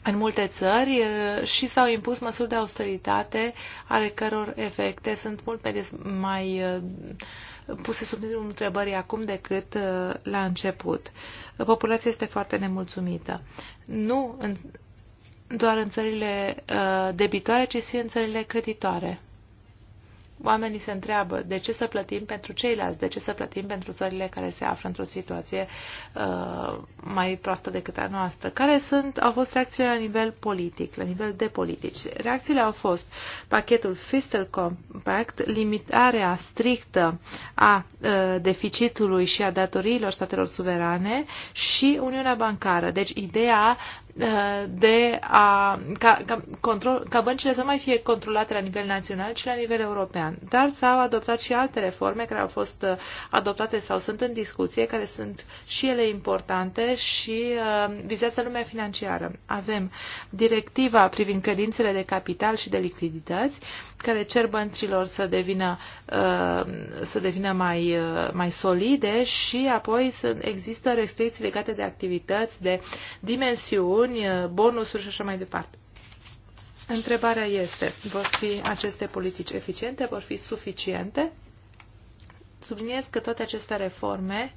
în multe țări și s-au impus măsuri de austeritate ale căror efecte sunt mult mai, puse sub întrebării acum decât la început. Populația este foarte nemulțumită. Nu în, doar în țările debitoare, ci și în țările creditoare oamenii se întreabă de ce să plătim pentru ceilalți, de ce să plătim pentru țările care se află într-o situație uh, mai proastă decât a noastră. Care sunt, au fost reacțiile la nivel politic, la nivel de politici? Reacțiile au fost pachetul Fiscal Compact, limitarea strictă a uh, deficitului și a datoriilor statelor suverane și Uniunea Bancară. Deci ideea de a, ca, ca, control, ca băncile să nu mai fie controlate la nivel național, ci la nivel european. Dar s-au adoptat și alte reforme care au fost uh, adoptate sau sunt în discuție, care sunt și ele importante și uh, vizează lumea financiară. Avem directiva privind credințele de capital și de lichidități, care cer băncilor să devină, uh, să devină mai, uh, mai solide și apoi există restricții legate de activități, de dimensiuni, luni, eh, bonusuri și așa mai departe. Întrebarea este, vor fi aceste politici eficiente, vor fi suficiente? Subliniez că toate aceste reforme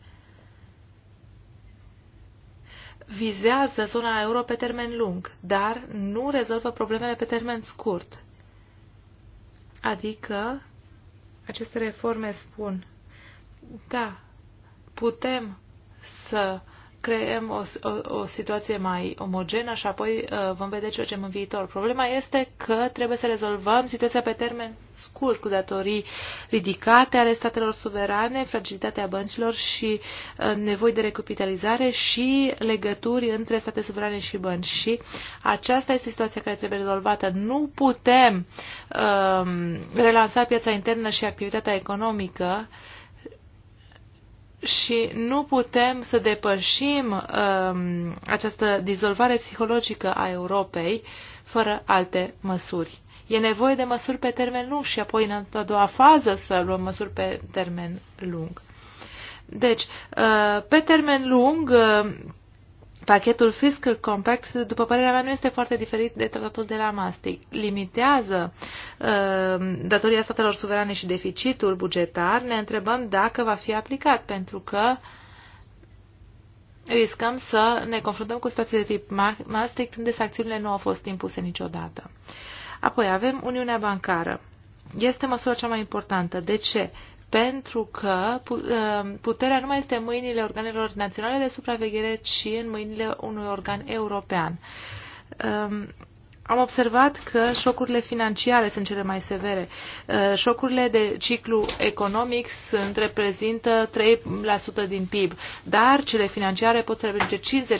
vizează zona euro pe termen lung, dar nu rezolvă problemele pe termen scurt. Adică, aceste reforme spun, da, putem să creăm o, o, o situație mai omogenă și apoi uh, vom vedea ce facem în viitor. Problema este că trebuie să rezolvăm situația pe termen scurt cu datorii ridicate ale statelor suverane, fragilitatea băncilor și uh, nevoi de recapitalizare și legături între state suverane și bănci. Și aceasta este situația care trebuie rezolvată. Nu putem uh, relansa piața internă și activitatea economică uh, și nu putem să depășim um, această dizolvare psihologică a Europei fără alte măsuri. E nevoie de măsuri pe termen lung și apoi în a doua fază să luăm măsuri pe termen lung. Deci, uh, pe termen lung, uh, Pachetul Fiscal Compact, după părerea mea, nu este foarte diferit de tratatul de la Maastricht. Limitează uh, datoria statelor suverane și deficitul bugetar. Ne întrebăm dacă va fi aplicat, pentru că riscăm să ne confruntăm cu situații de tip Maastricht, unde sancțiunile nu au fost impuse niciodată. Apoi avem Uniunea Bancară. Este măsura cea mai importantă. De ce? pentru că uh, puterea nu mai este în mâinile organelor naționale de supraveghere, ci în mâinile unui organ european. Um, am observat că șocurile financiare sunt cele mai severe. Uh, șocurile de ciclu economic sunt, reprezintă 3% din PIB, dar cele financiare pot reprezinte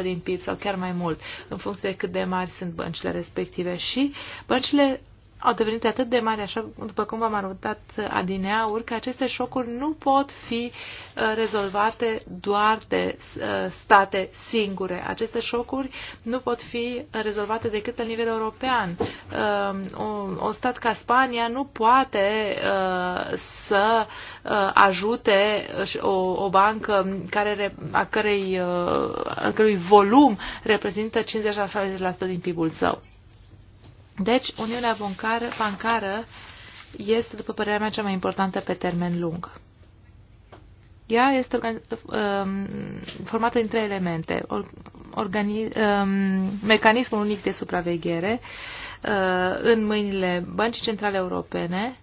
50-60% din PIB sau chiar mai mult, în funcție de cât de mari sunt băncile respective. Și băncile au devenit atât de mari, așa după cum v-am arătat adineauri, că aceste șocuri nu pot fi uh, rezolvate doar de uh, state singure. Aceste șocuri nu pot fi rezolvate decât la nivel european. Um, un stat ca Spania nu poate uh, să ajute o, o bancă care, a, cărei, a cărui volum reprezintă 50-60% din PIB-ul său. Deci, Uniunea Bancară, bancară este, după părerea mea, cea mai importantă pe termen lung. Ea este um, formată din trei elemente. Organi... Um, mecanismul unic de supraveghere uh, în mâinile Băncii Centrale Europene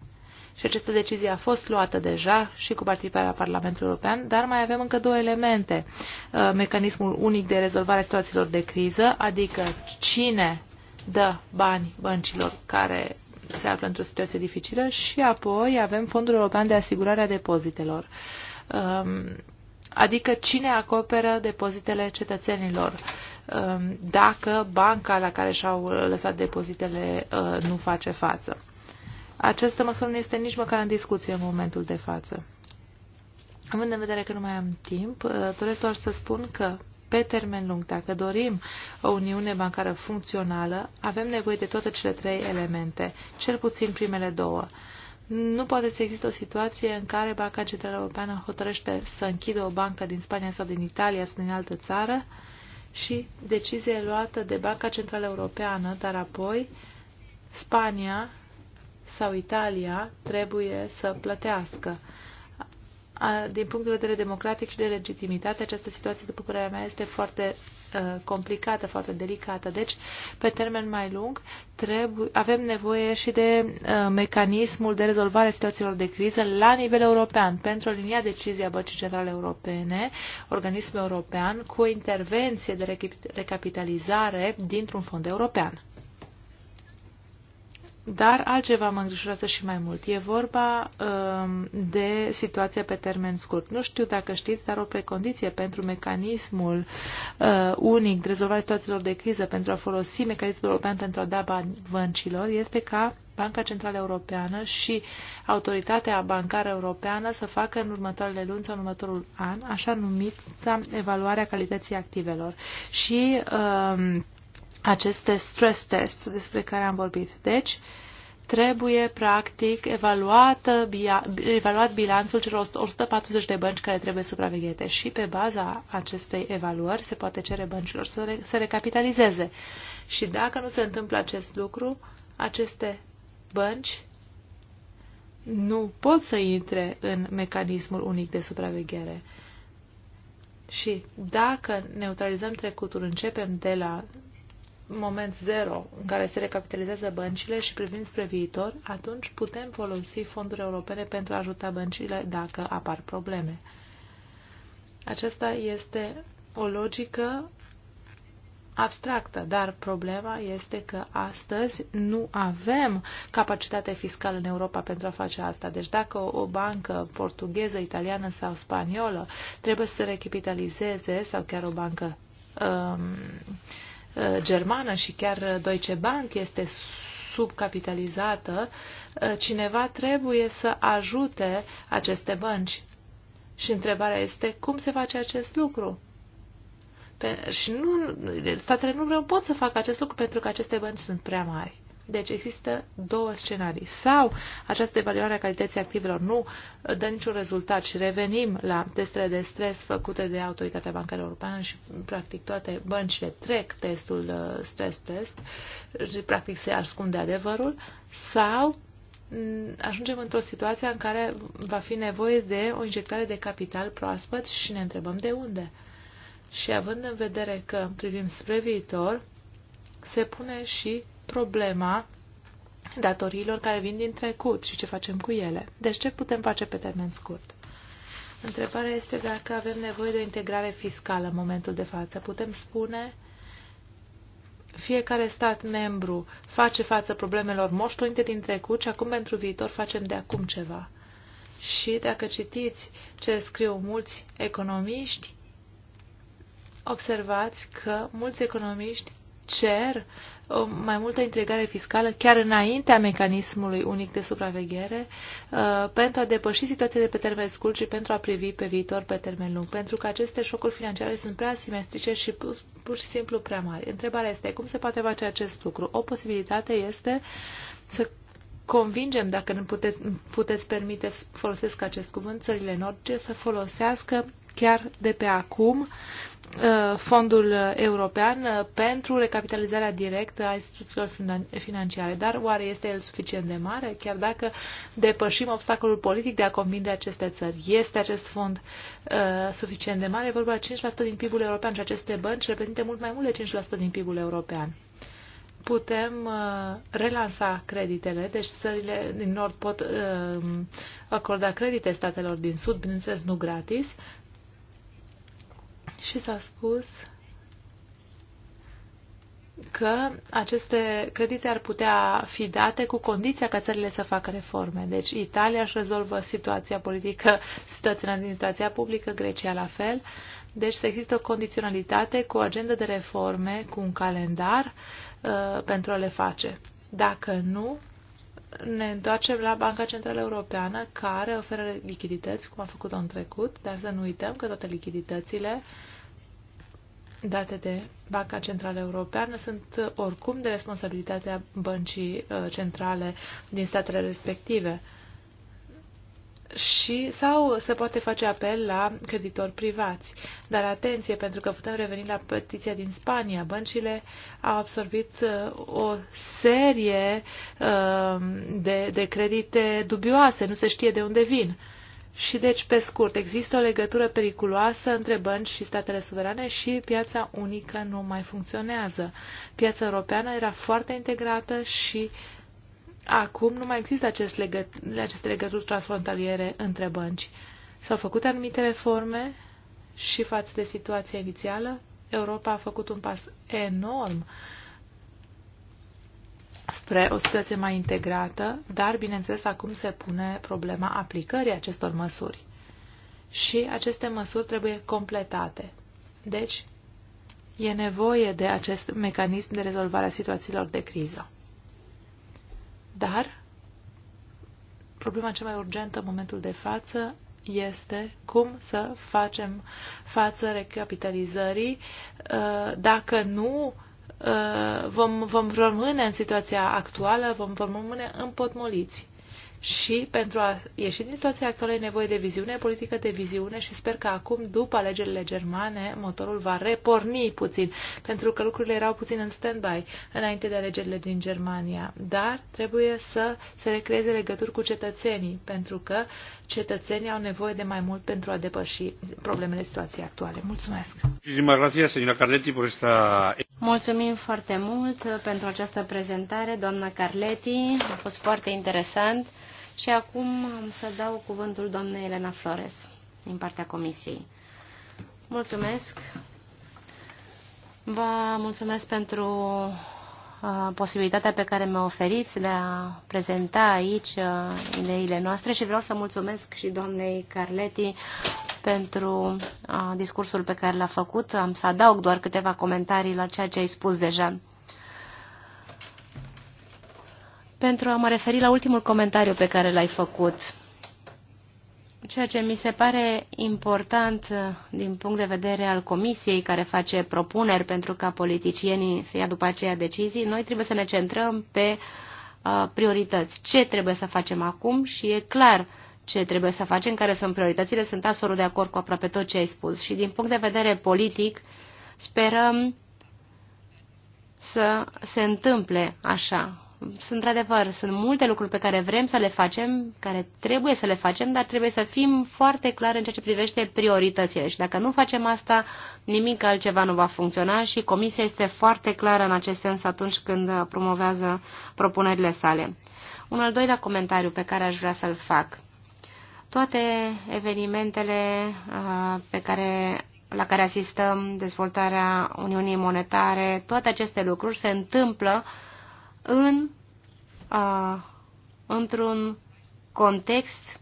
și această decizie a fost luată deja și cu participarea Parlamentului European, dar mai avem încă două elemente. Uh, mecanismul unic de rezolvare a situațiilor de criză, adică cine dă bani băncilor care se află într-o situație dificilă și apoi avem Fondul European de Asigurare a Depozitelor. Um, adică cine acoperă depozitele cetățenilor um, dacă banca la care și-au lăsat depozitele uh, nu face față. Această măsură nu este nici măcar în discuție în momentul de față. Având în vedere că nu mai am timp, uh, doresc doar să spun că pe termen lung, dacă dorim o uniune bancară funcțională, avem nevoie de toate cele trei elemente, cel puțin primele două. Nu poate să există o situație în care Banca Centrală Europeană hotărăște să închidă o bancă din Spania sau din Italia sau din altă țară și decizie luată de Banca Centrală Europeană, dar apoi Spania sau Italia trebuie să plătească din punct de vedere democratic și de legitimitate, această situație, după părerea mea, este foarte uh, complicată, foarte delicată. Deci, pe termen mai lung, trebuie, avem nevoie și de uh, mecanismul de rezolvare a situațiilor de criză la nivel european, pentru o linia decizia Băncii Centrale Europene, organism european, cu o intervenție de recapitalizare dintr-un fond european. Dar altceva mă îngrijorează și mai mult. E vorba um, de situația pe termen scurt. Nu știu dacă știți, dar o precondiție pentru mecanismul uh, unic de rezolvare situațiilor de criză, pentru a folosi mecanismul european pentru a da bani băncilor, este ca Banca Centrală Europeană și Autoritatea Bancară Europeană să facă în următoarele luni sau în următorul an, așa numită evaluarea calității activelor. Și... um, aceste stress tests despre care am vorbit. Deci, trebuie practic evaluată, evaluat bilanțul celor 140 de bănci care trebuie supraveghete și pe baza acestei evaluări se poate cere băncilor să, re, să recapitalizeze. Și dacă nu se întâmplă acest lucru, aceste bănci nu pot să intre în mecanismul unic de supraveghere. Și dacă neutralizăm trecutul, începem de la moment zero în care se recapitalizează băncile și privind spre viitor, atunci putem folosi fonduri europene pentru a ajuta băncile dacă apar probleme. Aceasta este o logică abstractă, dar problema este că astăzi nu avem capacitate fiscală în Europa pentru a face asta. Deci dacă o, o bancă portugheză, italiană sau spaniolă trebuie să se recapitalizeze sau chiar o bancă um, Uh, germană și chiar uh, Deutsche Bank este subcapitalizată, uh, cineva trebuie să ajute aceste bănci. Și întrebarea este cum se face acest lucru? Pe, și nu, statele nu pot să facă acest lucru pentru că aceste bănci sunt prea mari. Deci există două scenarii. Sau această evaluare a calității activelor nu dă niciun rezultat și revenim la testele de stres făcute de Autoritatea Bancară Europeană și practic toate băncile trec testul uh, stres test și practic se ascunde adevărul. Sau mm, ajungem într-o situație în care va fi nevoie de o injectare de capital proaspăt și ne întrebăm de unde. Și având în vedere că privim spre viitor, se pune și problema datoriilor care vin din trecut și ce facem cu ele. Deci ce putem face pe termen scurt? Întrebarea este dacă avem nevoie de o integrare fiscală în momentul de față. Putem spune fiecare stat membru face față problemelor moștenite din trecut și acum pentru viitor facem de acum ceva. Și dacă citiți ce scriu mulți economiști, observați că mulți economiști cer mai multă integrare fiscală chiar înaintea mecanismului unic de supraveghere uh, pentru a depăși situația de pe termen scurt și pentru a privi pe viitor pe termen lung, pentru că aceste șocuri financiare sunt prea simetrice și pur și simplu prea mari. Întrebarea este cum se poate face acest lucru? O posibilitate este să convingem, dacă nu puteți, puteți permite să folosesc acest cuvânt, țările nordice să folosească chiar de pe acum Uh, fondul european uh, pentru recapitalizarea directă a instituțiilor financiare. Dar oare este el suficient de mare, chiar dacă depășim obstacolul politic de a convinge aceste țări? Este acest fond uh, suficient de mare? E vorba 5% din PIB-ul european și aceste bănci reprezintă mult mai mult de 5% din PIB-ul european. Putem uh, relansa creditele, deci țările din nord pot uh, acorda credite statelor din sud, bineînțeles nu gratis, și s-a spus că aceste credite ar putea fi date cu condiția ca țările să facă reforme. Deci Italia își rezolvă situația politică, situația în administrația publică, Grecia la fel. Deci să există o condiționalitate cu o agendă de reforme, cu un calendar uh, pentru a le face. Dacă nu, ne întoarcem la Banca Centrală Europeană, care oferă lichidități, cum a făcut-o în trecut, dar să nu uităm că toate lichiditățile uh, date de Banca Centrală Europeană sunt uh, oricum de responsabilitatea băncii uh, centrale din statele respective. Și sau se poate face apel la creditori privați. Dar atenție, pentru că putem reveni la petiția din Spania. Băncile au absorbit uh, o serie de, de credite dubioase, nu se știe de unde vin. Uh, și deci, pe scurt, există o legătură periculoasă între bănci și statele suverane și piața unică nu mai funcționează. Piața europeană era foarte integrată și acum nu mai există acest legă, aceste legături transfrontaliere între bănci. S-au făcut anumite reforme și față de situația inițială, Europa a făcut un pas enorm spre o situație mai integrată, dar, bineînțeles, acum se pune problema aplicării acestor măsuri. Și aceste măsuri trebuie completate. Deci, e nevoie de acest mecanism de rezolvare a situațiilor de criză. Dar, problema cea mai urgentă în momentul de față este cum să facem față recapitalizării ă, dacă nu Uh, vom, vom rămâne în situația actuală, vom, vom rămâne împotmoliți și pentru a ieși din situația actuală e nevoie de viziune, politică de viziune și sper că acum, după alegerile germane, motorul va reporni puțin, pentru că lucrurile erau puțin în stand-by înainte de alegerile din Germania. Dar trebuie să se recreeze legături cu cetățenii, pentru că cetățenii au nevoie de mai mult pentru a depăși problemele situației actuale. Mulțumesc! Mulțumim foarte mult pentru această prezentare, doamna Carletti. A fost foarte interesant. Și acum am să dau cuvântul doamnei Elena Flores din partea Comisiei. Mulțumesc! Vă mulțumesc pentru uh, posibilitatea pe care mi-a oferit de a prezenta aici uh, ideile noastre și vreau să mulțumesc și doamnei Carleti pentru uh, discursul pe care l-a făcut. Am să adaug doar câteva comentarii la ceea ce ai spus deja. pentru a mă referi la ultimul comentariu pe care l-ai făcut. Ceea ce mi se pare important uh, din punct de vedere al comisiei care face propuneri pentru ca politicienii să ia după aceea decizii, noi trebuie să ne centrăm pe uh, priorități. Ce trebuie să facem acum și e clar ce trebuie să facem, care sunt prioritățile, sunt absolut de acord cu aproape tot ce ai spus. Și din punct de vedere politic, sperăm să se întâmple așa într-adevăr, sunt multe lucruri pe care vrem să le facem, care trebuie să le facem, dar trebuie să fim foarte clari în ceea ce privește prioritățile. Și dacă nu facem asta, nimic altceva nu va funcționa și Comisia este foarte clară în acest sens atunci când promovează propunerile sale. Un al doilea comentariu pe care aș vrea să-l fac. Toate evenimentele uh, pe care la care asistăm, dezvoltarea Uniunii Monetare, toate aceste lucruri se întâmplă uh, în, într-un context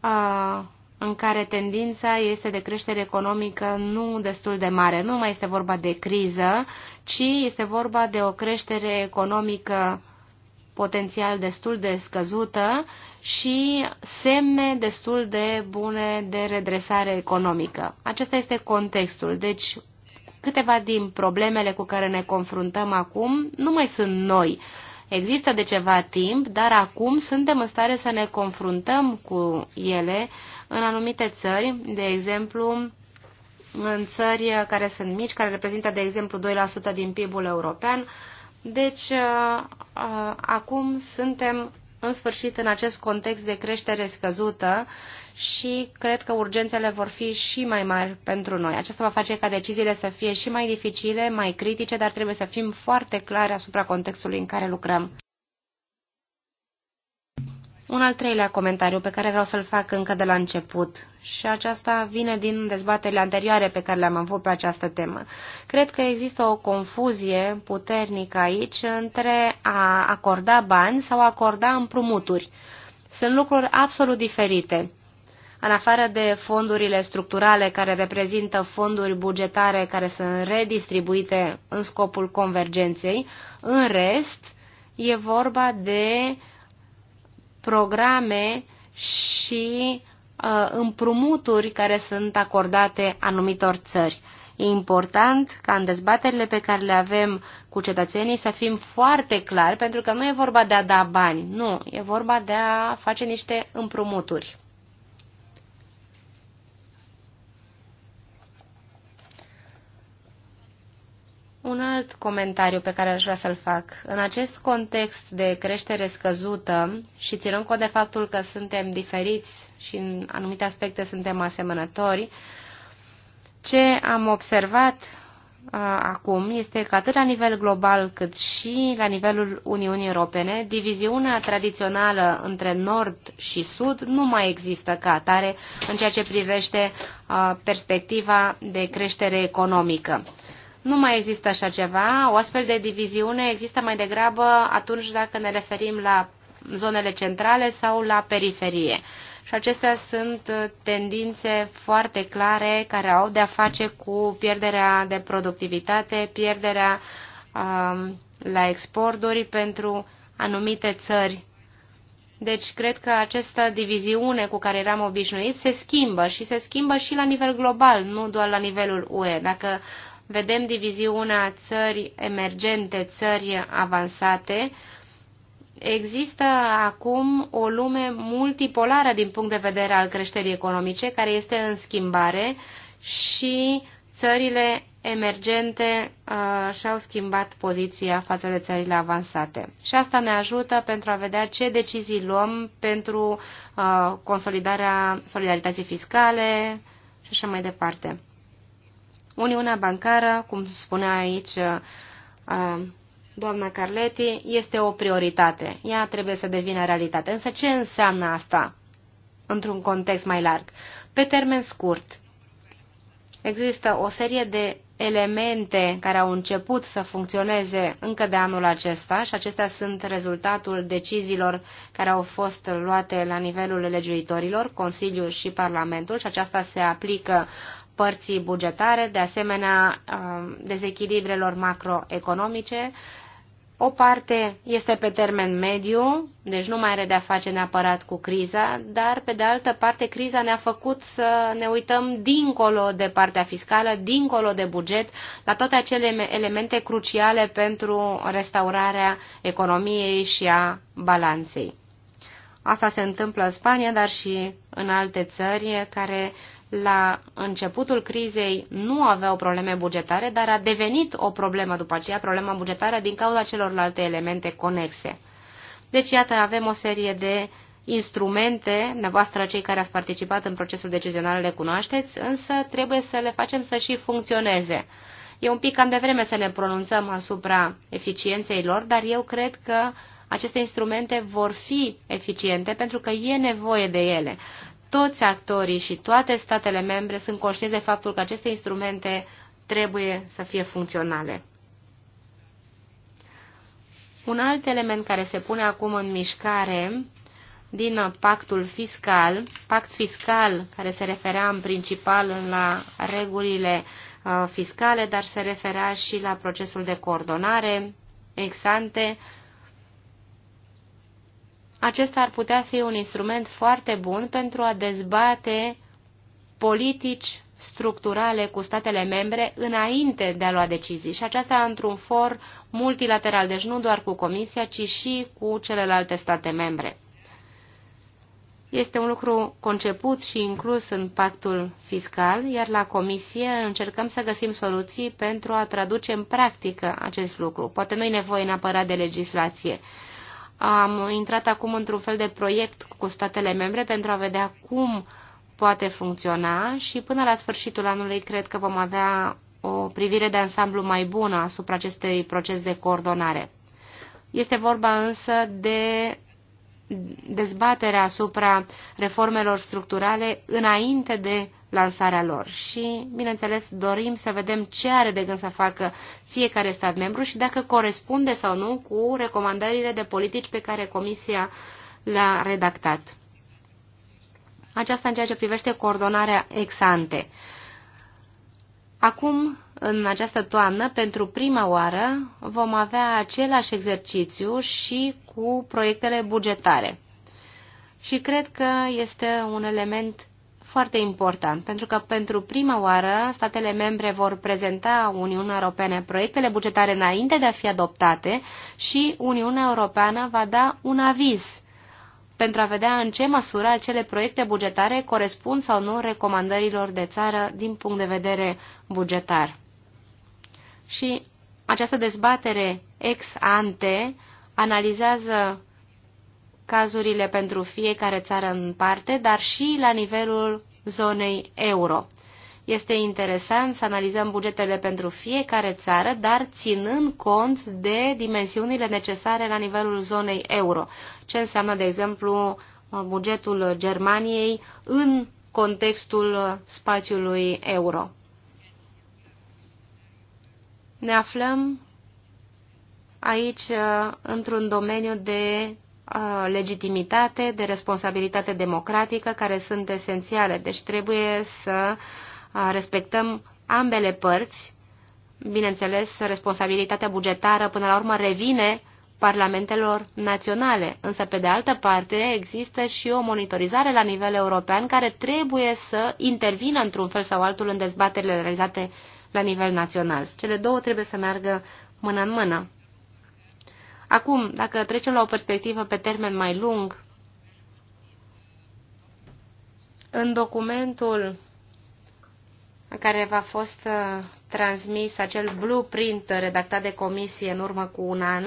a, în care tendința este de creștere economică nu destul de mare. Nu mai este vorba de criză, ci este vorba de o creștere economică potențial destul de scăzută și semne destul de bune de redresare economică. Acesta este contextul. Deci, câteva din problemele cu care ne confruntăm acum nu mai sunt noi. Există de ceva timp, dar acum suntem în stare să ne confruntăm cu ele în anumite țări, de exemplu în țări care sunt mici, care reprezintă, de exemplu, 2% din PIB-ul european. Deci, acum suntem, în sfârșit, în acest context de creștere scăzută și cred că urgențele vor fi și mai mari pentru noi. Aceasta va face ca deciziile să fie și mai dificile, mai critice, dar trebuie să fim foarte clari asupra contextului în care lucrăm. Un al treilea comentariu pe care vreau să-l fac încă de la început și aceasta vine din dezbaterile anterioare pe care le-am avut pe această temă. Cred că există o confuzie puternică aici între a acorda bani sau a acorda împrumuturi. Sunt lucruri absolut diferite în afară de fondurile structurale care reprezintă fonduri bugetare care sunt redistribuite în scopul convergenței, în rest e vorba de programe și uh, împrumuturi care sunt acordate anumitor țări. E important ca în dezbaterile pe care le avem cu cetățenii să fim foarte clari, pentru că nu e vorba de a da bani, nu, e vorba de a face niște împrumuturi. Un alt comentariu pe care aș vrea să-l fac. În acest context de creștere scăzută și ținând cont de faptul că suntem diferiți și în anumite aspecte suntem asemănători, ce am observat acum este că atât la nivel global cât și la nivelul Uniunii Europene, diviziunea tradițională între nord și sud nu mai există ca atare în ceea ce privește perspectiva de creștere economică. Nu mai există așa ceva. O astfel de diviziune există mai degrabă atunci dacă ne referim la zonele centrale sau la periferie. Și acestea sunt uh, tendințe foarte clare care au de-a face cu pierderea de productivitate, pierderea uh, la exporturi pentru anumite țări. Deci cred că această diviziune cu care eram obișnuit se schimbă și se schimbă și la nivel global, nu doar la nivelul UE. Dacă vedem diviziunea țări emergente, țări avansate, există acum o lume multipolară din punct de vedere al creșterii economice, care este în schimbare și țările emergente uh, și-au schimbat poziția față de țările avansate. Și asta ne ajută pentru a vedea ce decizii luăm pentru uh, consolidarea solidarității fiscale și așa mai departe. Uniunea bancară, cum spunea aici uh, doamna Carleti, este o prioritate. Ea trebuie să devină realitate. Însă ce înseamnă asta într-un context mai larg? Pe termen scurt, există o serie de elemente care au început să funcționeze încă de anul acesta și acestea sunt rezultatul deciziilor care au fost luate la nivelul legiuitorilor, Consiliul și Parlamentul și aceasta se aplică părții bugetare, de asemenea um, dezechilibrelor macroeconomice. O parte este pe termen mediu, deci nu mai are de-a face neapărat cu criza, dar pe de altă parte criza ne-a făcut să ne uităm dincolo de partea fiscală, dincolo de buget, la toate acele elemente cruciale pentru restaurarea economiei și a balanței. Asta se întâmplă în Spania, dar și în alte țări care la începutul crizei nu aveau probleme bugetare, dar a devenit o problemă după aceea, problema bugetară, din cauza celorlalte elemente conexe. Deci, iată, avem o serie de instrumente, nevoastră cei care ați participat în procesul decizional le cunoașteți, însă trebuie să le facem să și funcționeze. E un pic cam de vreme să ne pronunțăm asupra eficienței lor, dar eu cred că aceste instrumente vor fi eficiente pentru că e nevoie de ele toți actorii și toate statele membre sunt conștienți de faptul că aceste instrumente trebuie să fie funcționale. Un alt element care se pune acum în mișcare din pactul fiscal, pact fiscal care se referea în principal la regulile uh, fiscale, dar se referea și la procesul de coordonare ex ante acesta ar putea fi un instrument foarte bun pentru a dezbate politici structurale cu statele membre înainte de a lua decizii și aceasta într-un for multilateral, deci nu doar cu Comisia, ci și cu celelalte state membre. Este un lucru conceput și inclus în pactul fiscal, iar la Comisie încercăm să găsim soluții pentru a traduce în practică acest lucru. Poate nu e nevoie neapărat de legislație, am intrat acum într-un fel de proiect cu statele membre pentru a vedea cum poate funcționa și până la sfârșitul anului cred că vom avea o privire de ansamblu mai bună asupra acestui proces de coordonare. Este vorba însă de dezbaterea asupra reformelor structurale înainte de lansarea lor. Și, bineînțeles, dorim să vedem ce are de gând să facă fiecare stat membru și dacă corespunde sau nu cu recomandările de politici pe care Comisia le-a redactat. Aceasta în ceea ce privește coordonarea ex-ante. Acum, în această toamnă, pentru prima oară, vom avea același exercițiu și cu proiectele bugetare. Și cred că este un element foarte important, pentru că pentru prima oară statele membre vor prezenta Uniunea Europeană proiectele bugetare înainte de a fi adoptate și Uniunea Europeană va da un aviz pentru a vedea în ce măsură acele proiecte bugetare corespund sau nu recomandărilor de țară din punct de vedere bugetar. Și această dezbatere ex ante analizează cazurile pentru fiecare țară în parte, dar și la nivelul zonei euro. Este interesant să analizăm bugetele pentru fiecare țară, dar ținând cont de dimensiunile necesare la nivelul zonei euro. Ce înseamnă, de exemplu, bugetul Germaniei în contextul spațiului euro. Ne aflăm aici într-un domeniu de legitimitate, de responsabilitate democratică, care sunt esențiale. Deci trebuie să respectăm ambele părți. Bineînțeles, responsabilitatea bugetară până la urmă revine parlamentelor naționale, însă pe de altă parte există și o monitorizare la nivel european care trebuie să intervină într-un fel sau altul în dezbaterile realizate la nivel național. Cele două trebuie să meargă mână în mână. Acum, dacă trecem la o perspectivă pe termen mai lung, în documentul care v-a fost uh, transmis, acel blueprint redactat de comisie în urmă cu un an,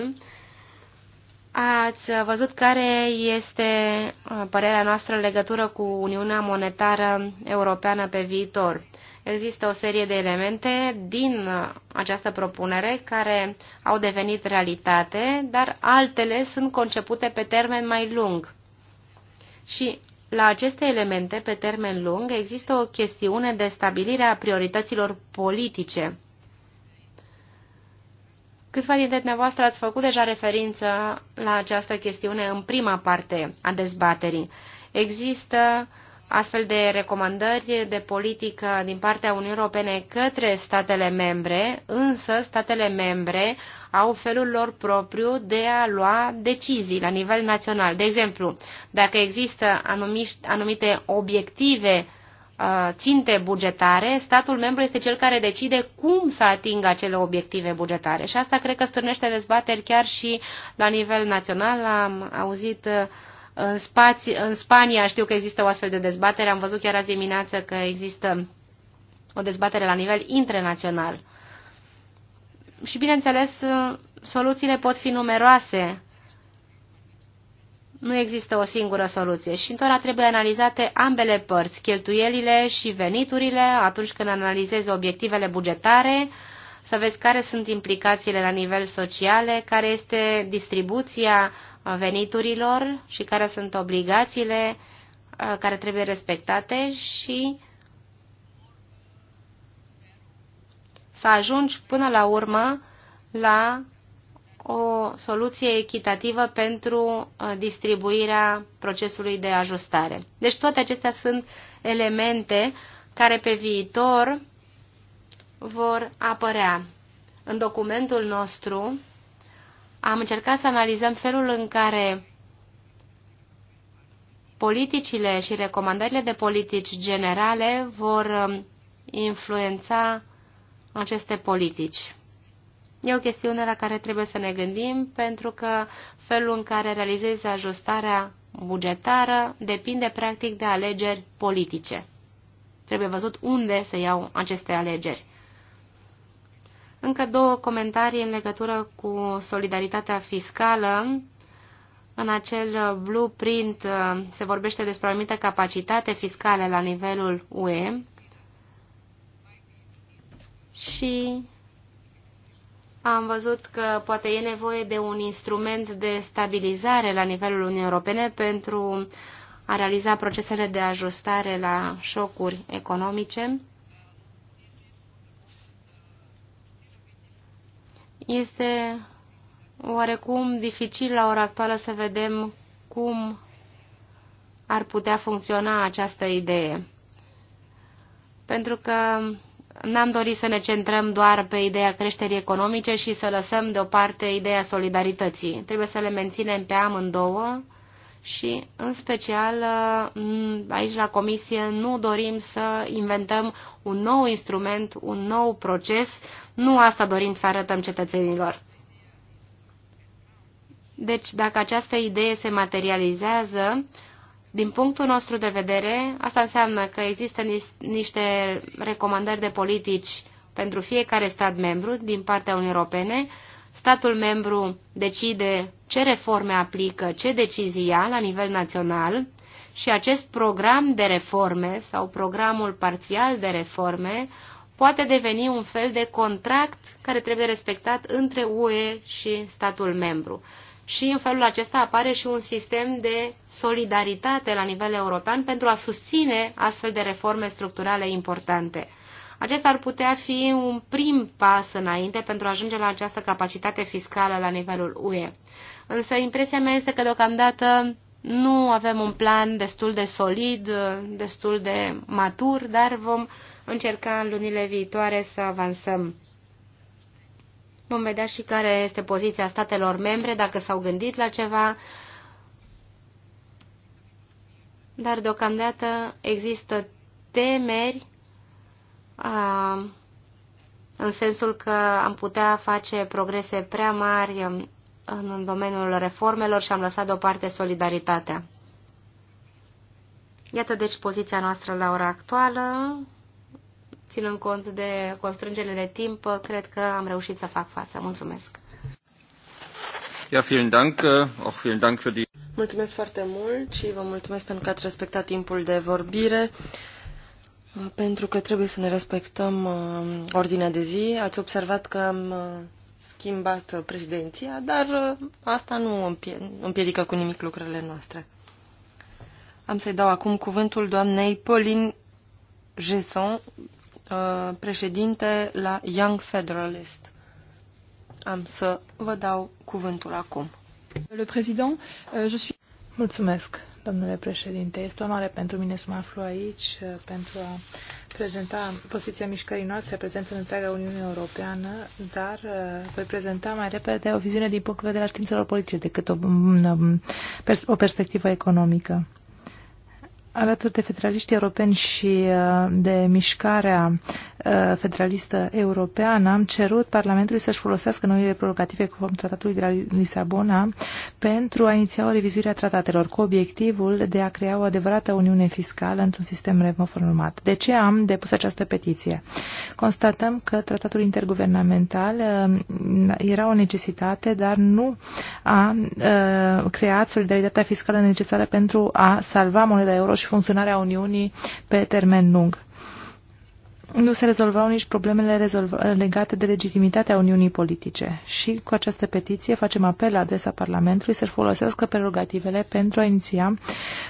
ați uh, văzut care este uh, părerea noastră în legătură cu Uniunea Monetară Europeană pe viitor. Există o serie de elemente din această propunere care au devenit realitate, dar altele sunt concepute pe termen mai lung. Și la aceste elemente, pe termen lung, există o chestiune de stabilire a priorităților politice. Câțiva dintre dumneavoastră ați făcut deja referință la această chestiune în prima parte a dezbaterii. Există uh, astfel de recomandări de politică din partea Uniunii Europene către statele membre, însă statele membre au felul lor propriu de a lua decizii la nivel național. De exemplu, dacă există anumite obiective uh, ținte bugetare, statul membru este cel care decide cum să atingă acele obiective bugetare. Și asta cred că stârnește dezbateri chiar și la nivel național. Am auzit uh, în, spați, în Spania știu că există o astfel de dezbatere. Am văzut chiar azi dimineață că există o dezbatere la nivel internațional. Și, bineînțeles, soluțiile pot fi numeroase. Nu există o singură soluție și întotdeauna trebuie analizate ambele părți, cheltuielile și veniturile, atunci când analizezi obiectivele bugetare, uh, să vezi care sunt implicațiile la nivel sociale, care este distribuția uh, veniturilor și care sunt obligațiile uh, care trebuie respectate și să ajungi până la urmă la o soluție echitativă pentru uh, distribuirea procesului de ajustare. Deci toate acestea sunt elemente care pe viitor vor apărea. În documentul nostru am încercat să analizăm felul în care politicile și recomandările de politici generale vor um, influența aceste politici. E o chestiune la care trebuie să ne gândim, pentru că felul în care realizezi ajustarea bugetară depinde practic de alegeri politice. Trebuie văzut unde se iau aceste alegeri. Încă două comentarii în legătură cu solidaritatea fiscală. În acel blueprint uh, se vorbește despre o anumită capacitate fiscală la nivelul UE și am văzut că poate e nevoie de un instrument de stabilizare la nivelul Uniunii Europene pentru a realiza procesele de ajustare la șocuri economice. Este oarecum dificil la ora actuală să vedem cum ar putea funcționa această idee. Pentru că n-am dorit să ne centrăm doar pe ideea creșterii economice și să lăsăm deoparte ideea solidarității. Trebuie să le menținem pe amândouă și, în special, mm, aici la Comisie nu dorim să inventăm un nou instrument, un nou proces. Nu asta dorim să arătăm cetățenilor. Deci, dacă această idee se materializează, din punctul nostru de vedere, asta înseamnă că există niște recomandări de politici pentru fiecare stat membru din partea Uniunii Europene, Statul membru decide ce reforme aplică, ce decizii ia la nivel național și acest program de reforme sau programul parțial de reforme poate deveni un fel de contract care trebuie respectat între UE și statul membru. Și în felul acesta apare și un sistem de solidaritate la nivel european pentru a susține astfel de reforme structurale importante. Acesta ar putea fi un prim pas înainte pentru a ajunge la această capacitate fiscală la nivelul UE. Însă impresia mea este că deocamdată nu avem un plan destul de solid, destul de matur, dar vom încerca în lunile viitoare să avansăm. Vom vedea și care este poziția statelor membre, dacă s-au gândit la ceva, dar deocamdată există temeri Ah, în sensul că am putea face progrese prea mari um, în domeniul reformelor și am lăsat deoparte solidaritatea. Iată deci poziția noastră la ora actuală. Ținând cont de constrângerile de timp, cred că am reușit să fac față. Mulțumesc! Ja, vielen Dank, äh, auch vielen Dank für die... Mulțumesc foarte mult și vă mulțumesc pentru că ați respectat timpul de vorbire. Uh, pentru că trebuie să ne respectăm uh, ordinea de zi. Ați observat că am uh, schimbat președinția, dar asta nu împiedică cu nimic lucrurile noastre. Am să-i dau acum cuvântul doamnei Pauline Gesson, președinte la Young Federalist. Am să vă dau cuvântul acum. Le président, je suis... Mulțumesc, domnule președinte. Este onoare pentru mine să mă aflu aici uh, pentru a prezenta poziția mișcării noastre prezentă în întreaga Uniune Europeană, dar uh, voi prezenta mai repede o viziune din punct de vedere al științelor politice decât o, mm, mm, o perspectivă economică alături de federaliștii europeni și uh, de mișcarea uh, federalistă europeană, am cerut Parlamentului să-și folosească noile prerogative conform tratatului de la Lisabona pentru a iniția o revizuire a tratatelor cu obiectivul de a crea o adevărată uniune fiscală într-un sistem reformat. De ce am depus această petiție? Constatăm că tratatul interguvernamental uh, era o necesitate, dar nu a creat solidaritatea fiscală necesară pentru a salva moneda euro și funcționarea Uniunii pe termen lung nu se rezolvau nici problemele rezolv legate de legitimitatea Uniunii Politice și cu această petiție facem apel la adresa Parlamentului să folosească prerogativele pentru a iniția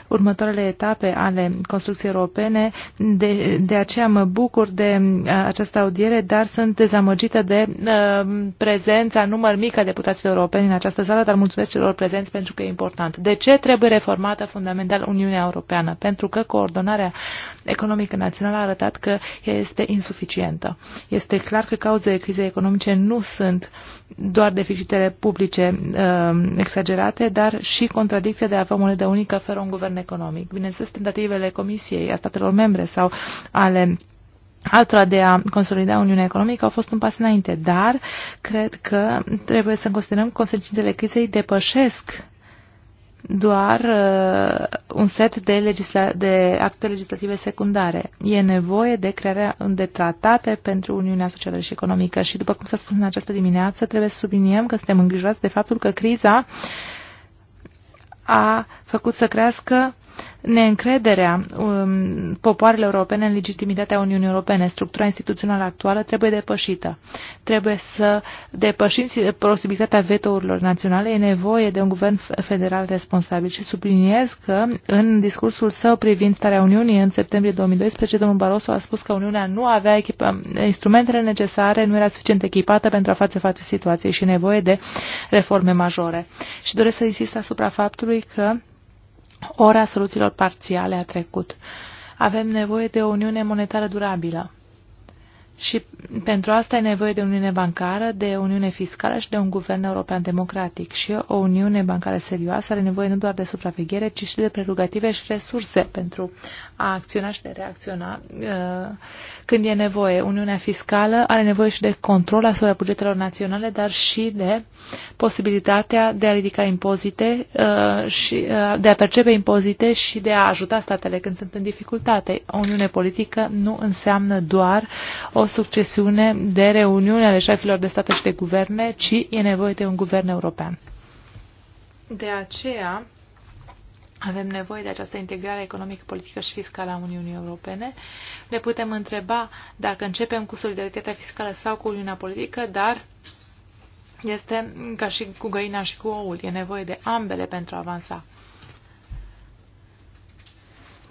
următoarele etape ale construcției europene. De, de aceea mă bucur de uh, această audiere, dar sunt dezamăgită de uh, prezența număr mic a deputaților europeni în această sală, dar mulțumesc celor prezenți pentru că e important. De ce trebuie reformată fundamental Uniunea Europeană? Pentru că coordonarea economică națională a arătat că este este insuficientă. Este clar că cauzele crizei economice nu sunt doar deficitele publice uh, exagerate, dar și contradicția de a avea monedă unică fără un guvern economic. Bineînțeles, tentativele Comisiei, a statelor membre sau ale altora de a consolida Uniunea Economică au fost un pas înainte, dar cred că trebuie să considerăm că consecințele crizei depășesc doar uh, un set de, legisla de acte legislative secundare. E nevoie de crearea de tratate pentru Uniunea Socială și Economică și, după cum s-a spus în această dimineață, trebuie să subliniem că suntem îngrijorați de faptul că criza a făcut să crească neîncrederea um, popoarelor europene în legitimitatea Uniunii Europene, structura instituțională actuală trebuie depășită. Trebuie să depășim posibilitatea vetourilor naționale. E nevoie de un guvern federal responsabil și subliniez că în discursul său privind starea Uniunii în septembrie 2012, domnul Barroso a spus că Uniunea nu avea echipa, instrumentele necesare, nu era suficient echipată pentru a face față situației și nevoie de reforme majore. Și doresc să insist asupra faptului că ora soluțiilor parțiale a trecut. Avem nevoie de o uniune monetară durabilă. Și pentru asta e nevoie de Uniune Bancară, de Uniune Fiscală și de un guvern european democratic. Și o Uniune Bancară serioasă are nevoie nu doar de supraveghere, ci și de prerogative și resurse pentru a acționa și de reacționa uh, când e nevoie. Uniunea Fiscală are nevoie și de control asupra bugetelor naționale, dar și de posibilitatea de a ridica impozite uh, și uh, de a percepe impozite și de a ajuta statele când sunt în dificultate. O Uniune politică nu înseamnă doar o o succesiune de reuniuni ale șefilor de state și de guverne, ci e nevoie de un guvern european. De aceea avem nevoie de această integrare economică, politică și fiscală a Uniunii Europene. Ne putem întreba dacă începem cu solidaritatea fiscală sau cu Uniunea Politică, dar este ca și cu găina și cu oul. E nevoie de ambele pentru a avansa.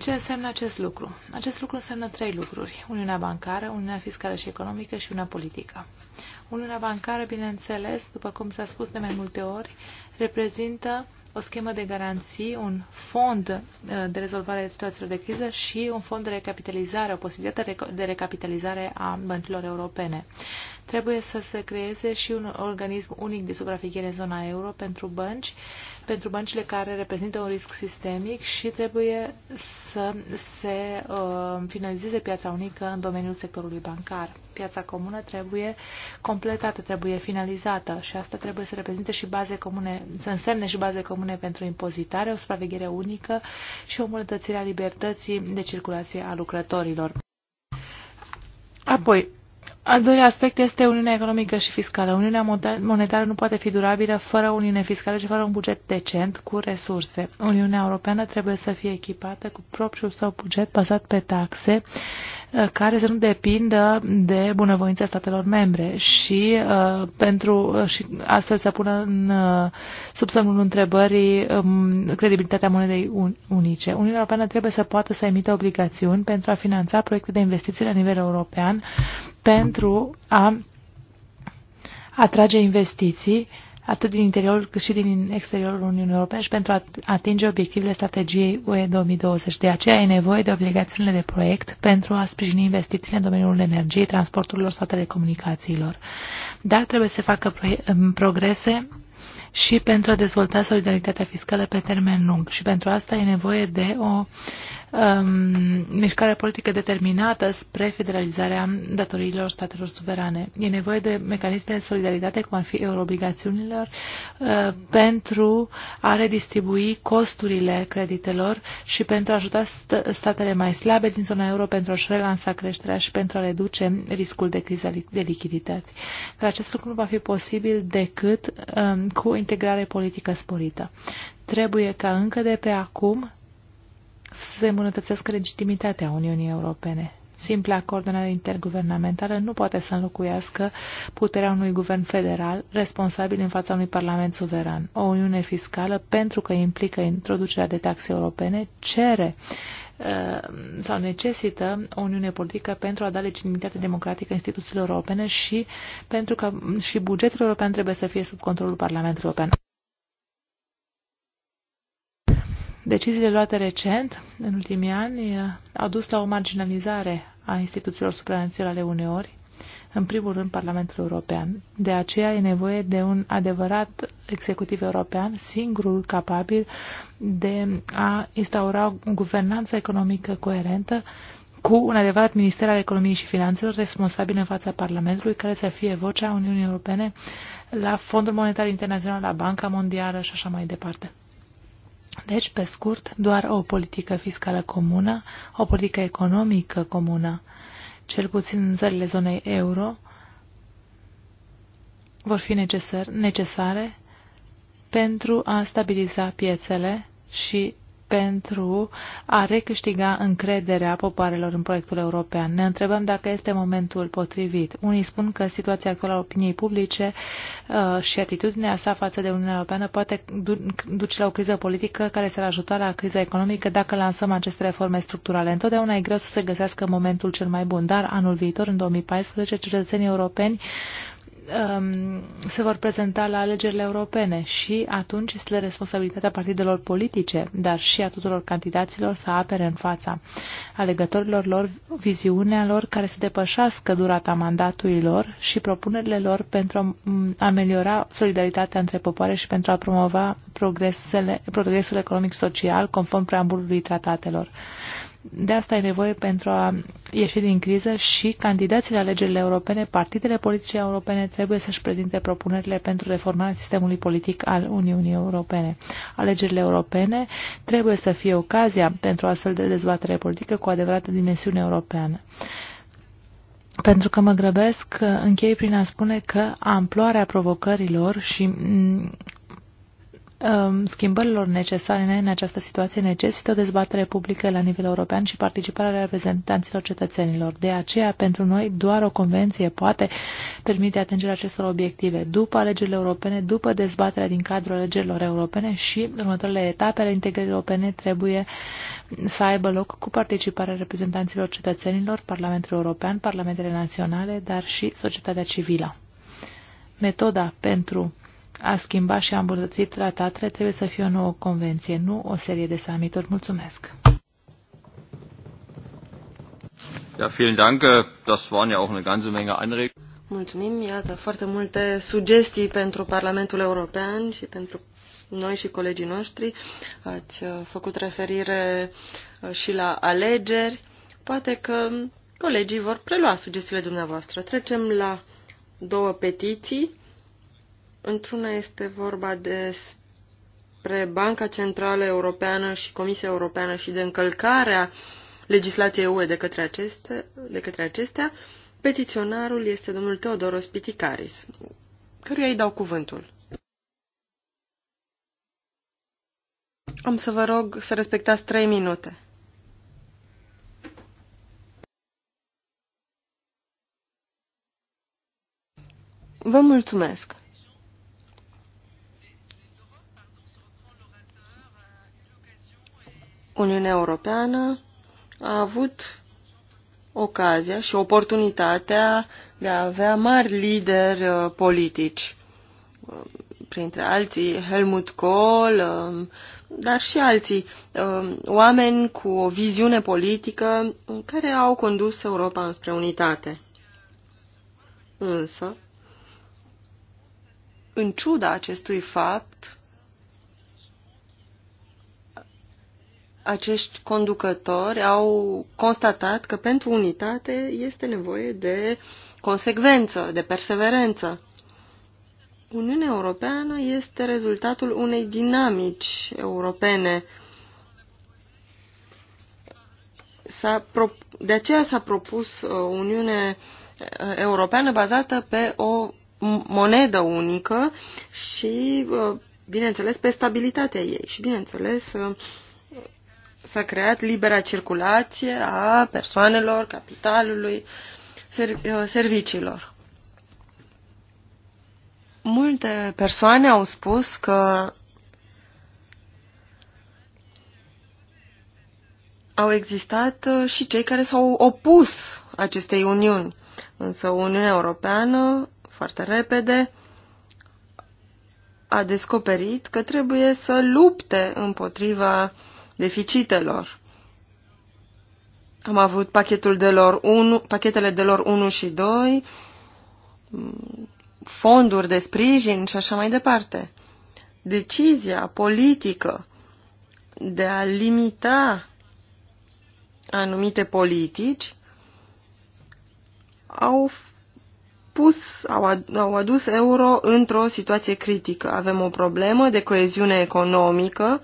Ce înseamnă acest lucru? Acest lucru înseamnă trei lucruri. Uniunea bancară, Uniunea fiscală și economică și una politică. Uniunea bancară, bineînțeles, după cum s-a spus de mai multe ori, reprezintă o schemă de garanții, un fond uh, de rezolvare a situațiilor de criză și un fond de recapitalizare, o posibilitate de recapitalizare a băncilor europene. Trebuie să se creeze și un organism unic de supraveghere în zona euro pentru bănci, pentru băncile care reprezintă un risc sistemic și trebuie să se uh, finalizeze piața unică în domeniul sectorului bancar. Piața comună trebuie completată, trebuie finalizată și asta trebuie să reprezinte și baze comune, să însemne și baze comune pentru impozitare, o supraveghere unică și o îmbunătățire a libertății de circulație a lucrătorilor. Apoi, al doilea aspect este Uniunea Economică și Fiscală. Uniunea monetară nu poate fi durabilă fără Uniune Fiscală și fără un buget decent cu resurse. Uniunea Europeană trebuie să fie echipată cu propriul său buget bazat pe taxe uh, care să nu depindă de bunăvoința statelor membre și uh, pentru uh, și astfel să pună în uh, sub semnul întrebării um, credibilitatea monedei unice. Uniunea Europeană trebuie să poată să emite obligațiuni pentru a finanța proiecte de investiții la nivel european pentru a atrage investiții atât din interiorul cât și din exteriorul Uniunii Europene și pentru a atinge obiectivele strategiei UE 2020. De aceea e nevoie de obligațiunile de proiect pentru a sprijini investițiile în domeniul energiei, transporturilor sau telecomunicațiilor. Dar trebuie să facă progrese și pentru a dezvolta solidaritatea fiscală pe termen lung. Și pentru asta e nevoie de o um, mișcare politică determinată spre federalizarea datoriilor statelor suverane. E nevoie de mecanisme de solidaritate, cum ar fi euroobligațiunilor, uh, pentru a redistribui costurile creditelor și pentru a ajuta st statele mai slabe din zona euro pentru a-și relansa creșterea și pentru a reduce riscul de criză de lichidități. Dar acest lucru nu va fi posibil decât um, cu integrare politică sporită. Trebuie ca încă de pe acum să se îmbunătățească legitimitatea Uniunii Europene. Simpla coordonare interguvernamentală nu poate să înlocuiască puterea unui guvern federal responsabil în fața unui parlament suveran. O uniune fiscală, pentru că implică introducerea de taxe europene, cere uh, sau necesită o uniune politică pentru a da legitimitate democratică instituțiilor europene și pentru că și bugetul european trebuie să fie sub controlul Parlamentului European. Deciziile luate recent, în ultimii ani, au dus la o marginalizare a instituțiilor supranaționale uneori, în primul rând Parlamentul European. De aceea e nevoie de un adevărat executiv european, singurul capabil de a instaura o guvernanță economică coerentă cu un adevărat minister al economiei și finanțelor responsabil în fața Parlamentului, care să fie vocea Uniunii Europene la Fondul Monetar Internațional, la Banca Mondială și așa mai departe. Deci, pe scurt, doar o politică fiscală comună, o politică economică comună, cel puțin în țările zonei euro, vor fi necesar, necesare pentru a stabiliza piețele și pentru a recâștiga încrederea popoarelor în proiectul european. Ne întrebăm dacă este momentul potrivit. Unii spun că situația actuală a opiniei publice uh, și atitudinea sa față de Uniunea Europeană poate du duce la o criză politică care s-ar ajuta la criza economică dacă lansăm aceste reforme structurale. Întotdeauna e greu să se găsească momentul cel mai bun, dar anul viitor, în 2014, cetățenii europeni uh, um, se vor prezenta la alegerile europene și atunci este responsabilitatea partidelor politice, dar și a tuturor candidaților să apere în fața alegătorilor lor viziunea lor care să depășească durata mandatului lor și propunerile lor pentru a ameliora solidaritatea între popoare și pentru a promova progresul economic-social conform preambulului tratatelor. De asta e nevoie pentru a ieși din criză și candidații la alegerile europene, partidele politice europene trebuie să-și prezinte propunerile pentru reformarea sistemului politic al Uniunii Europene. Alegerile europene trebuie să fie ocazia pentru astfel de dezbatere politică cu adevărată dimensiune europeană. Pentru că mă grăbesc, închei prin a spune că amploarea provocărilor și Um, schimbărilor necesare în această situație necesită o dezbatere publică la nivel european și participarea reprezentanților cetățenilor. De aceea, pentru noi, doar o convenție poate permite atingerea acestor obiective după alegerile europene, după dezbaterea din cadrul alegerilor europene și următoarele etape ale integrării europene trebuie să aibă loc cu participarea reprezentanților cetățenilor, Parlamentul European, Parlamentele Naționale, dar și societatea civilă. Metoda pentru a schimbat și a îmbunătățit tratatele trebuie să fie o nouă convenție, nu o serie de summituri. Mulțumesc! Ja, vielen Dank. Das waren ja auch eine ganze Menge Anregungen. Mulțumim, iată, foarte multe sugestii pentru Parlamentul European și pentru noi și colegii noștri. Ați uh, făcut referire uh, și la alegeri. Poate că colegii vor prelua sugestiile dumneavoastră. Trecem la două petiții Într-una este vorba despre Banca Centrală Europeană și Comisia Europeană și de încălcarea legislației UE de către, aceste, de către acestea. Petiționarul este domnul Teodoros Piticaris, căruia îi dau cuvântul. Am să vă rog să respectați trei minute. Vă mulțumesc. Uniunea Europeană a avut ocazia și oportunitatea de a avea mari lideri uh, politici, uh, printre alții Helmut Kohl, um, dar și alții, um, oameni cu o viziune politică care au condus Europa înspre unitate. Însă, în ciuda acestui fapt, acești conducători au constatat că pentru unitate este nevoie de consecvență, de perseverență. Uniunea Europeană este rezultatul unei dinamici europene. de aceea s-a propus o uh, Uniune uh, Europeană bazată pe o monedă unică și, uh, bineînțeles, pe stabilitatea ei. Și, bineînțeles, s-a creat libera circulație a persoanelor, capitalului, uh, serviciilor. Multe persoane au spus că au existat uh, și cei care s-au opus acestei uniuni. Însă Uniunea Europeană, foarte repede, a descoperit că trebuie să lupte împotriva deficitelor. Am avut pachetul de lor 1, pachetele de lor 1 și 2, fonduri de sprijin și așa mai departe. Decizia politică de a limita anumite politici au pus, au, au adus euro într-o situație critică. Avem o problemă de coeziune economică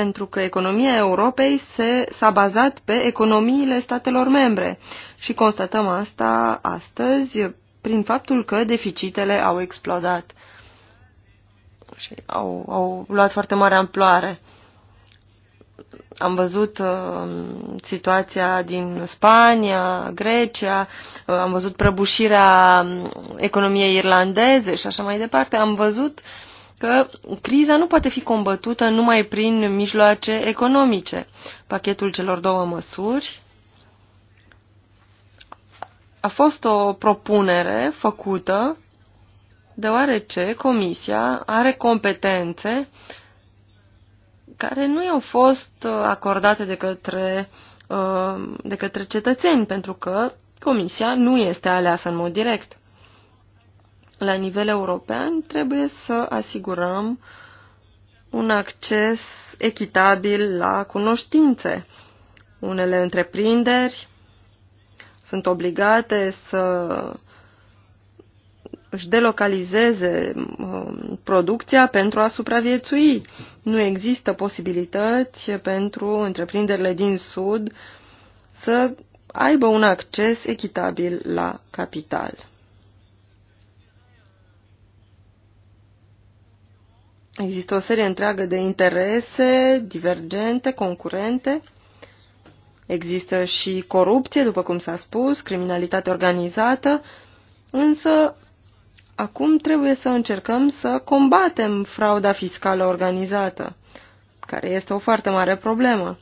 pentru că economia Europei s-a bazat pe economiile statelor membre și constatăm asta astăzi prin faptul că deficitele au explodat și au, au luat foarte mare amploare. Am văzut uh, situația din Spania, Grecia, uh, am văzut prăbușirea um, economiei irlandeze și așa mai departe. Am văzut uh, că criza nu poate fi combătută numai prin mijloace economice. Pachetul celor două măsuri a fost o propunere făcută deoarece Comisia are competențe care nu i-au fost uh, acordate de către, uh, de către cetățeni, pentru că Comisia nu este aleasă în mod direct la nivel european, trebuie să asigurăm un acces echitabil la cunoștințe. Unele întreprinderi sunt obligate să își delocalizeze um, producția pentru a supraviețui. Nu există posibilități pentru întreprinderile din Sud să aibă un acces echitabil la capital. Există o serie întreagă de interese divergente, concurente. Există și corupție, după cum s-a spus, criminalitate organizată, însă acum trebuie să încercăm să combatem frauda fiscală organizată, care este o foarte mare problemă.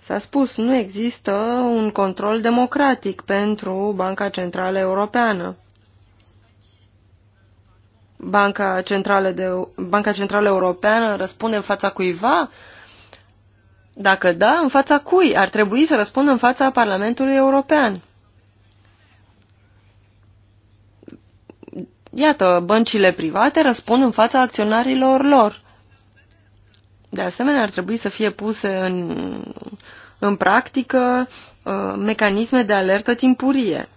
S-a spus, nu există un control democratic pentru Banca Centrală Europeană. Banca Centrală, de, Banca Centrală Europeană răspunde în fața cuiva? Dacă da, în fața cui? Ar trebui să răspundă în fața Parlamentului European. Iată, băncile private răspund în fața acționarilor lor. De asemenea, ar trebui să fie puse în, în practică uh, mecanisme de alertă timpurie.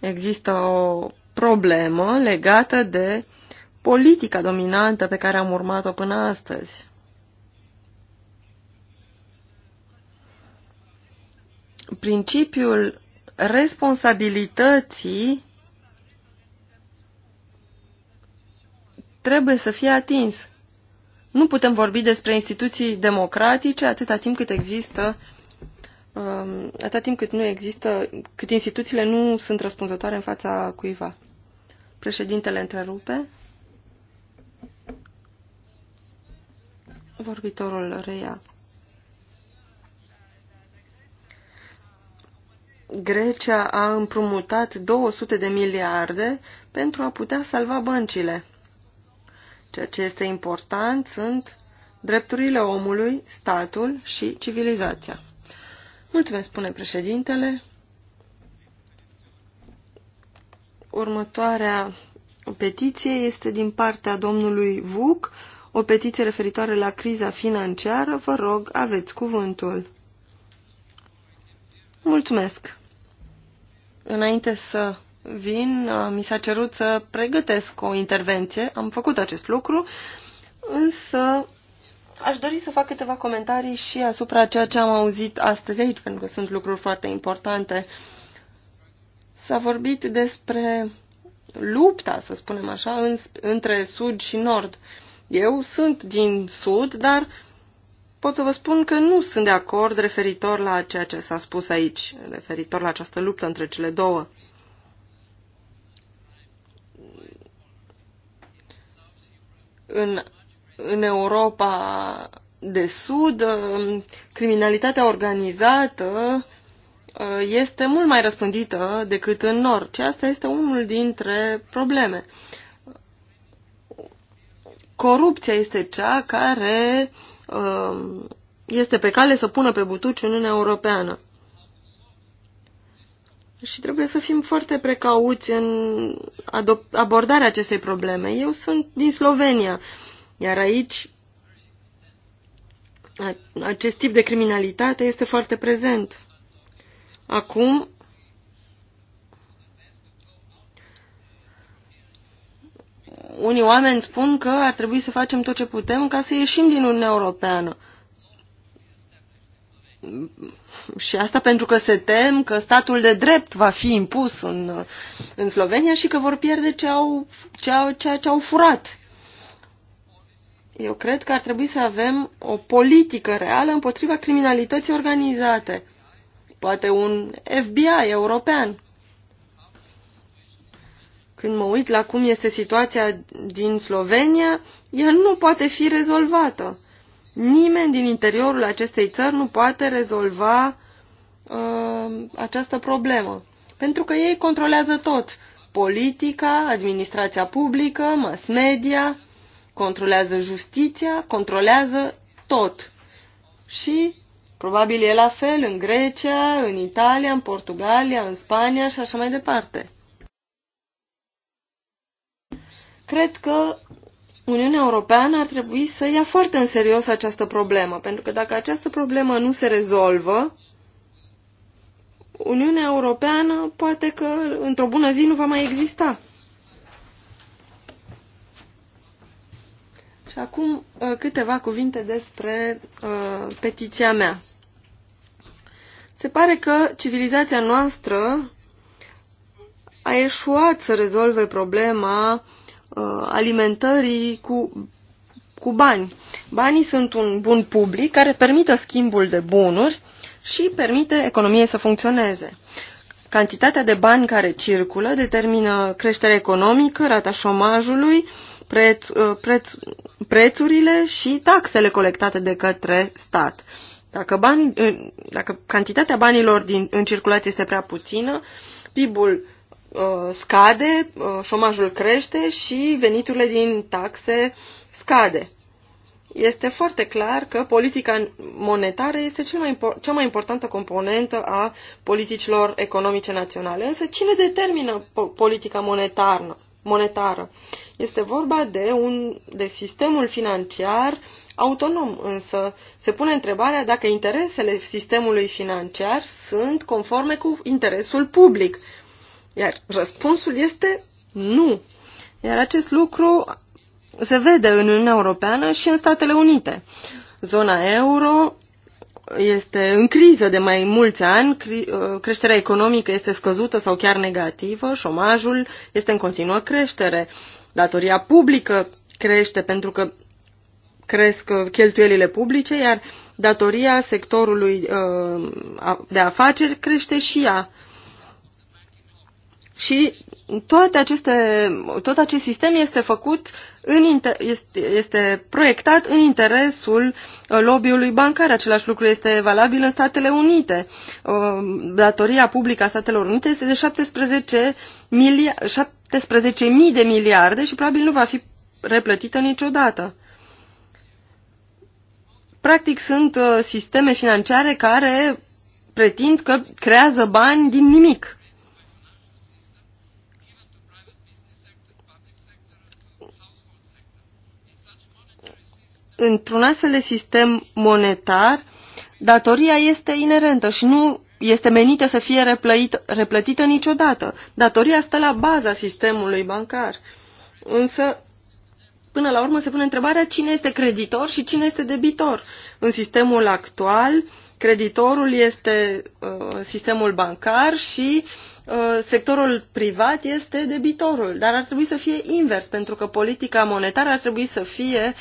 Există o problemă legată de politica dominantă pe care am urmat-o până astăzi. Principiul responsabilității trebuie să fie atins. Nu putem vorbi despre instituții democratice atâta timp cât există um, atâta timp cât nu există, cât instituțiile nu sunt răspunzătoare în fața cuiva. Președintele întrerupe. Vorbitorul reia. Grecia a împrumutat 200 de miliarde pentru a putea salva băncile. Ceea ce este important sunt drepturile omului, statul și civilizația. Mulțumesc, spune președintele. Următoarea petiție este din partea domnului Vuc, o petiție referitoare la criza financiară. Vă rog, aveți cuvântul. Mulțumesc. Înainte să vin, mi s-a cerut să pregătesc o intervenție. Am făcut acest lucru, însă aș dori să fac câteva comentarii și asupra ceea ce am auzit astăzi aici, pentru că sunt lucruri foarte importante. Uh, S-a vorbit despre lupta, să spunem așa, în, între sud și nord. Eu sunt din sud, dar pot să vă spun că nu sunt de acord referitor la ceea ce s-a spus aici, referitor la această luptă între cele două. În, în Europa de Sud, um, criminalitatea organizată Uh, este mult mai răspândită decât în nord și asta este unul dintre probleme. Corupția este cea care uh, este pe cale să pună pe butuci Uniunea Europeană. Și trebuie să fim foarte precauți în abordarea acestei probleme. Eu sunt din Slovenia, iar aici acest tip de criminalitate este foarte prezent. Acum unii oameni spun că ar trebui să facem tot ce putem ca să ieșim din Uniunea Europeană. Și asta pentru că se tem că statul de drept va fi impus în, în Slovenia și că vor pierde ce au, ce au, ceea ce au furat. Eu cred că ar trebui să avem o politică reală împotriva criminalității organizate poate un FBI european. Când mă uit la cum este situația din Slovenia, ea nu poate fi rezolvată. Nimeni din interiorul acestei țări nu poate rezolva uh, această problemă, pentru că ei controlează tot. Politica, administrația publică, mass media, controlează justiția, controlează tot. Și Probabil e la fel în Grecia, în Italia, în Portugalia, în Spania și așa mai departe. Cred că Uniunea Europeană ar trebui să ia foarte în serios această problemă, pentru că dacă această problemă nu se rezolvă, Uniunea Europeană poate că într-o bună zi nu va mai exista. Și acum uh, câteva cuvinte despre uh, petiția mea. Se pare că civilizația noastră a eșuat să rezolve problema uh, alimentării cu, cu bani. Banii sunt un bun public care permită schimbul de bunuri și permite economiei să funcționeze. Cantitatea de bani care circulă determină creșterea economică, rata șomajului, preț, uh, preț, prețurile și taxele colectate de către stat. Dacă, bani, dacă cantitatea banilor din, în circulație este prea puțină, PIB-ul uh, scade, uh, șomajul crește și veniturile din taxe scade. Este foarte clar că politica monetară este cel mai cea mai importantă componentă a politicilor economice naționale. Însă cine determină po politica monetară? monetară? Este vorba de, un, de sistemul financiar autonom, însă se pune întrebarea dacă interesele sistemului financiar sunt conforme cu interesul public. Iar răspunsul este nu. Iar acest lucru se vede în Uniunea Europeană și în Statele Unite. Zona euro este în criză de mai mulți ani, uh, creșterea economică este scăzută sau chiar negativă, șomajul este în continuă creștere, datoria publică crește pentru că cresc uh, cheltuielile publice, iar datoria sectorului uh, de afaceri crește și ea. Și toate aceste, tot acest sistem este făcut în, este, este proiectat în interesul uh, lobby-ului bancar. Același lucru este valabil în Statele Unite. Datoria publică a Statelor Unite este de 17 miliarde, 17.000 de miliarde și probabil nu va fi replătită niciodată. Practic sunt uh, sisteme financiare care pretind că creează bani din nimic. Într-un astfel de sistem monetar, datoria este inerentă și nu este menită să fie replăit, replătită niciodată. Datoria stă la baza sistemului bancar. Însă până la urmă se pune întrebarea cine este creditor și cine este debitor. În sistemul actual, creditorul este uh, sistemul bancar și uh, sectorul privat este debitorul, dar ar trebui să fie invers, pentru că politica monetară ar trebui să fie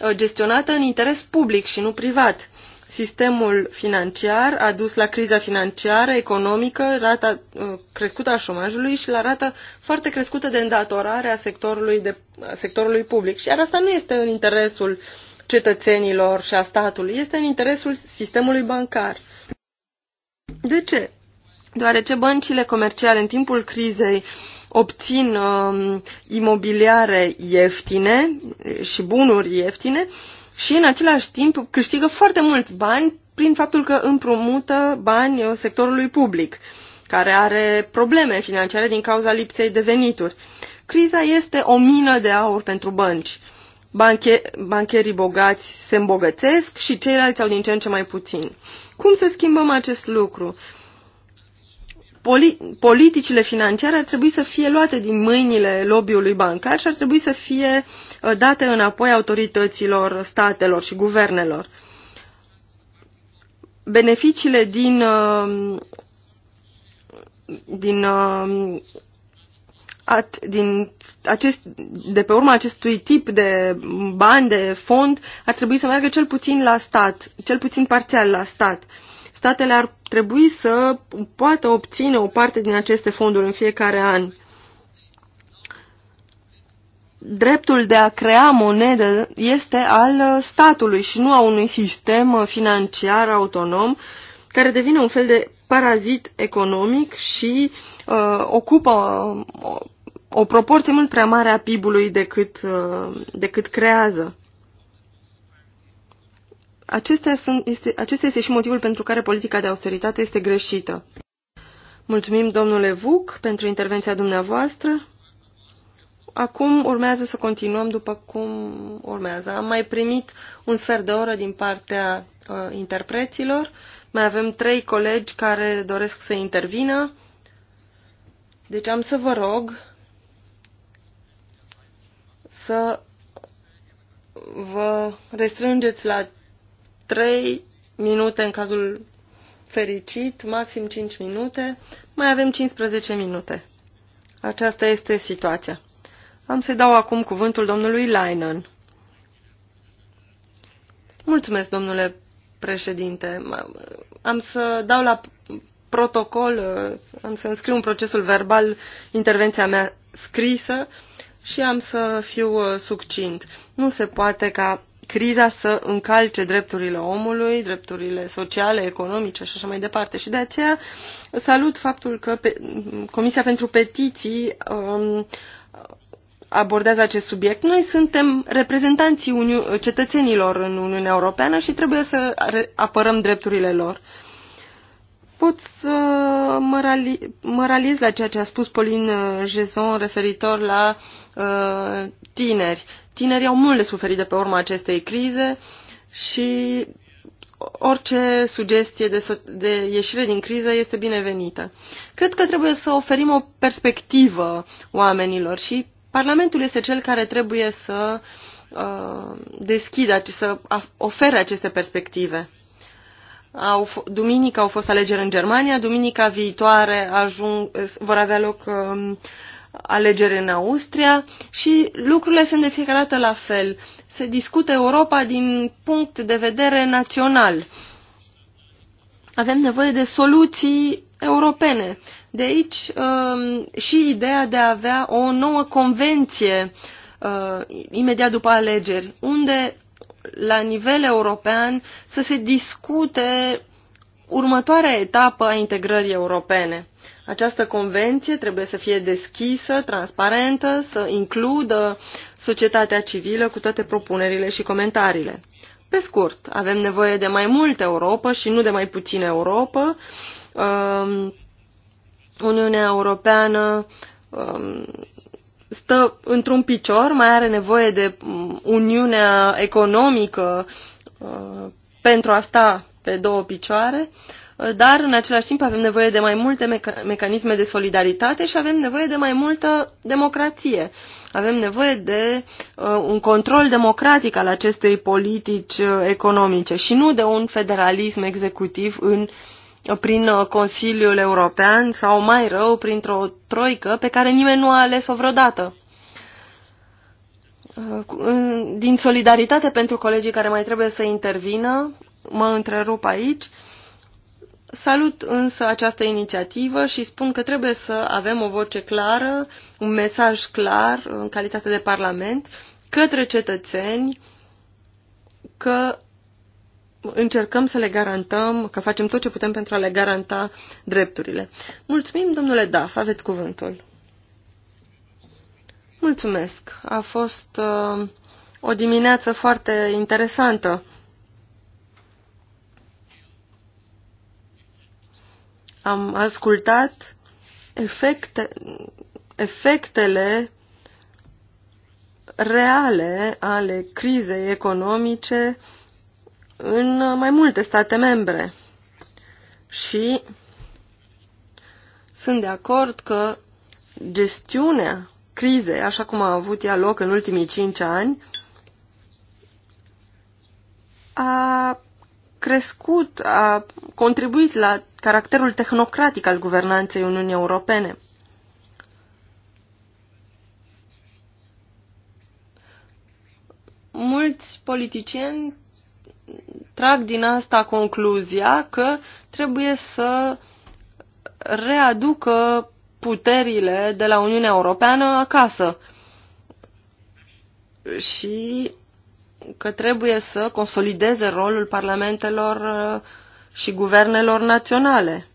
uh, gestionată în interes public și nu privat. Uh, Sistemul financiar a dus la criza financiară, economică, rata uh, crescută a șomajului și la rata foarte crescută de îndatorare a sectorului, de, a sectorului public. Și iar asta nu este în interesul cetățenilor și a statului, este în interesul sistemului bancar. De ce? Deoarece băncile comerciale în timpul crizei obțin um, imobiliare ieftine și bunuri ieftine, uh, și în același timp câștigă foarte mulți bani prin faptul că împrumută bani uh, sectorului public, care are probleme financiare din cauza lipsei de venituri. Criza este o mină de aur pentru bănci. Banche, bancherii bogați se îmbogățesc și ceilalți au din ce în ce mai puțin. Cum să schimbăm acest lucru? Poli politicile financiare ar trebui să fie luate din mâinile lobby-ului bancar și ar trebui să fie uh, Uh, date înapoi autorităților statelor și guvernelor. Beneficiile din, uh, din, uh, din acest, de pe urma acestui tip de bani, de fond, ar trebui să meargă cel puțin la stat, cel puțin parțial la stat. Statele ar trebui să poată obține o parte din aceste fonduri în fiecare an dreptul de a crea monedă este al uh, statului și nu a unui sistem uh, financiar autonom care devine un fel de parazit economic și uh, ocupă o, uh, o proporție mult prea mare a PIB-ului decât, uh, decât creează. Acestea sunt, este, acesta este și motivul pentru care politica de austeritate este greșită. Mulțumim, domnule Vuc, pentru intervenția dumneavoastră acum urmează să continuăm după cum urmează. Am mai primit un sfert de oră din partea uh, interpreților. Mai avem trei colegi care doresc să intervină. Deci am să vă rog să vă restrângeți la trei minute în cazul fericit, maxim 5 minute. Mai avem 15 minute. Aceasta este situația. Am să-i dau acum cuvântul domnului Leinen. Mulțumesc, domnule președinte. Am să dau la protocol, uh, am să înscriu în procesul verbal intervenția mea scrisă și am să fiu uh, succint. Nu se poate ca criza să încalce drepturile omului, drepturile sociale, economice și așa mai departe. Și de aceea salut faptul că pe, Comisia pentru Petiții um, abordează acest subiect. Noi suntem reprezentanții Uni cetățenilor în Uniunea Europeană și trebuie să apărăm drepturile lor. Pot să mă, rali- mă raliez la ceea ce a spus Polin Jason referitor la uh, tineri. Tinerii au mult de suferit de pe urma acestei crize și orice sugestie de, so- de ieșire din criză este binevenită. Cred că trebuie să oferim o perspectivă oamenilor și Parlamentul este cel care trebuie să uh, deschidă, să ofere aceste perspective. Au, duminica au fost alegeri în Germania, duminica viitoare ajung, vor avea loc um, alegeri în Austria și lucrurile sunt de fiecare dată la fel. Se discută Europa din punct de vedere național. Avem nevoie de soluții europene. De aici um, și ideea de a avea o nouă convenție uh, imediat după alegeri, unde la nivel european să se discute următoarea etapă a integrării europene. Această convenție trebuie să fie deschisă, transparentă, să includă societatea civilă cu toate propunerile și comentariile. Pe scurt, avem nevoie de mai multă Europa și nu de mai puțină Europa Um, uniunea Europeană um, stă într-un picior, mai are nevoie de um, uniunea economică uh, pentru a sta pe două picioare, uh, dar în același timp avem nevoie de mai multe meca mecanisme de solidaritate și avem nevoie de mai multă democrație. Avem nevoie de uh, un control democratic al acestei politici uh, economice și nu de un federalism executiv în uh, prin uh, Consiliul European sau mai rău printr-o troică pe care nimeni nu a ales-o vreodată. Uh, din solidaritate pentru colegii care mai trebuie să intervină, mă întrerup aici. Salut însă această inițiativă și spun că trebuie să avem o voce clară, un mesaj clar în calitate de Parlament către cetățeni că încercăm să le garantăm, că facem tot ce putem pentru a le garanta drepturile. Mulțumim, domnule Daf, aveți cuvântul. Mulțumesc. A fost uh, o dimineață foarte interesantă. Am ascultat efecte, efectele reale ale crizei economice în mai multe state membre. Și sunt de acord că gestiunea crizei, așa cum a avut ea loc în ultimii cinci ani, a crescut, a contribuit la caracterul tehnocratic al guvernanței Uniunii Europene. Mulți politicieni trag din asta concluzia că trebuie să readucă puterile de la Uniunea Europeană acasă și că trebuie să consolideze rolul parlamentelor uh, și guvernelor naționale.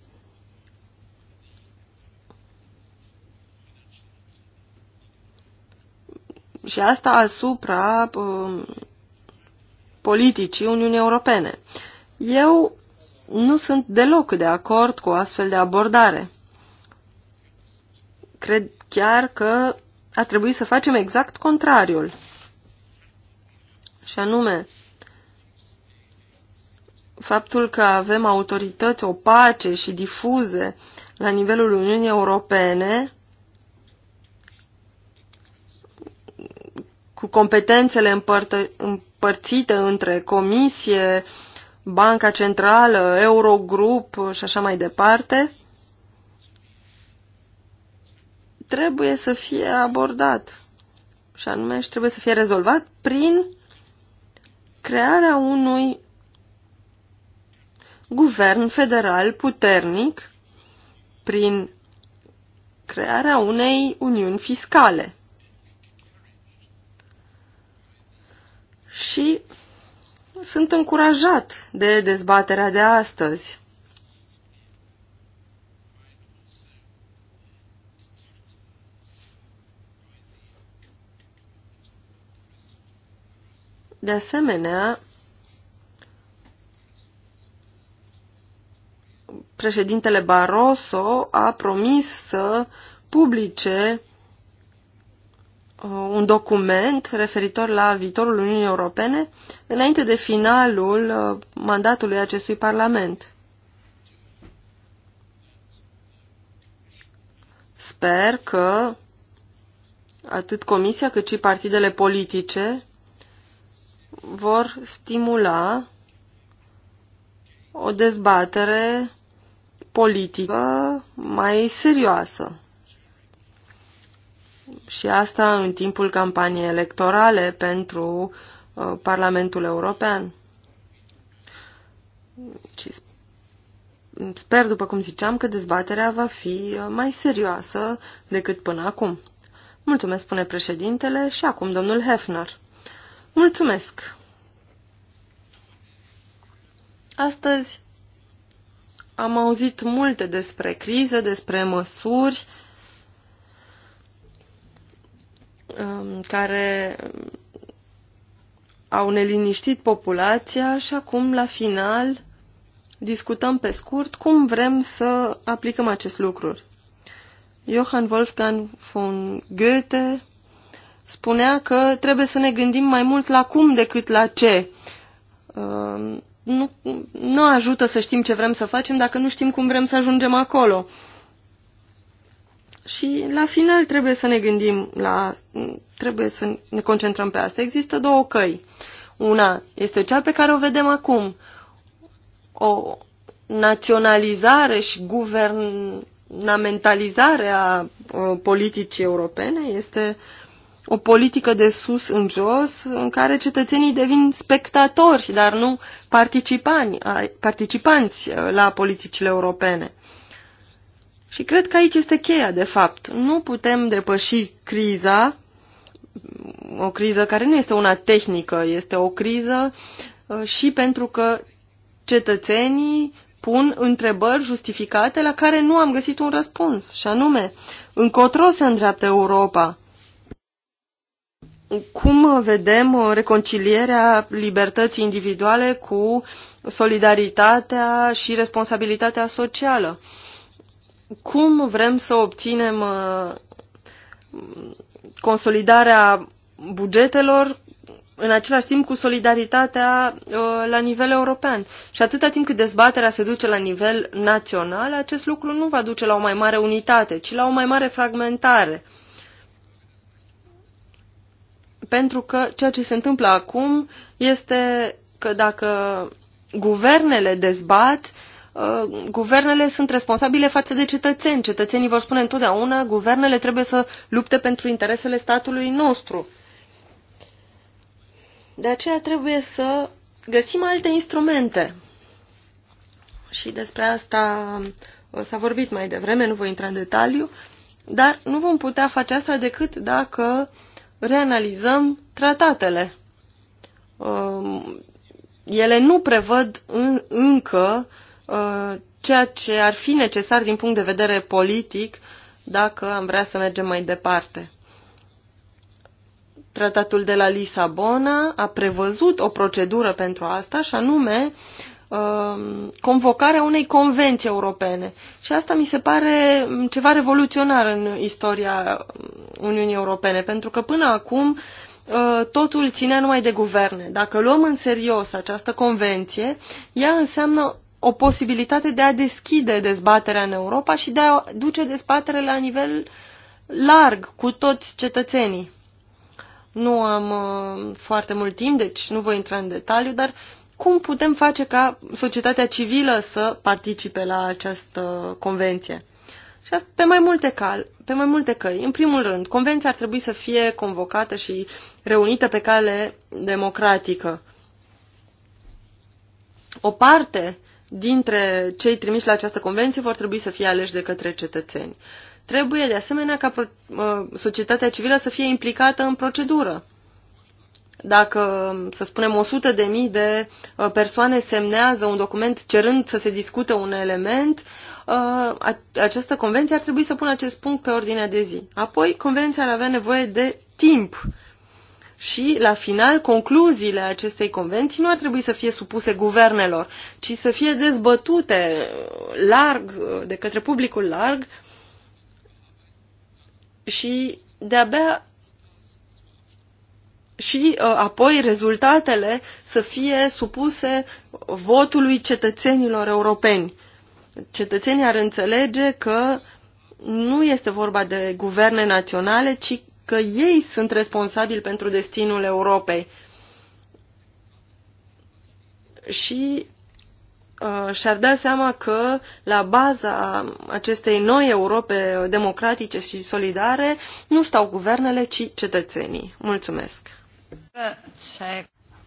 Și asta asupra uh, politicii Uniunii Europene. Eu nu sunt deloc de acord cu astfel de abordare. Cred chiar că ar trebui să facem exact contrariul. Și anume, faptul că avem autorități opace și difuze la nivelul Uniunii Europene cu competențele împărtă, împărțite între Comisie, Banca Centrală, Eurogrup și așa mai departe, trebuie să fie abordat și anume și trebuie să fie rezolvat prin crearea unui guvern federal puternic prin crearea unei uniuni fiscale. și sunt încurajat de dezbaterea de astăzi. De asemenea, președintele Barroso a promis să publice Uh, un document referitor la viitorul Uniunii Europene înainte de finalul uh, mandatului acestui Parlament. Sper că atât Comisia cât și partidele politice vor stimula o dezbatere politică mai serioasă și asta în timpul campaniei electorale pentru uh, Parlamentul European. Și sper, după cum ziceam, că dezbaterea va fi uh, mai serioasă decât până acum. Mulțumesc, spune președintele, și acum domnul Hefner. Mulțumesc! Astăzi am auzit multe despre criză, despre măsuri, uh, Um, care um, au neliniștit populația și acum, la final, discutăm pe scurt cum vrem să aplicăm acest lucru. Johann Wolfgang von Goethe spunea că trebuie să ne gândim mai mult la cum decât la ce. Um, nu, nu ajută să știm ce vrem să facem dacă nu știm cum vrem să ajungem acolo. Și la final trebuie să ne gândim la, trebuie să ne concentrăm pe asta. Există două căi. Una este cea pe care o vedem acum. O naționalizare și guvernamentalizare a politicii europene este o politică de sus în jos în care cetățenii devin spectatori, dar nu participanți la politicile europene. Și cred că aici este cheia, de fapt. Nu putem depăși criza, o criză care nu este una tehnică, este o criză uh, și pentru că cetățenii pun întrebări justificate la care nu am găsit un răspuns, și anume, încotro se îndreaptă Europa? Cum vedem uh, reconcilierea libertății individuale cu solidaritatea și responsabilitatea socială? cum vrem să obținem uh, consolidarea bugetelor în același timp cu solidaritatea uh, la nivel european. Și atâta timp cât dezbaterea se duce la nivel național, acest lucru nu va duce la o mai mare unitate, ci la o mai mare fragmentare. Pentru că ceea ce se întâmplă acum este că dacă guvernele dezbat, uh, Uh, guvernele sunt responsabile față de cetățeni. Cetățenii vor spune întotdeauna, guvernele trebuie să lupte pentru interesele statului nostru. De aceea trebuie să găsim alte instrumente. Și despre asta uh, s-a vorbit mai devreme, nu voi intra în detaliu, dar nu vom putea face asta decât dacă reanalizăm tratatele. Uh, ele nu prevăd încă Uh, ceea ce ar fi necesar din punct de vedere politic dacă am vrea să mergem mai departe. Tratatul de la Lisabona a prevăzut o procedură pentru asta și anume uh, convocarea unei convenții europene. Și asta mi se pare ceva revoluționar în istoria Uniunii Europene, pentru că până acum uh, totul ținea numai de guverne. Dacă luăm în serios această convenție, ea înseamnă o posibilitate de a deschide dezbaterea în Europa și de a duce dezbaterea la nivel larg cu toți cetățenii. Nu am uh, foarte mult timp, deci nu voi intra în detaliu, dar cum putem face ca societatea civilă să participe la această convenție? Și asta pe mai multe, cal, pe mai multe căi. În primul rând, convenția ar trebui să fie convocată și reunită pe cale democratică. O parte dintre cei trimiși la această convenție vor trebui să fie aleși de către cetățeni. Trebuie, de asemenea, ca societatea civilă să fie implicată în procedură. Dacă, să spunem, 100.000 de mii de ă, persoane semnează un document cerând să se discute un element, ă, această convenție ar trebui să pună acest punct pe ordinea de zi. Apoi, convenția ar avea nevoie de timp și, la final, concluziile acestei convenții nu ar trebui să fie supuse guvernelor, ci să fie dezbătute larg, de către publicul larg și de-abia și uh, apoi rezultatele să fie supuse votului cetățenilor europeni. Cetățenii ar înțelege că nu este vorba de guverne naționale, ci că ei sunt responsabili pentru destinul Europei. Și uh, și-ar da seama că la baza acestei noi Europe democratice și solidare nu stau guvernele, ci cetățenii. Mulțumesc!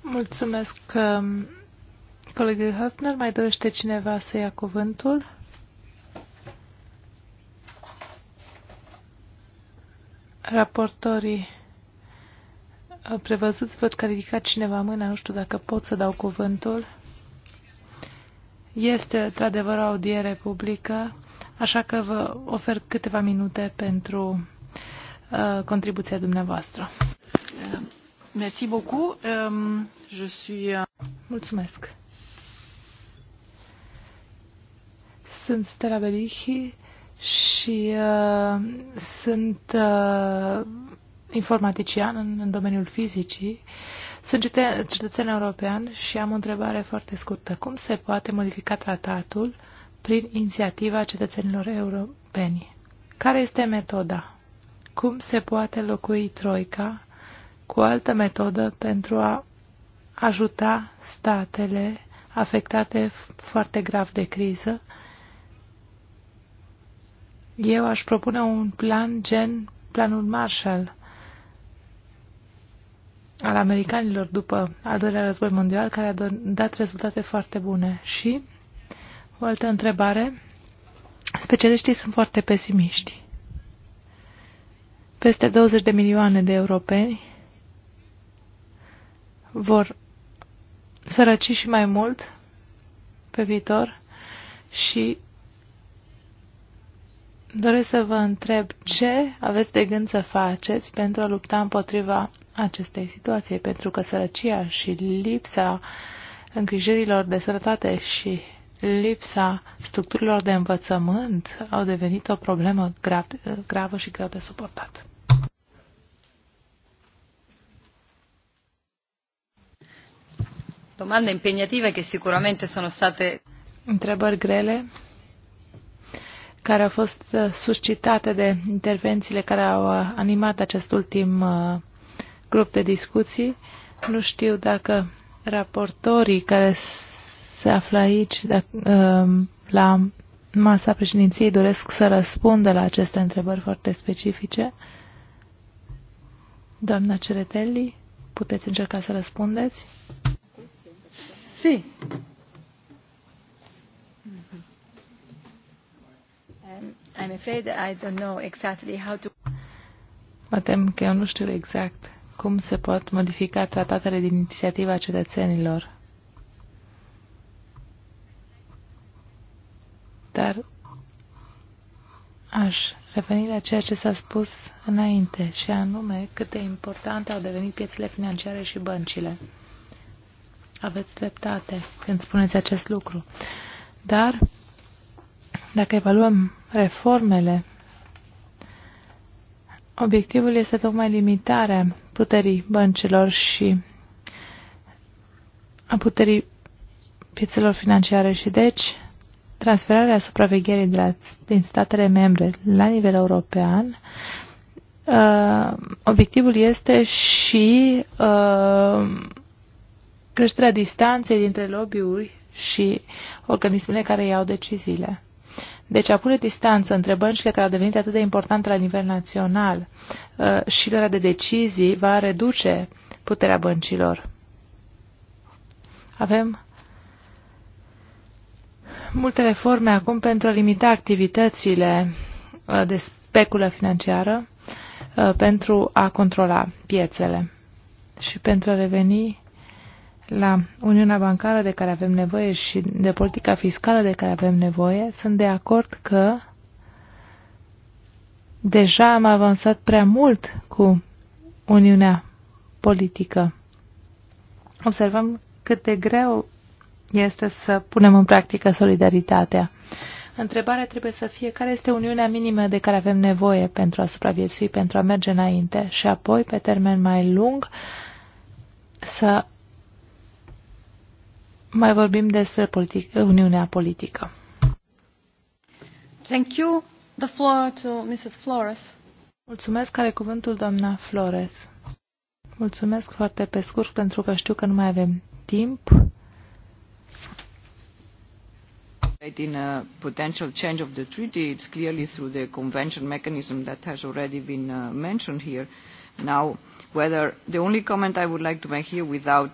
Mulțumesc! Um, colegul Höfner, mai dorește cineva să ia cuvântul? raportorii uh, prevăzuți văd că a ridicat cineva mâna, nu știu dacă pot să dau cuvântul. Este într-adevăr o audiere publică, așa că vă ofer câteva minute pentru uh, contribuția dumneavoastră. Uh, merci beaucoup. Um, je suis... Uh, Mulțumesc. Sunt Stella Berichi, și uh, sunt uh, informatician în, în domeniul fizicii. Sunt cetă cetățean european și am o întrebare foarte scurtă. Cum se poate modifica tratatul prin inițiativa cetățenilor europeni? Care este metoda? Cum se poate locui troica cu o altă metodă pentru a ajuta statele afectate foarte grav de criză? Eu aș propune un plan gen planul Marshall al americanilor după al doilea război mondial, care a dat rezultate foarte bune. Și o altă întrebare. Specialiștii sunt foarte pesimiști. Peste 20 de milioane de europeni vor sărăci și mai mult pe viitor și Doresc să vă întreb ce aveți de gând să faceți pentru a lupta împotriva acestei situații, pentru că sărăcia și lipsa îngrijirilor de sănătate și lipsa structurilor de învățământ au devenit o problemă grav, gravă și greu de suportat. Domande impegnative che sicuramente sono state... Întrebări grele care a fost uh, suscitate de intervențiile care au uh, animat acest ultim uh, grup de discuții. Nu știu dacă raportorii care se află aici la masa președinției doresc să răspundă la aceste întrebări foarte specifice. Doamna Ceretelli, puteți încerca să răspundeți? Sí. I'm afraid I don't know exactly how to... Mă tem că eu nu știu exact cum se pot modifica tratatele din inițiativa cetățenilor. Dar aș reveni la ceea ce s-a spus înainte, și anume cât de importante au devenit piețele financiare și băncile. Aveți dreptate când spuneți acest lucru. Dar, dacă evaluăm reformele. Obiectivul este tocmai limitarea puterii băncilor și a puterii piețelor financiare și deci transferarea supravegherii de la, din statele membre la nivel european uh, obiectivul este și uh, creșterea distanței dintre lobby-uri și organismele care iau deciziile. Deci a pune distanță între băncile care au devenit atât de importante la nivel național uh, și lor de decizii va reduce puterea băncilor. Avem multe reforme acum pentru a limita activitățile uh, de speculă financiară, uh, pentru a controla piețele și pentru a reveni la Uniunea Bancară de care avem nevoie și de politica fiscală de care avem nevoie, sunt de acord că deja am avansat prea mult cu Uniunea Politică. Observăm cât de greu este să punem în practică solidaritatea. Întrebarea trebuie să fie care este Uniunea minimă de care avem nevoie pentru a supraviețui, pentru a merge înainte și apoi, pe termen mai lung, să mai vorbim despre politic, Uniunea Politică. Thank you. The floor to Mrs. Flores. Mulțumesc, are cuvântul doamna Flores. Mulțumesc foarte pe scurt pentru că știu că nu mai avem timp. In a uh, potential change of the treaty, it's clearly through the convention mechanism that has already been uh, mentioned here. Now, whether the only comment I would like to make here without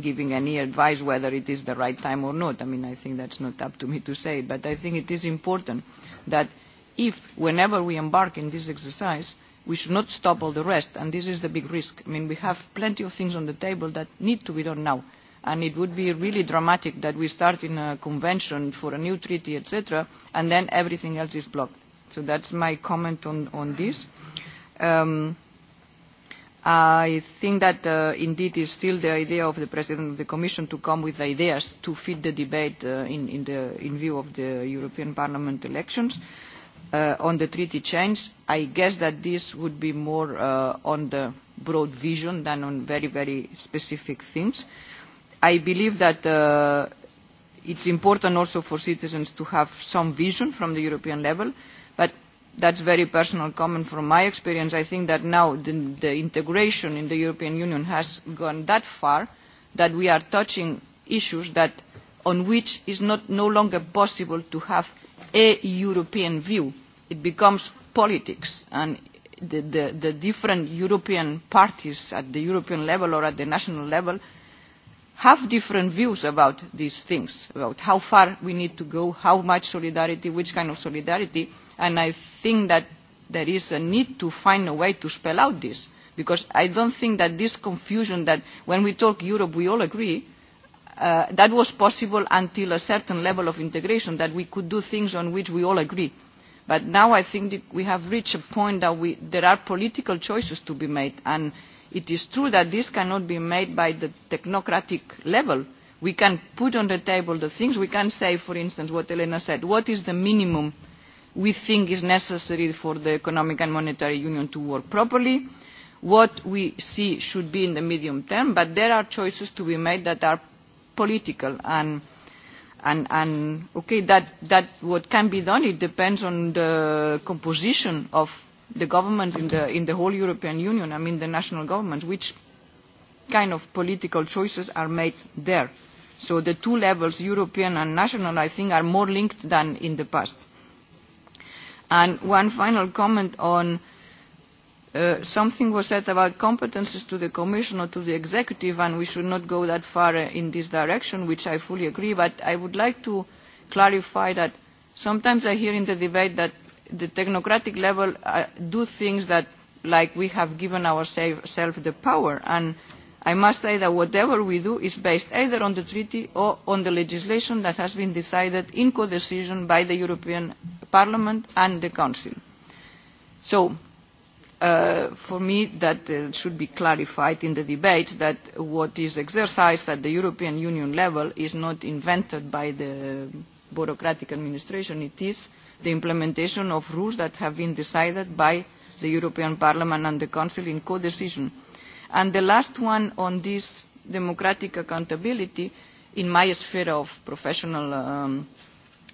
giving any advice whether it is the right time or not. I mean, I think that's not up to me to say but I think it is important that if, whenever we embark in this exercise, we should not stop all the rest, and this is the big risk. I mean, we have plenty of things on the table that need to be done now, and it would be really dramatic that we start in a convention for a new treaty, etc., and then everything else is blocked. So that's my comment on, on this. Um, I think that indeed uh, indeed is still the idea of the President of the Commission to come with ideas to feed the debate uh, in, view of the European Parliament elections. Uh, on the treaty change, I guess that this would be more on the broad vision than on very, very specific things. I believe that it it's important also for citizens to have some vision from the European level that's very personal comment from my experience. I think that now the, the integration in the European Union has gone that far that we are touching issues that on which is not no longer possible to have a European view. It becomes politics and the, the, the different European parties at the European level or at the national level have different views about these things, about how far we need to go, how much solidarity, which kind of solidarity And I think that there is a need to find a way to spell out this, because I don't think that this confusion that when we talk Europe we all agree, uh, that was possible until a certain level of integration, that we could do things on which we all agree. But now I think that we have reached a point that we, there are political choices to be made. And it is true that this cannot be made by the technocratic level. We can put on the table the things. We can say, for instance, what Elena said, what is the minimum we think is necessary for the economic and monetary union to work properly, what we see should be in the medium term, but there are choices to be made that are political and and, and okay, that, that what can be done, it depends on the composition of the governments in the, in the whole European Union, I mean the national governments, which kind of political choices are made there. So the two levels, European and national, I think are more linked than in the past. And one final comment on uh, something was said about competences to the Commission or to the Executive, and we should not go that far uh, in this direction, which I fully agree. But I would like to clarify that sometimes I hear in the debate that the technocratic level uh, do things that, like we have given ourselves the power. And i must say that whatever we do is based either on the treaty or on the legislation that has been decided in codecision by the european parliament and the council. so uh, for me that uh, should be clarified in the debates that what is exercised at the european union level is not invented by the bureaucratic administration it is the implementation of rules that have been decided by the european parliament and the council in codecision. decision And the last one on this democratic accountability, in my sphere of professional um,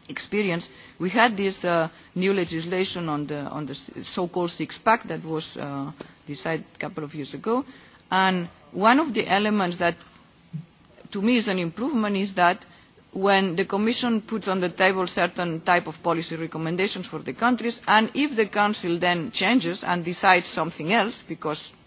experience, we had this uh, new legislation on the, on the so-called six-pack that was uh, decided a couple of years ago. And one of the elements that to me is an improvement is that when the Commission puts on the table certain type of policy recommendations for the countries, and if the Council then changes and decides something else, because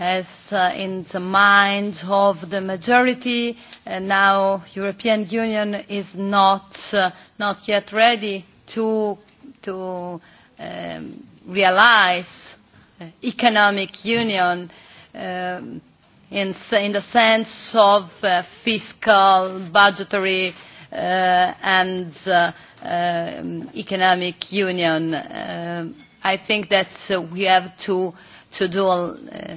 as uh, in the mind of the majority. And uh, now European Union is not, uh, not yet ready to, to um, realize uh, economic union um, in, in the sense of uh, fiscal, budgetary uh, and uh, uh, economic union. Uh, I think that uh, we have to, to do uh,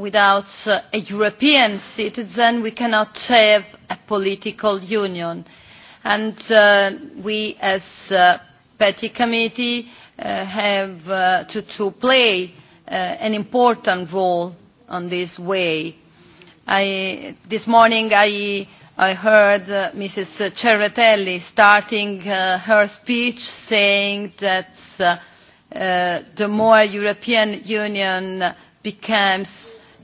without a European citizen, we cannot have a political union. And uh, we, as the uh, PETI Committee, uh, have to, to play an important role on this way. I, this morning I, I heard uh, Mrs. Cerretelli starting uh, her speech saying that uh, uh, the more European Union becomes